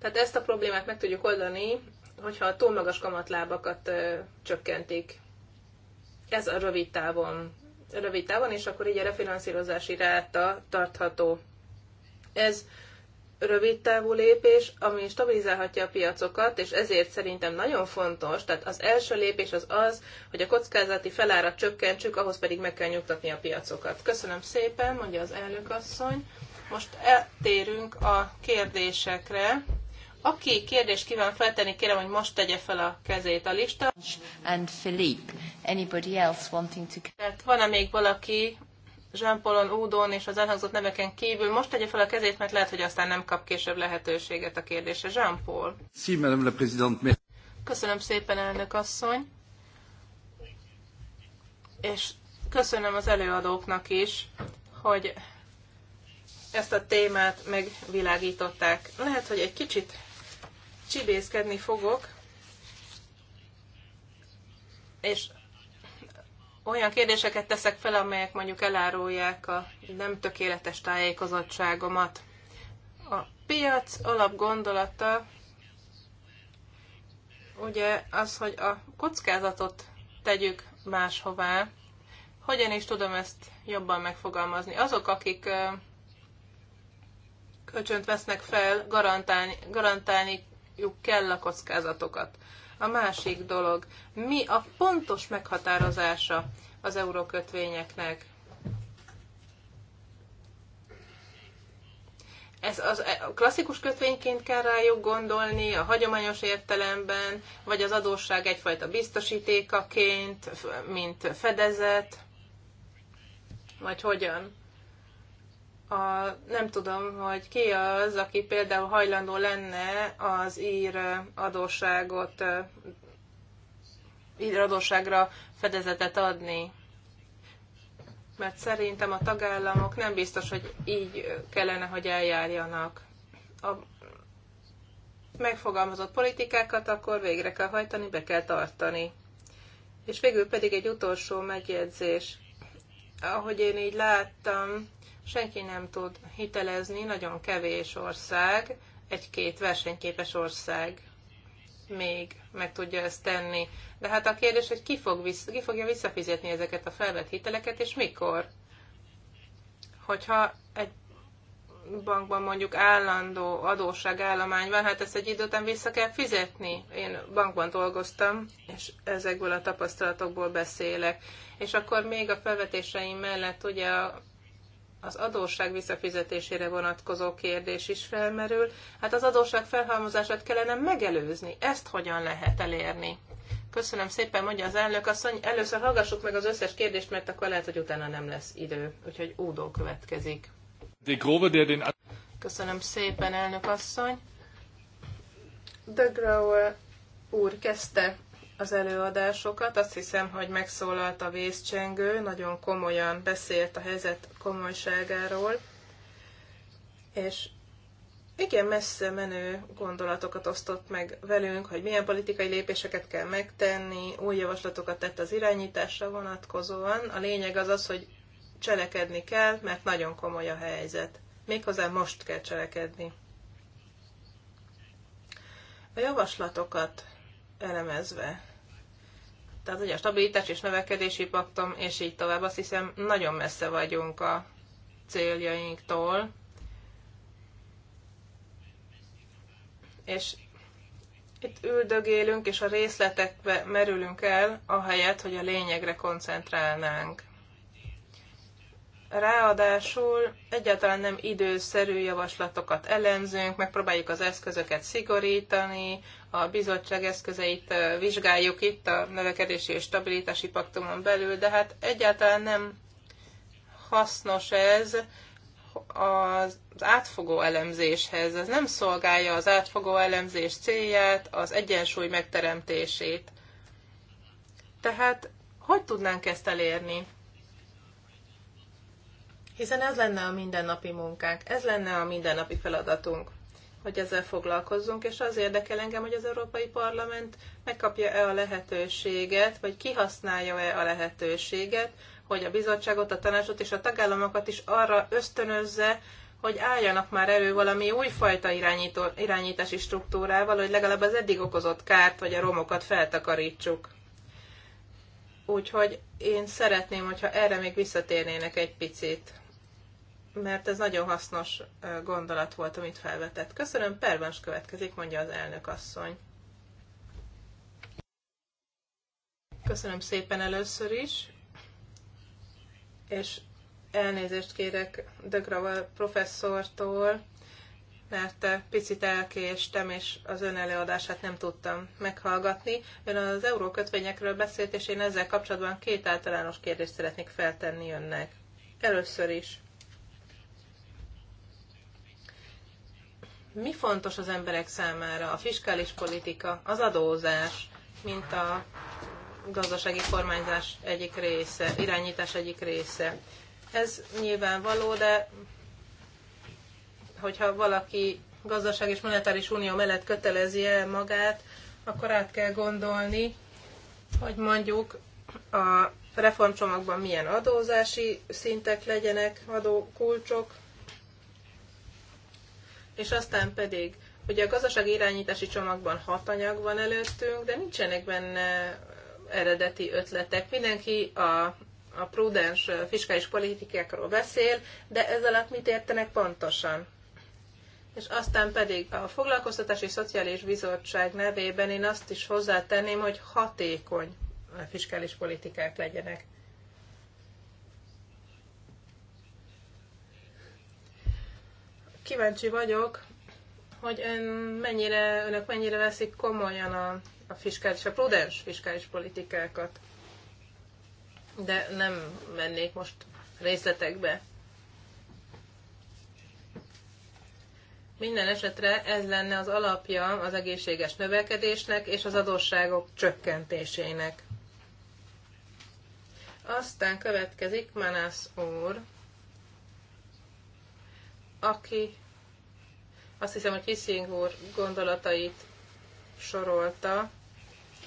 [SPEAKER 2] Tehát ezt a problémát meg tudjuk oldani, hogyha a túl magas kamatlábakat e, csökkentik. Ez a rövid távon. Rövid távon, és akkor így a refinanszírozási ráta tartható. Ez rövid távú lépés, ami stabilizálhatja a piacokat, és ezért szerintem nagyon fontos, tehát az első lépés az az, hogy a kockázati felárat csökkentsük, ahhoz pedig meg kell nyugtatni a piacokat. Köszönöm szépen, mondja az elnök asszony. Most eltérünk a kérdésekre. Aki kérdést kíván feltenni, kérem, hogy most tegye fel a kezét a lista. And Philippe, anybody else wanting to... Tehát van-e még valaki, Jean-Paulon, Údon és az elhangzott neveken kívül. Most tegye fel a kezét, mert lehet, hogy aztán nem kap később lehetőséget a kérdése. Jean-Paul. Sí, madame la présidente. Köszönöm szépen, elnök asszony. És köszönöm az előadóknak is, hogy ezt a témát megvilágították. Lehet, hogy egy kicsit csibészkedni fogok, és olyan kérdéseket teszek fel, amelyek mondjuk elárulják a nem tökéletes tájékozottságomat. A piac alapgondolata ugye az, hogy a kockázatot tegyük máshová. Hogyan is tudom ezt jobban megfogalmazni? Azok, akik kölcsönt vesznek fel, garantálni, garantálniuk kell a kockázatokat a másik dolog. Mi a pontos meghatározása az eurókötvényeknek? ez az e, a klasszikus kötvényként kell rájuk gondolni, a hagyományos értelemben, vagy az adósság egyfajta biztosítékaként, mint fedezet, vagy hogyan? a, nem tudom, hogy ki az, aki például hajlandó lenne az ír adósságot, ír adósságra fedezetet adni. Mert szerintem a tagállamok nem biztos, hogy így kellene, hogy eljárjanak. A megfogalmazott politikákat akkor végre kell hajtani, be kell tartani. És végül pedig egy utolsó megjegyzés. Ahogy én így láttam, senki nem tud hitelezni, nagyon kevés ország, egy-két versenyképes ország még meg tudja ezt tenni. De hát a kérdés, hogy ki, fog vissza, ki fogja visszafizetni ezeket a felvett hiteleket, és mikor? Hogyha egy bankban mondjuk állandó adósságállomány van, hát ezt egy idő után vissza kell fizetni. Én bankban dolgoztam, és ezekből a tapasztalatokból beszélek. És akkor még a felvetéseim mellett ugye a az adósság visszafizetésére vonatkozó kérdés is felmerül. Hát az adósság felhalmozását kellene megelőzni. Ezt hogyan lehet elérni? Köszönöm szépen, mondja az elnök asszony. Először hallgassuk meg az összes kérdést, mert akkor lehet, hogy utána nem lesz idő. Úgyhogy údó következik. Köszönöm szépen, elnök asszony. De Grauer úr kezdte az előadásokat. Azt hiszem, hogy megszólalt a vészcsengő, nagyon komolyan beszélt a helyzet komolyságáról, és igen messze menő gondolatokat osztott meg velünk, hogy milyen politikai lépéseket kell megtenni, új javaslatokat tett az irányításra vonatkozóan. A lényeg az az, hogy cselekedni kell, mert nagyon komoly a helyzet. Méghozzá most kell cselekedni. A javaslatokat elemezve tehát ugye a stabilitás és növekedési paktom, és így tovább, azt hiszem nagyon messze vagyunk a céljainktól. És itt üldögélünk, és a részletekbe merülünk el, ahelyett, hogy a lényegre koncentrálnánk. Ráadásul egyáltalán nem időszerű javaslatokat elemzünk, megpróbáljuk az eszközöket szigorítani, a bizottság eszközeit vizsgáljuk itt a növekedési és stabilitási paktumon belül, de hát egyáltalán nem hasznos ez az átfogó elemzéshez. Ez nem szolgálja az átfogó elemzés célját, az egyensúly megteremtését. Tehát hogy tudnánk ezt elérni? Hiszen ez lenne a mindennapi munkánk, ez lenne a mindennapi feladatunk, hogy ezzel foglalkozzunk, és az érdekel engem, hogy az Európai Parlament megkapja-e a lehetőséget, vagy kihasználja-e a lehetőséget, hogy a bizottságot, a tanácsot és a tagállamokat is arra ösztönözze, hogy álljanak már elő valami újfajta irányító, irányítási struktúrával, hogy legalább az eddig okozott kárt vagy a romokat feltakarítsuk. Úgyhogy én szeretném, hogyha erre még visszatérnének egy picit mert ez nagyon hasznos gondolat volt, amit felvetett. Köszönöm, Pervens következik, mondja az elnök asszony. Köszönöm szépen először is, és elnézést kérek Dögraval professzortól, mert picit elkéstem, és az ön előadását nem tudtam meghallgatni. Ön az eurókötvényekről beszélt, és én ezzel kapcsolatban két általános kérdést szeretnék feltenni önnek. Először is mi fontos az emberek számára, a fiskális politika, az adózás, mint a gazdasági kormányzás egyik része, irányítás egyik része. Ez nyilvánvaló, de hogyha valaki gazdaság és monetáris unió mellett kötelezi el magát, akkor át kell gondolni, hogy mondjuk a reformcsomagban milyen adózási szintek legyenek, adókulcsok, és aztán pedig hogy a gazdaság irányítási csomagban hat anyag van előttünk, de nincsenek benne eredeti ötletek. Mindenki a, a prudens fiskális politikákról beszél, de ez alatt mit értenek pontosan? És aztán pedig a Foglalkoztatási Szociális Bizottság nevében én azt is hozzátenném, hogy hatékony fiskális politikák legyenek. kíváncsi vagyok, hogy ön mennyire, önök mennyire veszik komolyan a, a fiskális, a prudens fiskális politikákat. De nem mennék most részletekbe. Minden esetre ez lenne az alapja az egészséges növekedésnek és az adósságok csökkentésének. Aztán következik Manász úr, aki azt hiszem, hogy Kissing úr gondolatait sorolta,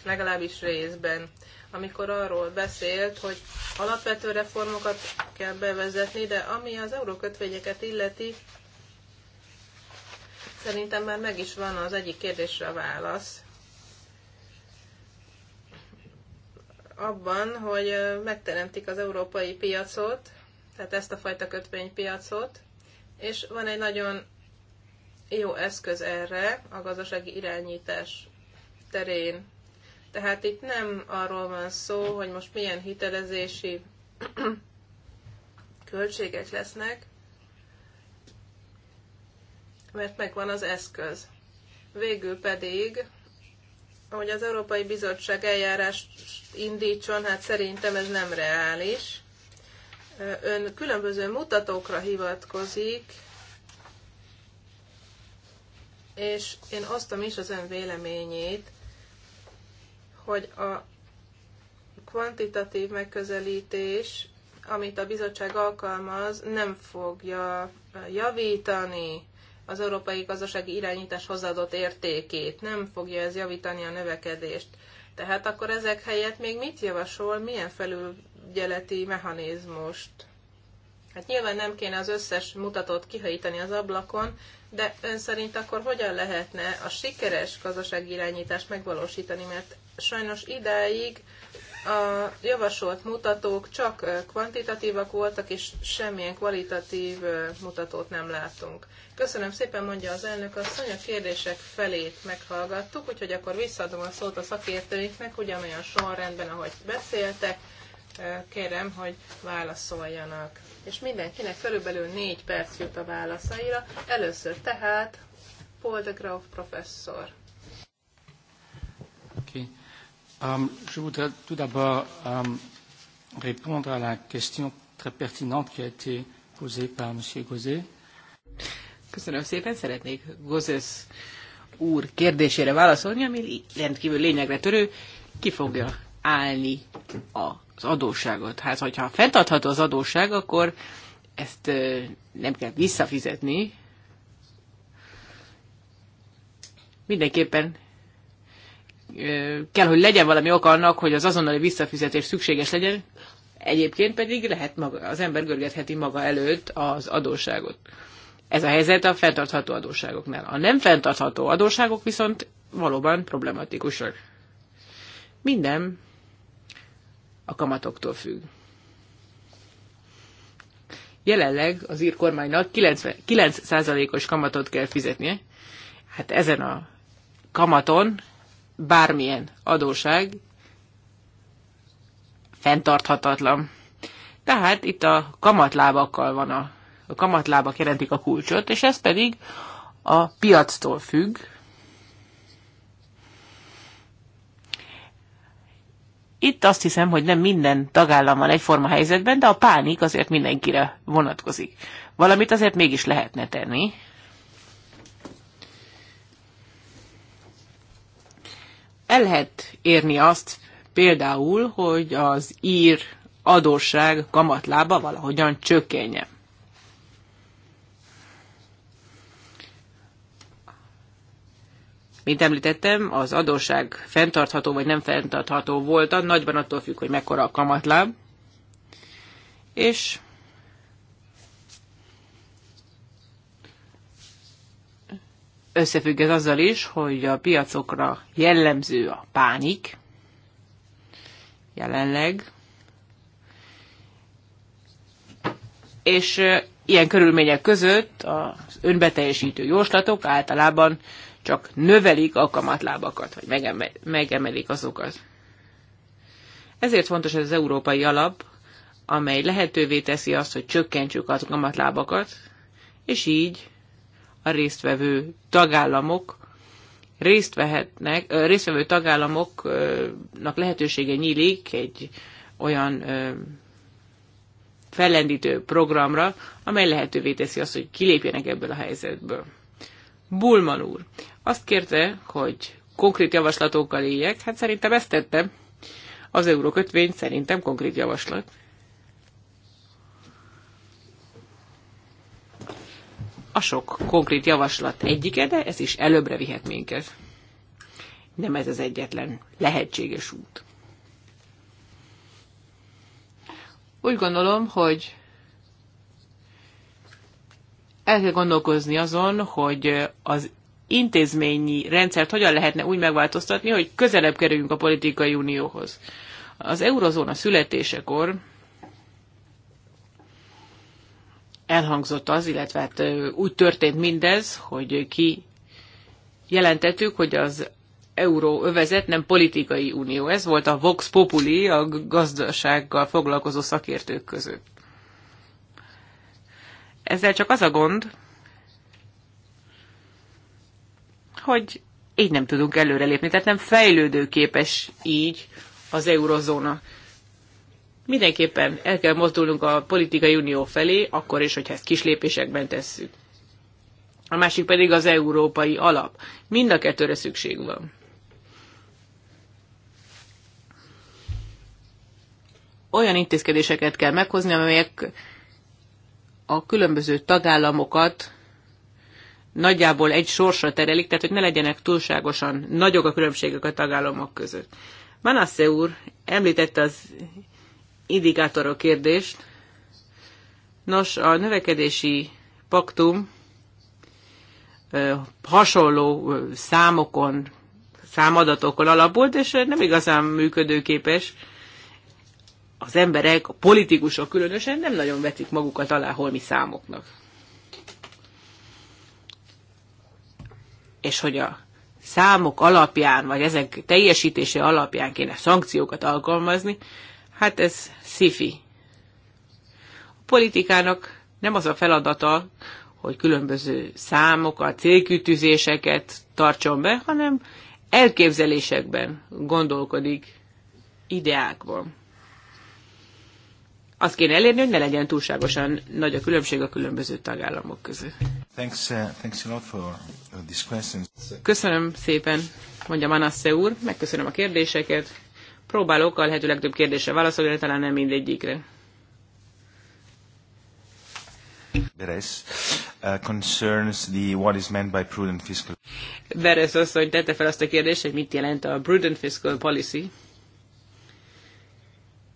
[SPEAKER 2] legalábbis részben, amikor arról beszélt, hogy alapvető reformokat kell bevezetni, de ami az eurókötvényeket illeti, szerintem már meg is van az egyik kérdésre a válasz. Abban, hogy megteremtik az európai piacot, tehát ezt a fajta kötvénypiacot, és van egy nagyon jó eszköz erre a gazdasági irányítás terén. Tehát itt nem arról van szó, hogy most milyen hitelezési költségek lesznek, mert megvan az eszköz. Végül pedig, hogy az Európai Bizottság eljárást indítson, hát szerintem ez nem reális. Ön különböző mutatókra hivatkozik, és én osztom is az ön véleményét, hogy a kvantitatív megközelítés, amit a bizottság alkalmaz, nem fogja javítani az európai gazdasági irányítás hozzáadott értékét, nem fogja ez javítani a növekedést. Tehát akkor ezek helyett még mit javasol, milyen felülgyeleti mechanizmust? Hát nyilván nem kéne az összes mutatót kihajítani az ablakon, de ön szerint akkor hogyan lehetne a sikeres gazdasági irányítást megvalósítani, mert sajnos idáig a javasolt mutatók csak kvantitatívak voltak, és semmilyen kvalitatív mutatót nem láttunk. Köszönöm szépen, mondja az elnök asszony, a kérdések felét meghallgattuk, úgyhogy akkor visszaadom a szót a szakértőinknek, ugyanolyan sorrendben, ahogy beszéltek. Kérem, hogy válaszoljanak és mindenkinek körülbelül négy perc jut a válaszaira. Először tehát Paul de Graaf professzor.
[SPEAKER 1] Okay. Um, je voudrais tout d'abord um, répondre à la question très pertinente qui a été posée par M. Gauzet. Köszönöm szépen, szeretnék Gozes úr kérdésére válaszolni, ami rendkívül lényegre törő. Ki fogja állni az adósságot. Hát, hogyha fenntartható az adósság, akkor ezt nem kell visszafizetni. Mindenképpen kell, hogy legyen valami oka annak, hogy az azonnali visszafizetés szükséges legyen, egyébként pedig lehet maga, az ember görgetheti maga előtt az adósságot. Ez a helyzet a fenntartható adósságoknál. A nem fenntartható adósságok viszont valóban problematikusak. Minden a kamatoktól függ. Jelenleg az ír kormánynak 9%-os kamatot kell fizetnie. Hát ezen a kamaton bármilyen adóság fenntarthatatlan. Tehát itt a kamatlábakkal van a, a kamatlábak jelentik a kulcsot, és ez pedig a piactól függ, Itt azt hiszem, hogy nem minden tagállam van egyforma helyzetben, de a pánik azért mindenkire vonatkozik. Valamit azért mégis lehetne tenni. El lehet érni azt például, hogy az ír adósság kamatlába valahogyan csökkenjen. Mint említettem, az adósság fenntartható vagy nem fenntartható volt, nagyban attól függ, hogy mekkora a kamatláb. És összefügg ez azzal is, hogy a piacokra jellemző a pánik jelenleg, és ilyen körülmények között az önbeteljesítő jóslatok általában csak növelik a kamatlábakat, vagy megemelik azokat. Ezért fontos ez az európai alap, amely lehetővé teszi azt, hogy csökkentsük a kamatlábakat, és így a résztvevő tagállamok részt vehetnek, résztvevő tagállamoknak lehetősége nyílik egy olyan fellendítő programra, amely lehetővé teszi azt, hogy kilépjenek ebből a helyzetből. Bulman úr azt kérte, hogy konkrét javaslatokkal éljek, hát szerintem ezt tettem. Az eurókötvény szerintem konkrét javaslat. A sok konkrét javaslat egyike, de ez is előbbre vihet minket. Nem ez az egyetlen lehetséges út. Úgy gondolom, hogy el kell gondolkozni azon, hogy az intézményi rendszert hogyan lehetne úgy megváltoztatni, hogy közelebb kerüljünk a politikai unióhoz. Az eurozóna születésekor elhangzott az, illetve hát úgy történt mindez, hogy ki jelentettük, hogy az euróövezet nem politikai unió. Ez volt a Vox Populi a gazdasággal foglalkozó szakértők között. Ezzel csak az a gond, hogy így nem tudunk előrelépni, tehát nem fejlődőképes így az eurozóna. Mindenképpen el kell mozdulnunk a politikai unió felé, akkor is, hogyha ezt kis lépésekben tesszük. A másik pedig az európai alap. Mind a kettőre szükség van. Olyan intézkedéseket kell meghozni, amelyek a különböző tagállamokat nagyjából egy sorsra terelik, tehát hogy ne legyenek túlságosan nagyok a különbségek a tagállamok között. Manasse úr említette az indikátorok kérdést. Nos, a növekedési paktum hasonló számokon, számadatokon alapult, és nem igazán működőképes az emberek, a politikusok különösen nem nagyon vetik magukat alá holmi számoknak. És hogy a számok alapján, vagy ezek teljesítése alapján kéne szankciókat alkalmazni, hát ez szifi. A politikának nem az a feladata, hogy különböző számokat, célkütűzéseket tartson be, hanem elképzelésekben gondolkodik, ideákban azt kéne elérni, hogy ne legyen túlságosan nagy a különbség a különböző tagállamok között.
[SPEAKER 2] Thanks, uh, thanks a lot for uh, these
[SPEAKER 1] Köszönöm szépen, mondja Manasse úr, megköszönöm a kérdéseket. Próbálok a lehető legtöbb kérdésre válaszolni, de talán nem mindegyikre.
[SPEAKER 3] Beres uh, concerns the what is meant by prudent fiscal.
[SPEAKER 1] Beres hogy tette fel azt a kérdést, hogy mit jelent a prudent fiscal policy.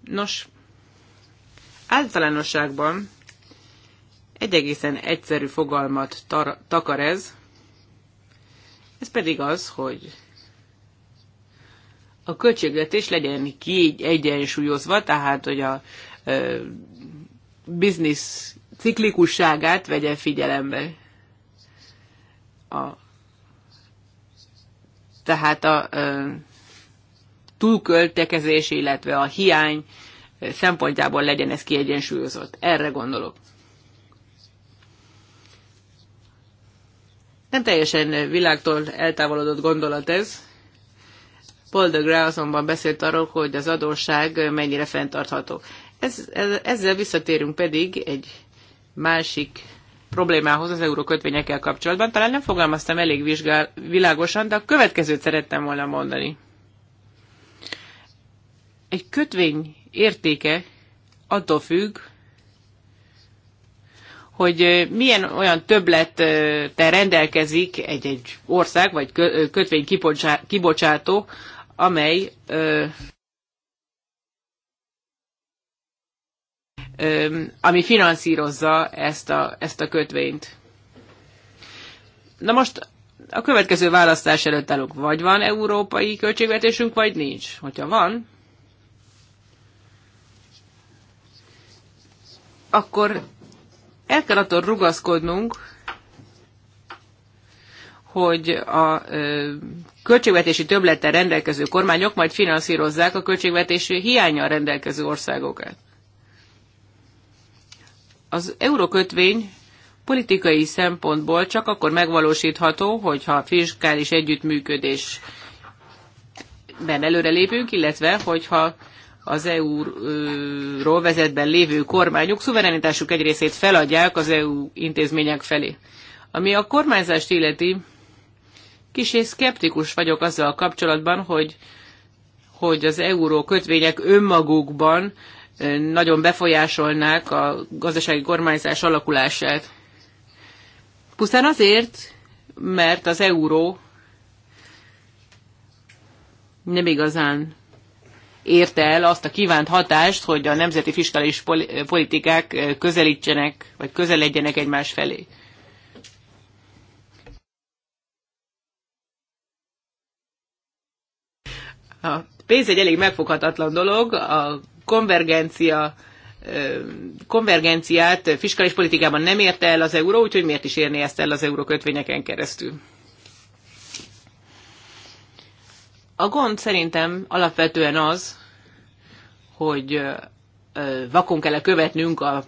[SPEAKER 1] Nos, Általánosságban egy egészen egyszerű fogalmat takar ez, ez pedig az, hogy a költségvetés legyen ki egyensúlyozva, tehát hogy a ö, biznisz ciklikusságát vegye figyelembe. A, tehát a ö, túlköltekezés, illetve a hiány szempontjából legyen ez kiegyensúlyozott. Erre gondolok. Nem teljesen világtól eltávolodott gondolat ez. Paul de Grau azonban beszélt arról, hogy az adósság mennyire fenntartható. Ez, ezzel visszatérünk pedig egy másik problémához az eurókötvényekkel kapcsolatban. Talán nem fogalmaztam elég vizsgál, világosan, de a következőt szerettem volna mondani. Egy kötvény értéke attól függ, hogy milyen olyan többlettel rendelkezik egy-egy ország, vagy kötvény kibocsátó, amely ami finanszírozza ezt a, ezt a kötvényt. Na most a következő választás előtt állunk, vagy van európai költségvetésünk, vagy nincs. Hogyha van, akkor el kell attól rugaszkodnunk, hogy a ö, költségvetési többlettel rendelkező kormányok majd finanszírozzák a költségvetési hiányal rendelkező országokat. Az eurókötvény politikai szempontból csak akkor megvalósítható, hogyha fiskális együttműködésben előrelépünk, illetve hogyha az EU-ról vezetben lévő kormányok szuverenitásuk egy részét feladják az EU intézmények felé. Ami a kormányzást illeti, kicsit szkeptikus vagyok azzal a kapcsolatban, hogy, hogy az euró kötvények önmagukban nagyon befolyásolnák a gazdasági kormányzás alakulását. Pusztán azért, mert az euró nem igazán érte el azt a kívánt hatást, hogy a nemzeti fiskális politikák közelítsenek, vagy közeledjenek egymás felé. A pénz egy elég megfoghatatlan dolog, a konvergencia konvergenciát fiskális politikában nem érte el az euró, úgyhogy miért is érné ezt el az euró kötvényeken keresztül? A gond szerintem alapvetően az, hogy vakon kell -e követnünk a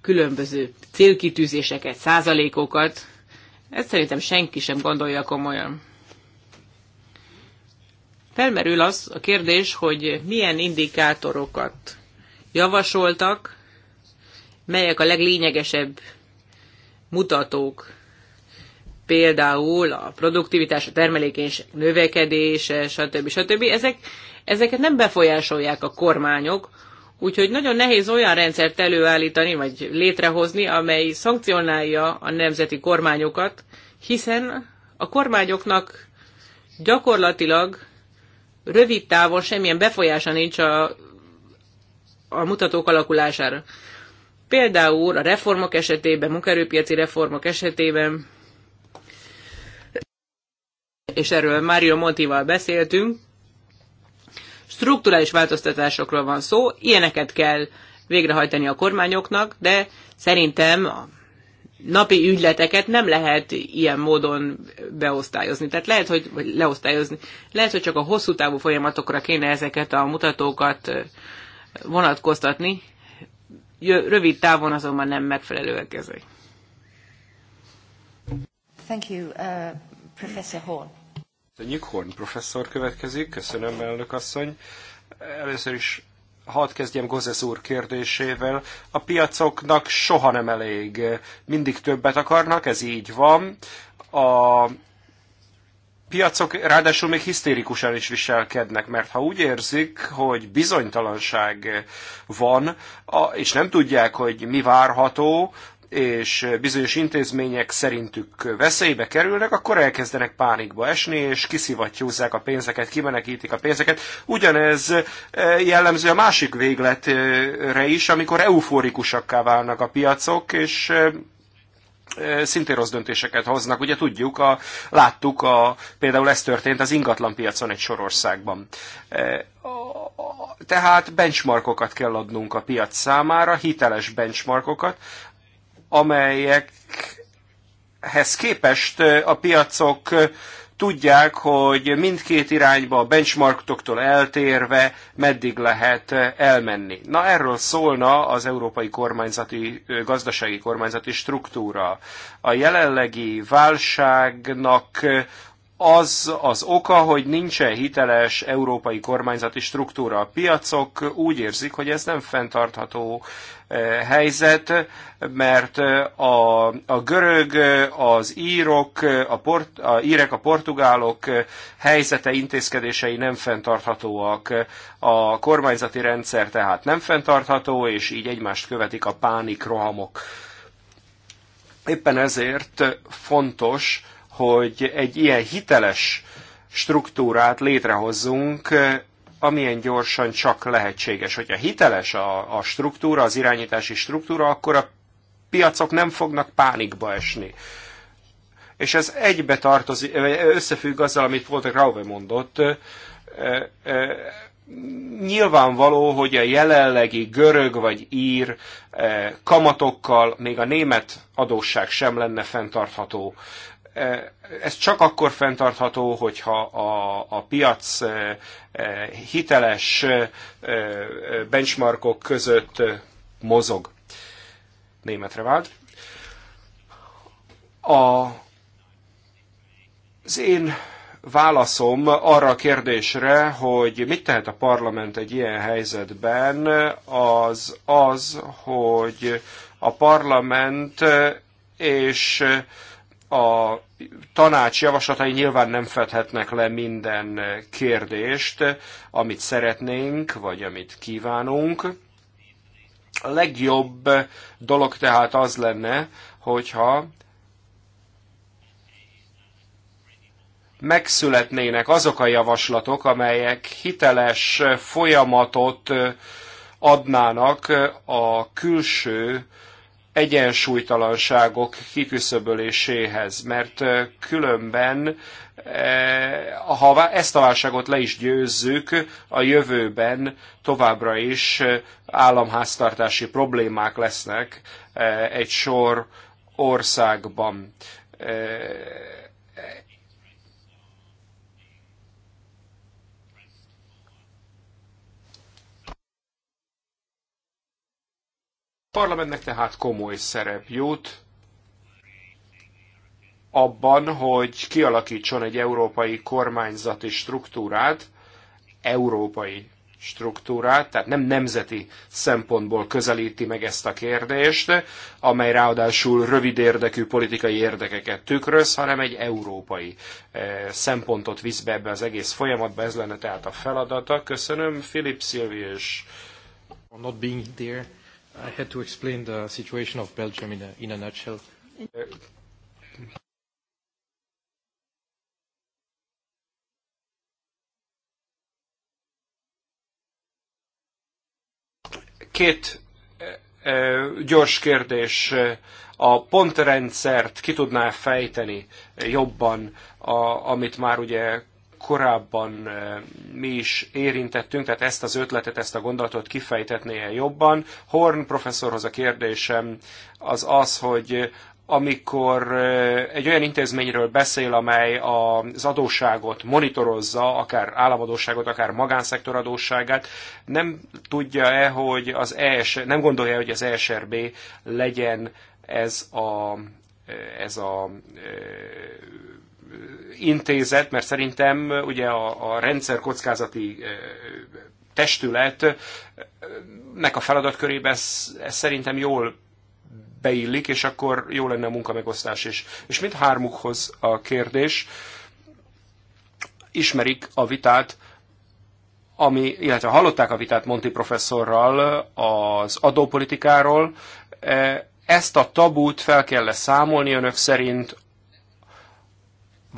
[SPEAKER 1] különböző célkitűzéseket, százalékokat. Ezt szerintem senki sem gondolja komolyan. Felmerül az a kérdés, hogy milyen indikátorokat javasoltak, melyek a leglényegesebb mutatók például a produktivitás, a termelékenység növekedése, stb. stb. Ezek, ezeket nem befolyásolják a kormányok, úgyhogy nagyon nehéz olyan rendszert előállítani, vagy létrehozni, amely szankcionálja a nemzeti kormányokat, hiszen a kormányoknak gyakorlatilag rövid távon semmilyen befolyása nincs a, a mutatók alakulására. Például a reformok esetében, munkaerőpiaci reformok esetében és erről Mario Montival beszéltünk, strukturális változtatásokról van szó, ilyeneket kell végrehajtani a kormányoknak, de szerintem a napi ügyleteket nem lehet ilyen módon beosztályozni. Tehát lehet, hogy vagy leosztályozni. Lehet, hogy csak a hosszú távú folyamatokra kéne ezeket a mutatókat vonatkoztatni. Rövid távon azonban nem megfelelőek
[SPEAKER 3] ezek.
[SPEAKER 2] Thank you, uh, Professor Hall.
[SPEAKER 3] Köszönjük, Horn professzor következik. Köszönöm, elnök asszony. Először is hadd kezdjem Gozes úr kérdésével. A piacoknak soha nem elég. Mindig többet akarnak, ez így van. A piacok ráadásul még hisztérikusan is viselkednek, mert ha úgy érzik, hogy bizonytalanság van, és nem tudják, hogy mi várható, és bizonyos intézmények szerintük veszélybe kerülnek, akkor elkezdenek pánikba esni, és kiszivattyúzzák a pénzeket, kimenekítik a pénzeket. Ugyanez eh, jellemző a másik végletre is, amikor euforikusakká válnak a piacok, és eh, eh, szintén rossz döntéseket hoznak. Ugye tudjuk, a, láttuk, a, például ez történt az ingatlan piacon egy sorországban. Tehát benchmarkokat kell adnunk a piac számára, hiteles benchmarkokat, amelyekhez képest a piacok tudják, hogy mindkét irányba a benchmarktoktól eltérve meddig lehet elmenni. Na erről szólna az európai kormányzati, gazdasági kormányzati struktúra. A jelenlegi válságnak az az oka, hogy nincsen hiteles európai kormányzati struktúra. A piacok úgy érzik, hogy ez nem fenntartható Eh, helyzet, mert eh, a, a görög, eh, az írok, a, port, a írek, a portugálok helyzete, intézkedései nem fenntarthatóak. A kormányzati rendszer tehát nem fenntartható, és így egymást követik a rohamok. Éppen ezért fontos, hogy egy ilyen hiteles struktúrát létrehozzunk, amilyen gyorsan csak lehetséges. Hogyha hiteles a, a struktúra, az irányítási struktúra, akkor a piacok nem fognak pánikba esni. És ez egybe tartozik, összefügg azzal, amit Walter Raube mondott, nyilvánvaló, hogy a jelenlegi görög vagy ír kamatokkal még a német adósság sem lenne fenntartható. Eh, ez csak akkor fenntartható, hogyha a, a piac eh, eh, hiteles benchmarkok között mozog. Németre vált. A, az én válaszom arra a kérdésre, hogy mit tehet a parlament egy ilyen helyzetben, az az, hogy a parlament és a tanács javaslatai nyilván nem fedhetnek le minden kérdést, amit szeretnénk, vagy amit kívánunk. A legjobb dolog tehát az lenne, hogyha megszületnének azok a javaslatok, amelyek hiteles folyamatot adnának a külső egyensúlytalanságok kiküszöböléséhez, mert különben eh, ha ezt a válságot le is győzzük, a jövőben továbbra is államháztartási problémák lesznek eh, egy sor országban eh, parlamentnek tehát komoly szerep jut abban, hogy kialakítson egy európai kormányzati struktúrát, európai struktúrát, tehát nem nemzeti szempontból közelíti meg ezt a kérdést, amely ráadásul rövid érdekű politikai érdekeket tükröz, hanem egy európai eh, szempontot visz be ebbe az egész folyamatba, ez lenne tehát a feladata. Köszönöm, Philip Szilvi és... not being there. I had to explain the situation of Belgium in a, in a nutshell. Két gyors kérdés. A pontrendszert ki tudná fejteni jobban, a, amit már ugye korábban eh, mi is érintettünk, tehát ezt az ötletet, ezt a gondolatot -e jobban. Horn professzorhoz a kérdésem az az, hogy amikor eh, egy olyan intézményről beszél, amely az adósságot monitorozza, akár államadóságot, akár magánszektor adósságát, nem tudja-e, hogy az ES, nem gondolja, hogy az ESRB legyen ez a, eh, ez a intézet, mert szerintem ugye a, a rendszer kockázati testületnek a feladatkörébe ez, ez szerintem jól beillik, és akkor jó lenne a munkamegosztás is. És mind hármukhoz a kérdés, ismerik a vitát, ami, illetve hallották a vitát Monti professzorral az adópolitikáról, ezt a tabút fel kell számolni önök szerint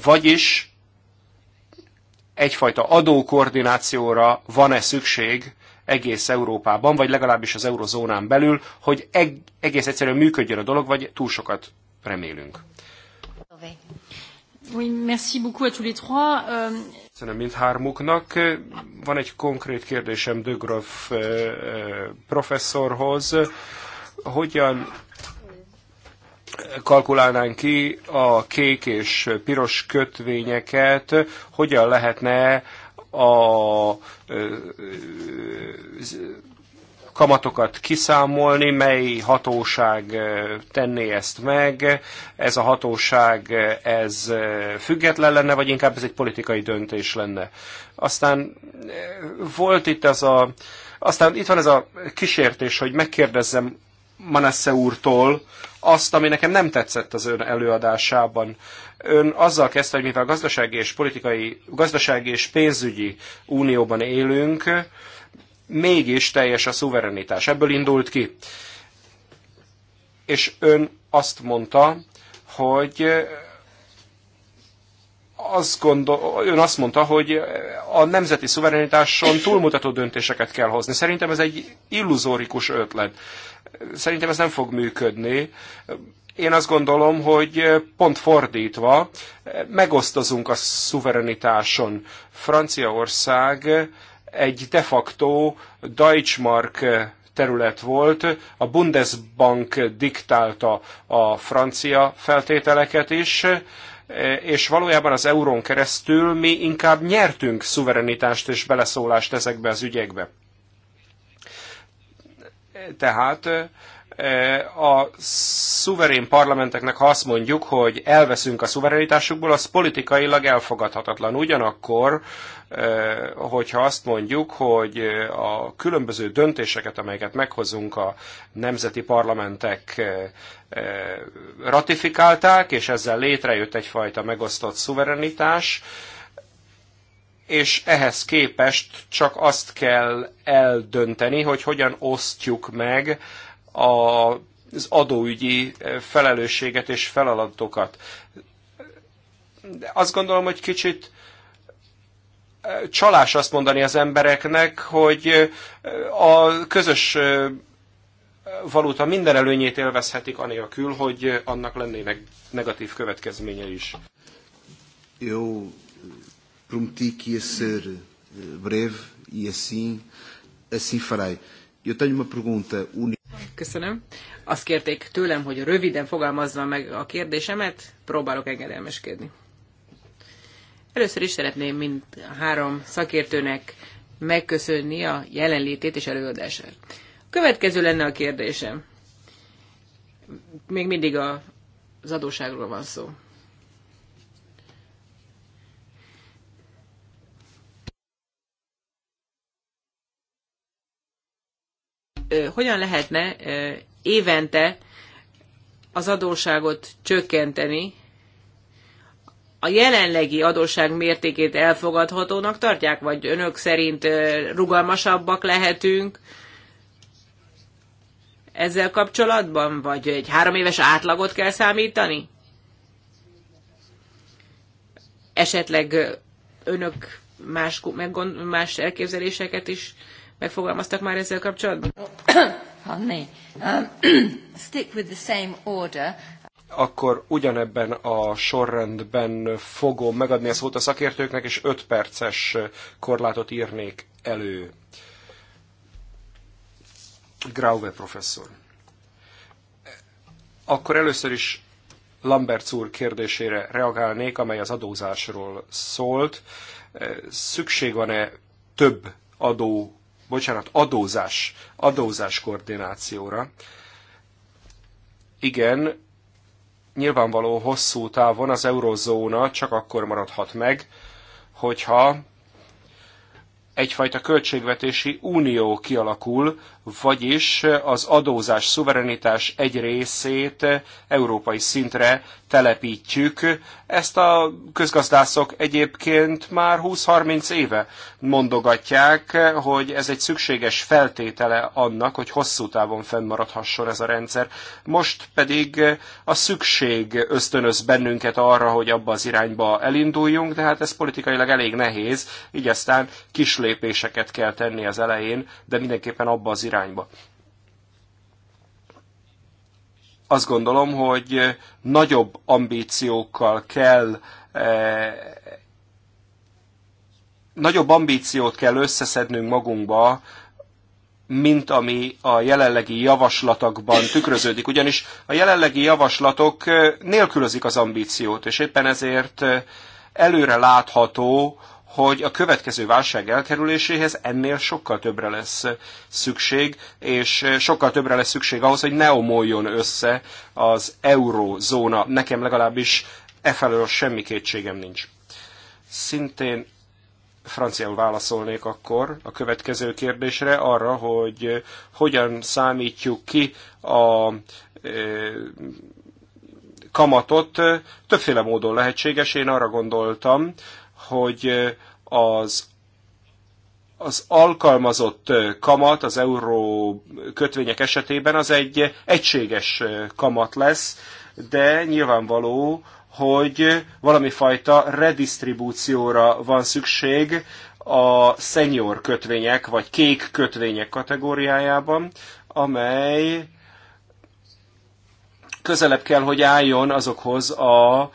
[SPEAKER 3] vagyis egyfajta adókoordinációra van-e szükség egész Európában, vagy legalábbis az eurozónán belül, hogy eg- egész egyszerűen működjön a dolog, vagy túl sokat remélünk.
[SPEAKER 2] Oui, merci beaucoup à tous les trois. Euh,
[SPEAKER 3] Köszönöm mindhármuknak. Van egy konkrét kérdésem Dögröf eh, eh, professzorhoz. Hogyan kalkulálnánk ki a kék és piros kötvényeket, hogyan lehetne a kamatokat kiszámolni, mely hatóság tenné ezt meg, ez a hatóság ez független lenne, vagy inkább ez egy politikai döntés lenne. Aztán volt itt az a, aztán itt van ez a kísértés, hogy megkérdezzem Manasse úrtól azt, ami nekem nem tetszett az ön előadásában. Ön azzal kezdte, hogy mivel gazdasági és politikai, gazdasági és pénzügyi unióban élünk, mégis teljes a szuverenitás. Ebből indult ki. És ön azt mondta, hogy azt gondol, ön azt mondta, hogy a nemzeti szuverenitáson túlmutató döntéseket kell hozni. Szerintem ez egy illuzórikus ötlet. Szerintem ez nem fog működni. Én azt gondolom, hogy pont fordítva, megosztozunk a szuverenitáson. Franciaország egy de facto Deutschmark terület volt, a Bundesbank diktálta a francia feltételeket is, és valójában az eurón keresztül mi inkább nyertünk szuverenitást és beleszólást ezekbe az ügyekbe. Tehát a szuverén parlamenteknek, ha azt mondjuk, hogy elveszünk a szuverenitásukból, az politikailag elfogadhatatlan. Ugyanakkor, hogyha azt mondjuk, hogy a különböző döntéseket, amelyeket meghozunk a nemzeti parlamentek ratifikálták, és ezzel létrejött egyfajta megosztott szuverenitás, és ehhez képest csak azt kell eldönteni, hogy hogyan osztjuk meg a az adóügyi eh, felelősséget és feladatokat. De azt gondolom, hogy kicsit eh, csalás azt mondani az embereknek, hogy eh, a közös valuta minden előnyét élvezhetik anélkül, hogy annak lennének negatív következménye is. Jó, prometi que ia ser eh, breve e assim, assim farei. Eu tenho uma pergunta única.
[SPEAKER 1] Köszönöm. Azt kérték tőlem, hogy röviden fogalmazza meg a kérdésemet, próbálok engedelmeskedni. Először is szeretném mind a három szakértőnek megköszönni a jelenlétét és előadását. Következő lenne a kérdésem. Még mindig a, az adóságról van szó. hogyan lehetne évente az adósságot csökkenteni, a jelenlegi adósság mértékét elfogadhatónak tartják, vagy önök szerint rugalmasabbak lehetünk ezzel kapcsolatban, vagy egy három éves átlagot kell számítani? Esetleg önök más, meg más elképzeléseket is megfogalmaztak már ezzel kapcsolatban? Um, stick with the same order
[SPEAKER 3] akkor ugyanebben a sorrendben fogom megadni a szót a szakértőknek, és 5 perces korlátot írnék elő. Grauve professzor. Akkor először is Lambert úr kérdésére reagálnék, amely az adózásról szólt. Szükség van-e több adó bocsánat, adózás, adózás koordinációra. Igen, nyilvánvaló hosszú távon az eurozóna csak akkor maradhat meg, hogyha egyfajta költségvetési unió kialakul, vagyis az adózás szuverenitás egy részét európai szintre telepítjük. Ezt a közgazdászok egyébként már 20-30 éve mondogatják, hogy ez egy szükséges feltétele annak, hogy hosszú távon fennmaradhasson ez a rendszer. Most pedig a szükség ösztönöz bennünket arra, hogy abba az irányba elinduljunk, de hát ez politikailag elég nehéz, így aztán kis lépéseket kell tenni az elején, de mindenképpen abba az irányba, irányba. Azt gondolom, hogy eh, nagyobb ambíciókkal kell eh, nagyobb ambíciót kell összeszednünk magunkba, mint ami a jelenlegi javaslatokban tükröződik. Ugyanis a jelenlegi javaslatok eh, nélkülözik az ambíciót, és éppen ezért előre látható, hogy a következő válság elkerüléséhez ennél sokkal többre lesz szükség, és sokkal többre lesz szükség ahhoz, hogy ne omoljon össze az eurózóna. Nekem legalábbis e felől semmi kétségem nincs. Szintén franciául válaszolnék akkor a következő kérdésre arra, hogy hogyan számítjuk ki a kamatot. Többféle módon lehetséges. Én arra gondoltam, hogy az az alkalmazott kamat az euró kötvények esetében az egy egységes kamat lesz, de nyilvánvaló, hogy valami fajta redistribúcióra van szükség a senior kötvények, vagy kék kötvények kategóriájában, amely közelebb kell, hogy álljon azokhoz a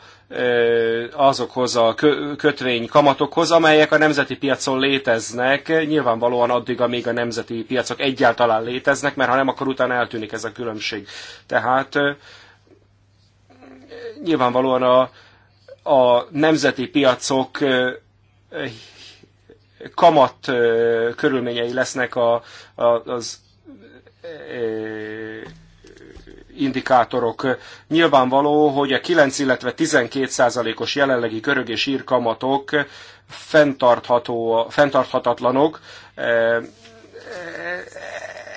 [SPEAKER 3] azokhoz a kötvény kamatokhoz, amelyek a nemzeti piacon léteznek, nyilvánvalóan addig, amíg a nemzeti piacok egyáltalán léteznek, mert ha nem, akkor utána eltűnik ez a különbség. Tehát nyilvánvalóan a, a nemzeti piacok kamat körülményei lesznek a, a, az indikátorok. Nyilvánvaló, hogy a 9, illetve 12 százalékos jelenlegi görög és ír kamatok fenntartható, fenntarthatatlanok. E, e,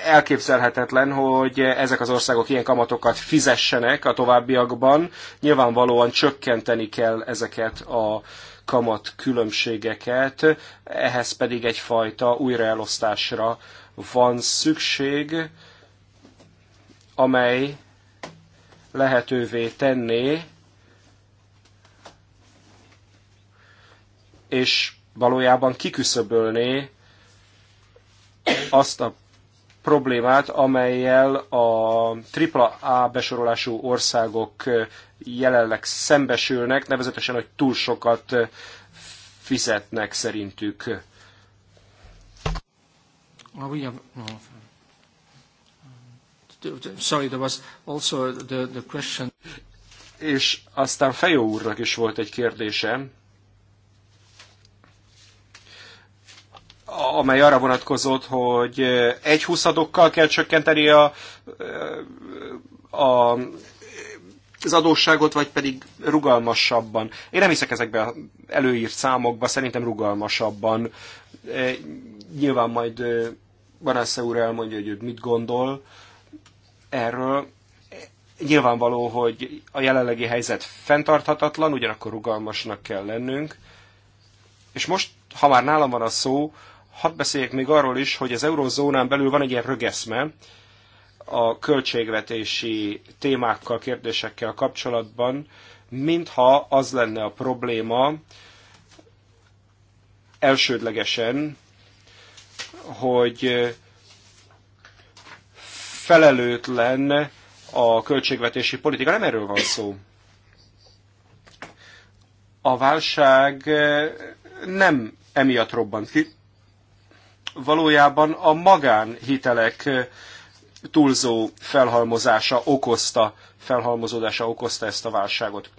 [SPEAKER 3] elképzelhetetlen, hogy ezek az országok ilyen kamatokat fizessenek a továbbiakban. Nyilvánvalóan csökkenteni kell ezeket a kamat különbségeket, ehhez pedig egyfajta újraelosztásra van szükség, amely lehetővé tenné, és valójában kiküszöbölné azt a problémát, amelyel a AAA besorolású országok jelenleg szembesülnek, nevezetesen, hogy túl sokat fizetnek szerintük. Ah, sorry, there was also the, the question. És aztán Fejó úrnak is volt egy kérdése, amely arra vonatkozott, hogy egy huszadokkal kell csökkenteni a, a az adósságot, vagy pedig rugalmasabban. Én nem hiszek ezekbe az előírt számokba, szerintem rugalmasabban. E, nyilván majd e, Banásze úr elmondja, hogy ő mit gondol erről. Nyilvánvaló, hogy a jelenlegi helyzet fenntarthatatlan, ugyanakkor rugalmasnak kell lennünk. És most, ha már nálam van a szó, hadd beszéljek még arról is, hogy az eurozónán belül van egy ilyen rögeszme a költségvetési témákkal, kérdésekkel kapcsolatban, mintha az lenne a probléma elsődlegesen, hogy felelőtlen a költségvetési politika. Nem erről van szó. A válság eh, nem emiatt robbant ki. Valójában a magánhitelek eh, túlzó felhalmozása okozta, felhalmozódása okozta ezt a válságot.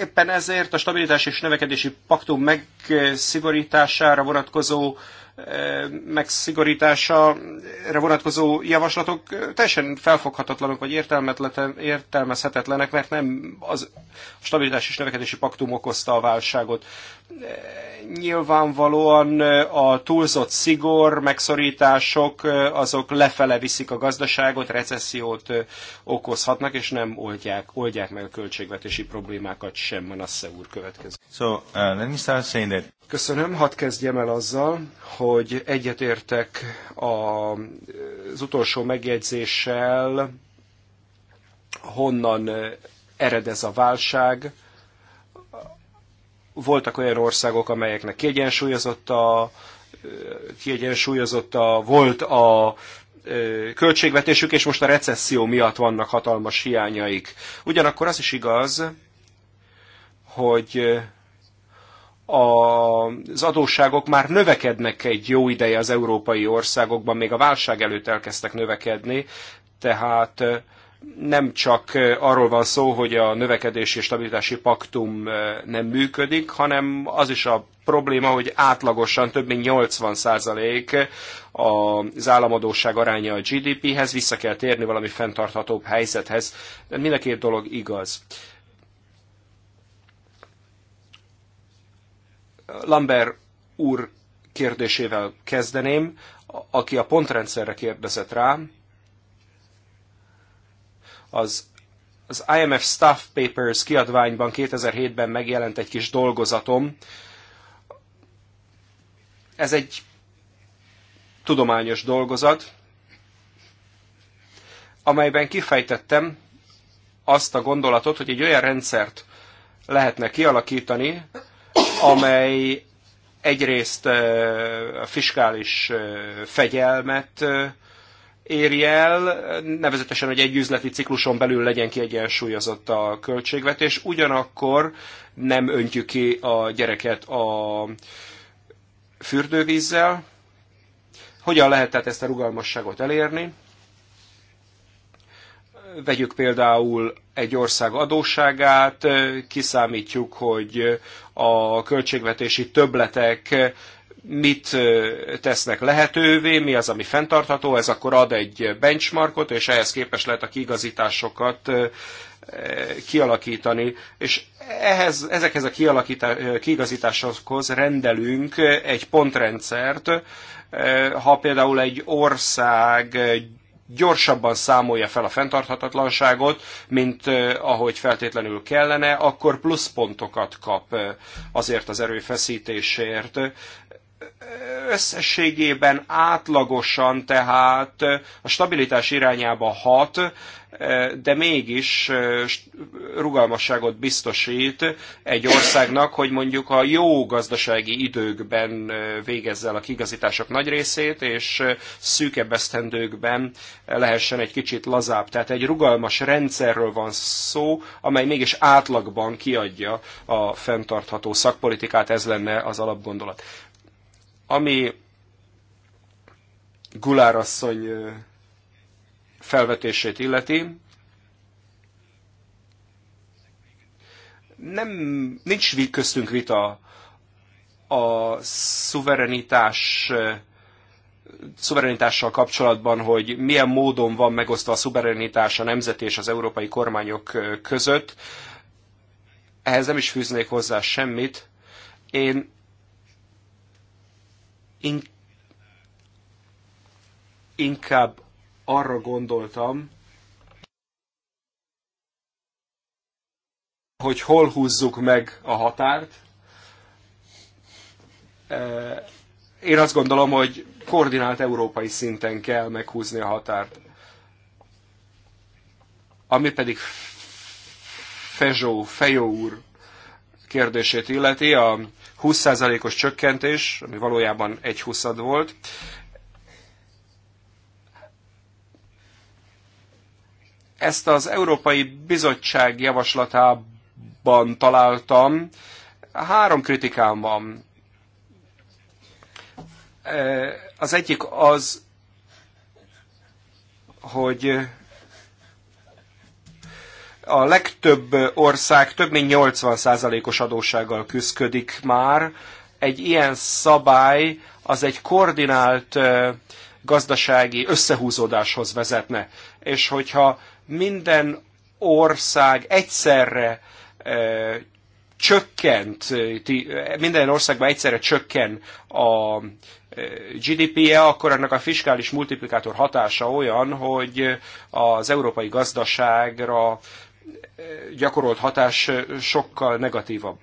[SPEAKER 3] éppen ezért a stabilitás és növekedési paktum megszigorítására vonatkozó megszigorítására vonatkozó javaslatok teljesen felfoghatatlanok vagy értelmezhetetlenek, mert nem az a stabilitás és növekedési paktum okozta a válságot nyilvánvalóan a túlzott szigor, megszorítások, azok lefele viszik a gazdaságot, recessziót okozhatnak, és nem oldják, oldják meg a költségvetési problémákat sem, Manasse úr következő. So, uh, let me start saying that. Köszönöm, hadd kezdjem el azzal, hogy egyetértek a, az utolsó megjegyzéssel, honnan ered ez a válság, voltak olyan országok, amelyeknek kiegyensúlyozott a, kiegyensúlyozott a volt a költségvetésük, és most a recesszió miatt vannak hatalmas hiányaik. Ugyanakkor az is igaz, hogy az adósságok már növekednek egy jó ideje az európai országokban, még a válság előtt elkezdtek növekedni, tehát nem csak arról van szó, hogy a növekedési és stabilitási paktum nem működik, hanem az is a probléma, hogy átlagosan több mint 80% az államadóság aránya a GDP-hez, vissza kell térni valami fenntarthatóbb helyzethez. De mind a két dolog igaz. Lambert úr kérdésével kezdeném, aki a pontrendszerre kérdezett rá. Az, az IMF Staff Papers kiadványban 2007-ben megjelent egy kis dolgozatom. Ez egy tudományos dolgozat, amelyben kifejtettem azt a gondolatot, hogy egy olyan rendszert lehetne kialakítani, amely egyrészt a fiskális fegyelmet éri el, nevezetesen, hogy egy üzleti cikluson belül legyen kiegyensúlyozott a költségvetés, ugyanakkor nem öntjük ki a gyereket a fürdővízzel. Hogyan lehet tehát ezt a rugalmasságot elérni? Vegyük például egy ország adósságát, kiszámítjuk, hogy a költségvetési többletek mit tesznek lehetővé, mi az, ami fenntartható, ez akkor ad egy benchmarkot, és ehhez képes lehet a kiigazításokat kialakítani, és ehhez, ezekhez a kiigazításokhoz rendelünk egy pontrendszert, ha például egy ország gyorsabban számolja fel a fenntarthatatlanságot, mint ahogy feltétlenül kellene, akkor pluszpontokat kap azért az erőfeszítésért összességében átlagosan tehát a stabilitás irányába hat, de mégis rugalmasságot biztosít egy országnak, hogy mondjuk a jó gazdasági időkben végezze el a kigazítások nagy részét, és szűkebb esztendőkben lehessen egy kicsit lazább. Tehát egy rugalmas rendszerről van szó, amely mégis átlagban kiadja a fenntartható szakpolitikát, ez lenne az alapgondolat. Ami Gulárasszony felvetését illeti, nem, nincs köztünk vita a szuverenitás szuverenitással kapcsolatban, hogy milyen módon van megosztva a szuverenitás a nemzeti és az európai kormányok között. Ehhez nem is fűznék hozzá semmit. Én inkább arra gondoltam, hogy hol húzzuk meg a határt. Én azt gondolom, hogy koordinált európai szinten kell meghúzni a határt. Ami pedig Fezsó, Fejó úr kérdését illeti, a 20%-os csökkentés, ami valójában egy huszad volt. Ezt az Európai Bizottság javaslatában találtam. Három kritikám van. Az egyik az, hogy a legtöbb ország több mint 80%-os adóssággal küzdik már. Egy ilyen szabály az egy koordinált gazdasági összehúzódáshoz vezetne. És hogyha minden ország egyszerre csökkent, minden országban egyszerre csökken a GDP-je, akkor ennek a fiskális multiplikátor hatása olyan, hogy az európai gazdaságra gyakorolt hatás sokkal negatívabb.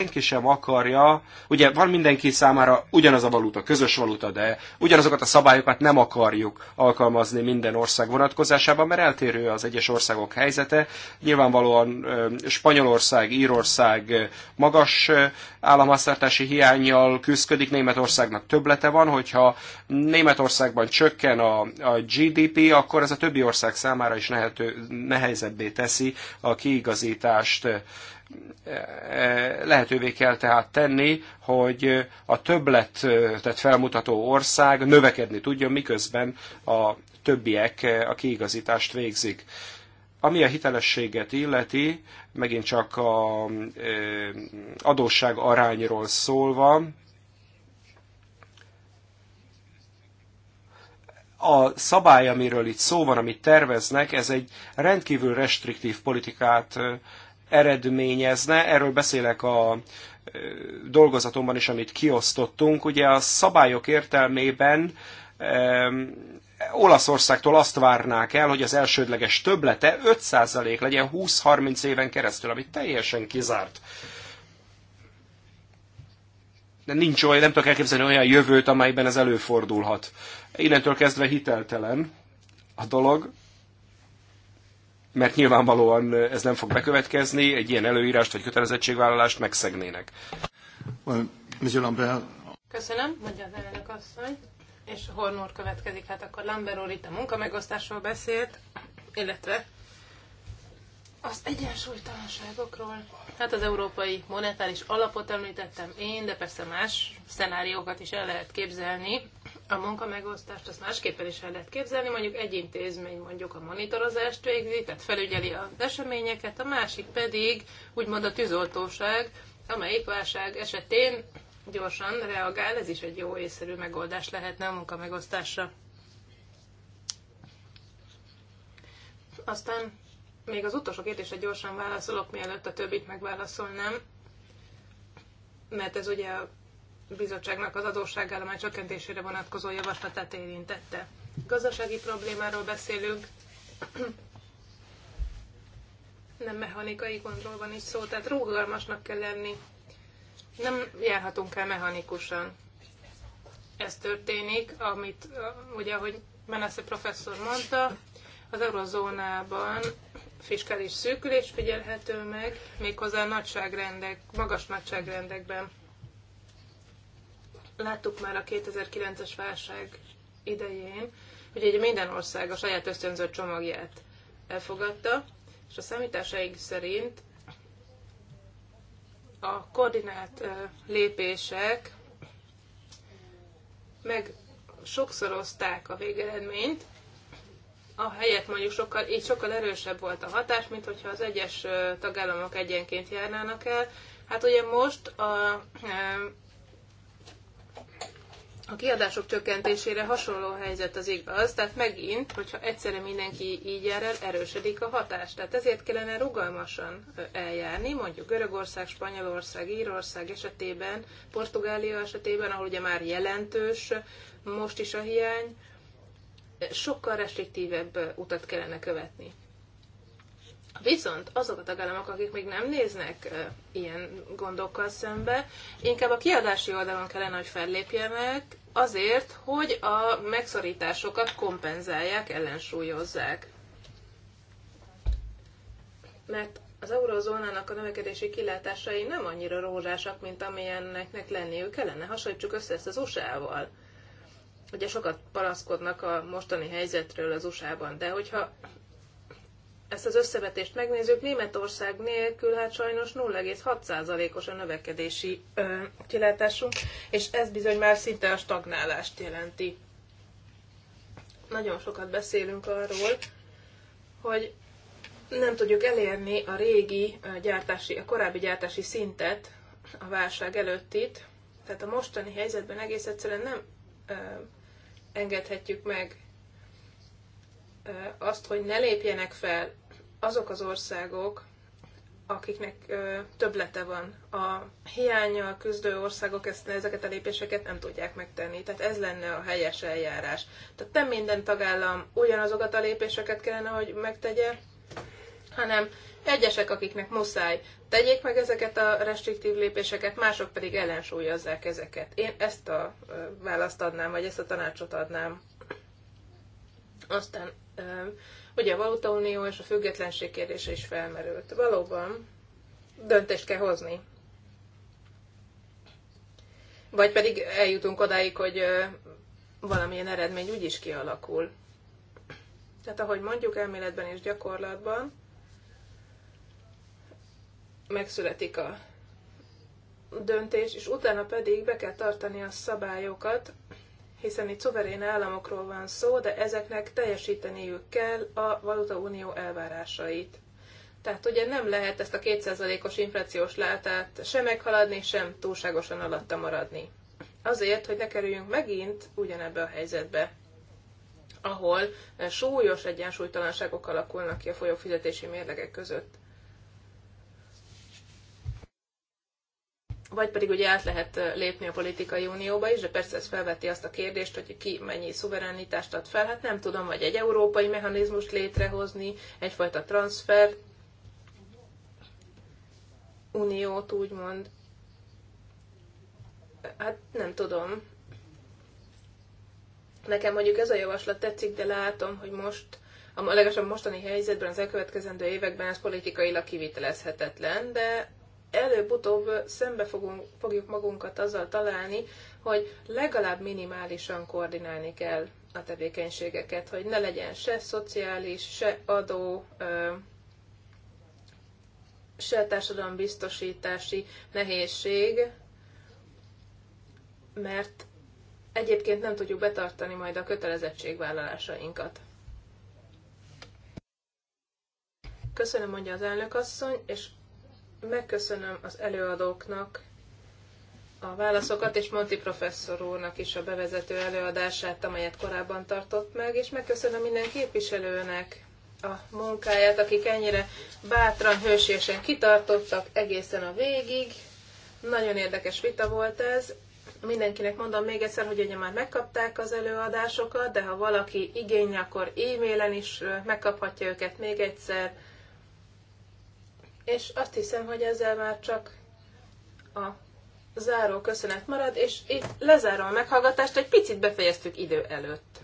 [SPEAKER 3] senki sem akarja, ugye van mindenki számára ugyanaz a valuta, közös valuta, de ugyanazokat a szabályokat nem akarjuk alkalmazni minden ország vonatkozásában, mert eltérő az egyes országok helyzete. Nyilvánvalóan Spanyolország, Írország magas államháztartási hiányjal küzdik, Németországnak többlete van, hogyha Németországban csökken a, a GDP, akkor ez a többi ország számára is nehető, nehezebbé teszi a kiigazítást lehetővé kell tehát tenni, hogy a többletet felmutató ország növekedni tudjon, miközben a többiek a kiigazítást végzik. Ami a hitelességet illeti, megint csak a adósság arányról szólva, a szabály, amiről itt szó van, amit terveznek, ez egy rendkívül restriktív politikát eredményezne. Erről beszélek a dolgozatomban is, amit kiosztottunk. Ugye a szabályok értelmében Olaszországtól azt várnák el, hogy az elsődleges töblete 5% legyen 20-30 éven keresztül, amit teljesen kizárt. De nincs olyan, nem tudok elképzelni olyan jövőt, amelyben ez előfordulhat. Innentől kezdve hiteltelen a dolog mert nyilvánvalóan ez nem fog bekövetkezni, egy ilyen előírást vagy kötelezettségvállalást megszegnének.
[SPEAKER 2] Köszönöm, mondja az elnök asszony. És Hornor következik, hát akkor Lambert úr itt a munkamegosztásról beszélt, illetve az egyensúlytalanságokról. Hát az európai monetáris alapot említettem én, de persze más szenáriókat is el lehet képzelni a munkamegosztást azt másképpen is el lehet képzelni, mondjuk egy intézmény mondjuk a monitorozást végzi, tehát felügyeli az eseményeket, a másik pedig úgymond a tűzoltóság, amelyik válság esetén gyorsan reagál, ez is egy jó észszerű megoldás lehetne a munkamegosztásra. Aztán még az utolsó kérdésre gyorsan válaszolok, mielőtt a többit megválaszolnám, mert ez ugye a bizottságnak az adósságállomány csökkentésére vonatkozó javaslatát érintette. Gazdasági problémáról beszélünk, nem mechanikai gondról van is szó, tehát rugalmasnak kell lenni. Nem járhatunk el mechanikusan. Ez történik, amit ugye, ahogy Menesze professzor mondta, az eurozónában fiskális szűkülés figyelhető meg, méghozzá nagyságrendek, magas nagyságrendekben láttuk már a 2009-es válság idején, hogy egy minden ország a saját ösztönző csomagját elfogadta, és a számításaik szerint a koordinált lépések meg sokszorozták a végeredményt, a helyet mondjuk sokkal, így sokkal erősebb volt a hatás, mint hogyha az egyes tagállamok egyenként járnának el. Hát ugye most a a kiadások csökkentésére hasonló helyzet az igaz, tehát megint, hogyha egyszerre mindenki így jár el, erősödik a hatás. Tehát ezért kellene rugalmasan eljárni, mondjuk Görögország, Spanyolország, Írország esetében, Portugália esetében, ahol ugye már jelentős most is a hiány, sokkal restriktívebb utat kellene követni. Viszont azok a tagállamok, akik még nem néznek ilyen gondokkal szembe, inkább a kiadási oldalon kellene, hogy fellépjenek, azért, hogy a megszorításokat kompenzálják, ellensúlyozzák. Mert az eurozónának a növekedési kilátásai nem annyira rózsásak, mint amilyennek lenniük kellene. Hasonlítsuk össze ezt az USA-val. Ugye sokat paraszkodnak a mostani helyzetről az USA-ban, de hogyha ezt az összevetést megnézzük, Németország nélkül hát sajnos 0,6%-os a növekedési ö, kilátásunk, és ez bizony már szinte a stagnálást jelenti. Nagyon sokat beszélünk arról, hogy nem tudjuk elérni a régi gyártási, a korábbi gyártási szintet a válság előtt itt, tehát a mostani helyzetben egész egyszerűen nem ö, engedhetjük meg azt, hogy ne lépjenek fel azok az országok, akiknek ö, töblete van. A hiányjal küzdő országok ezt, ezeket a lépéseket nem tudják megtenni. Tehát ez lenne a helyes eljárás. Tehát nem minden tagállam ugyanazokat a lépéseket kellene, hogy megtegye, hanem egyesek, akiknek muszáj, tegyék meg ezeket a restriktív lépéseket, mások pedig ellensúlyozzák ezeket. Én ezt a választ adnám, vagy ezt a tanácsot adnám. Aztán Ugye a valutaunió és a függetlenség kérdése is felmerült. Valóban döntést kell hozni. Vagy pedig eljutunk odáig, hogy valamilyen eredmény úgy is kialakul. Tehát ahogy mondjuk elméletben és gyakorlatban, megszületik a döntés, és utána pedig be kell tartani a szabályokat, hiszen itt szuverén államokról van szó, de ezeknek teljesíteniük kell a valutaunió elvárásait. Tehát ugye nem lehet ezt a 2%-os inflációs látát sem meghaladni, sem túlságosan alatta maradni. Azért, hogy ne kerüljünk megint ugyanebbe a helyzetbe, ahol súlyos egyensúlytalanságok alakulnak ki a folyófizetési mérlegek között. Vagy pedig ugye át lehet lépni a politikai unióba is, de persze ez felveti azt a kérdést, hogy ki mennyi szuverenitást ad fel. Hát nem tudom, vagy egy európai mechanizmust létrehozni, egyfajta transfer uniót úgymond. Hát nem tudom. Nekem mondjuk ez a javaslat tetszik, de látom, hogy most a legalább mostani helyzetben, az elkövetkezendő években ez politikailag kivitelezhetetlen, de előbb-utóbb szembe fogunk, fogjuk magunkat azzal találni, hogy legalább minimálisan koordinálni kell a tevékenységeket, hogy ne legyen se szociális, se adó, se társadalombiztosítási nehézség, mert egyébként nem tudjuk betartani majd a kötelezettségvállalásainkat. Köszönöm, mondja az elnök asszony, és Megköszönöm az előadóknak a válaszokat, és Monti professzor úrnak is a bevezető előadását, amelyet korábban tartott meg, és megköszönöm minden képviselőnek a munkáját, akik ennyire bátran, hősiesen kitartottak egészen a végig. Nagyon érdekes vita volt ez. Mindenkinek mondom még egyszer, hogy ugye már megkapták az előadásokat, de ha valaki igény, akkor e-mailen is megkaphatja őket még egyszer és azt hiszem, hogy ezzel már csak a záró köszönet marad, és itt lezárom a meghallgatást, egy picit befejeztük idő előtt.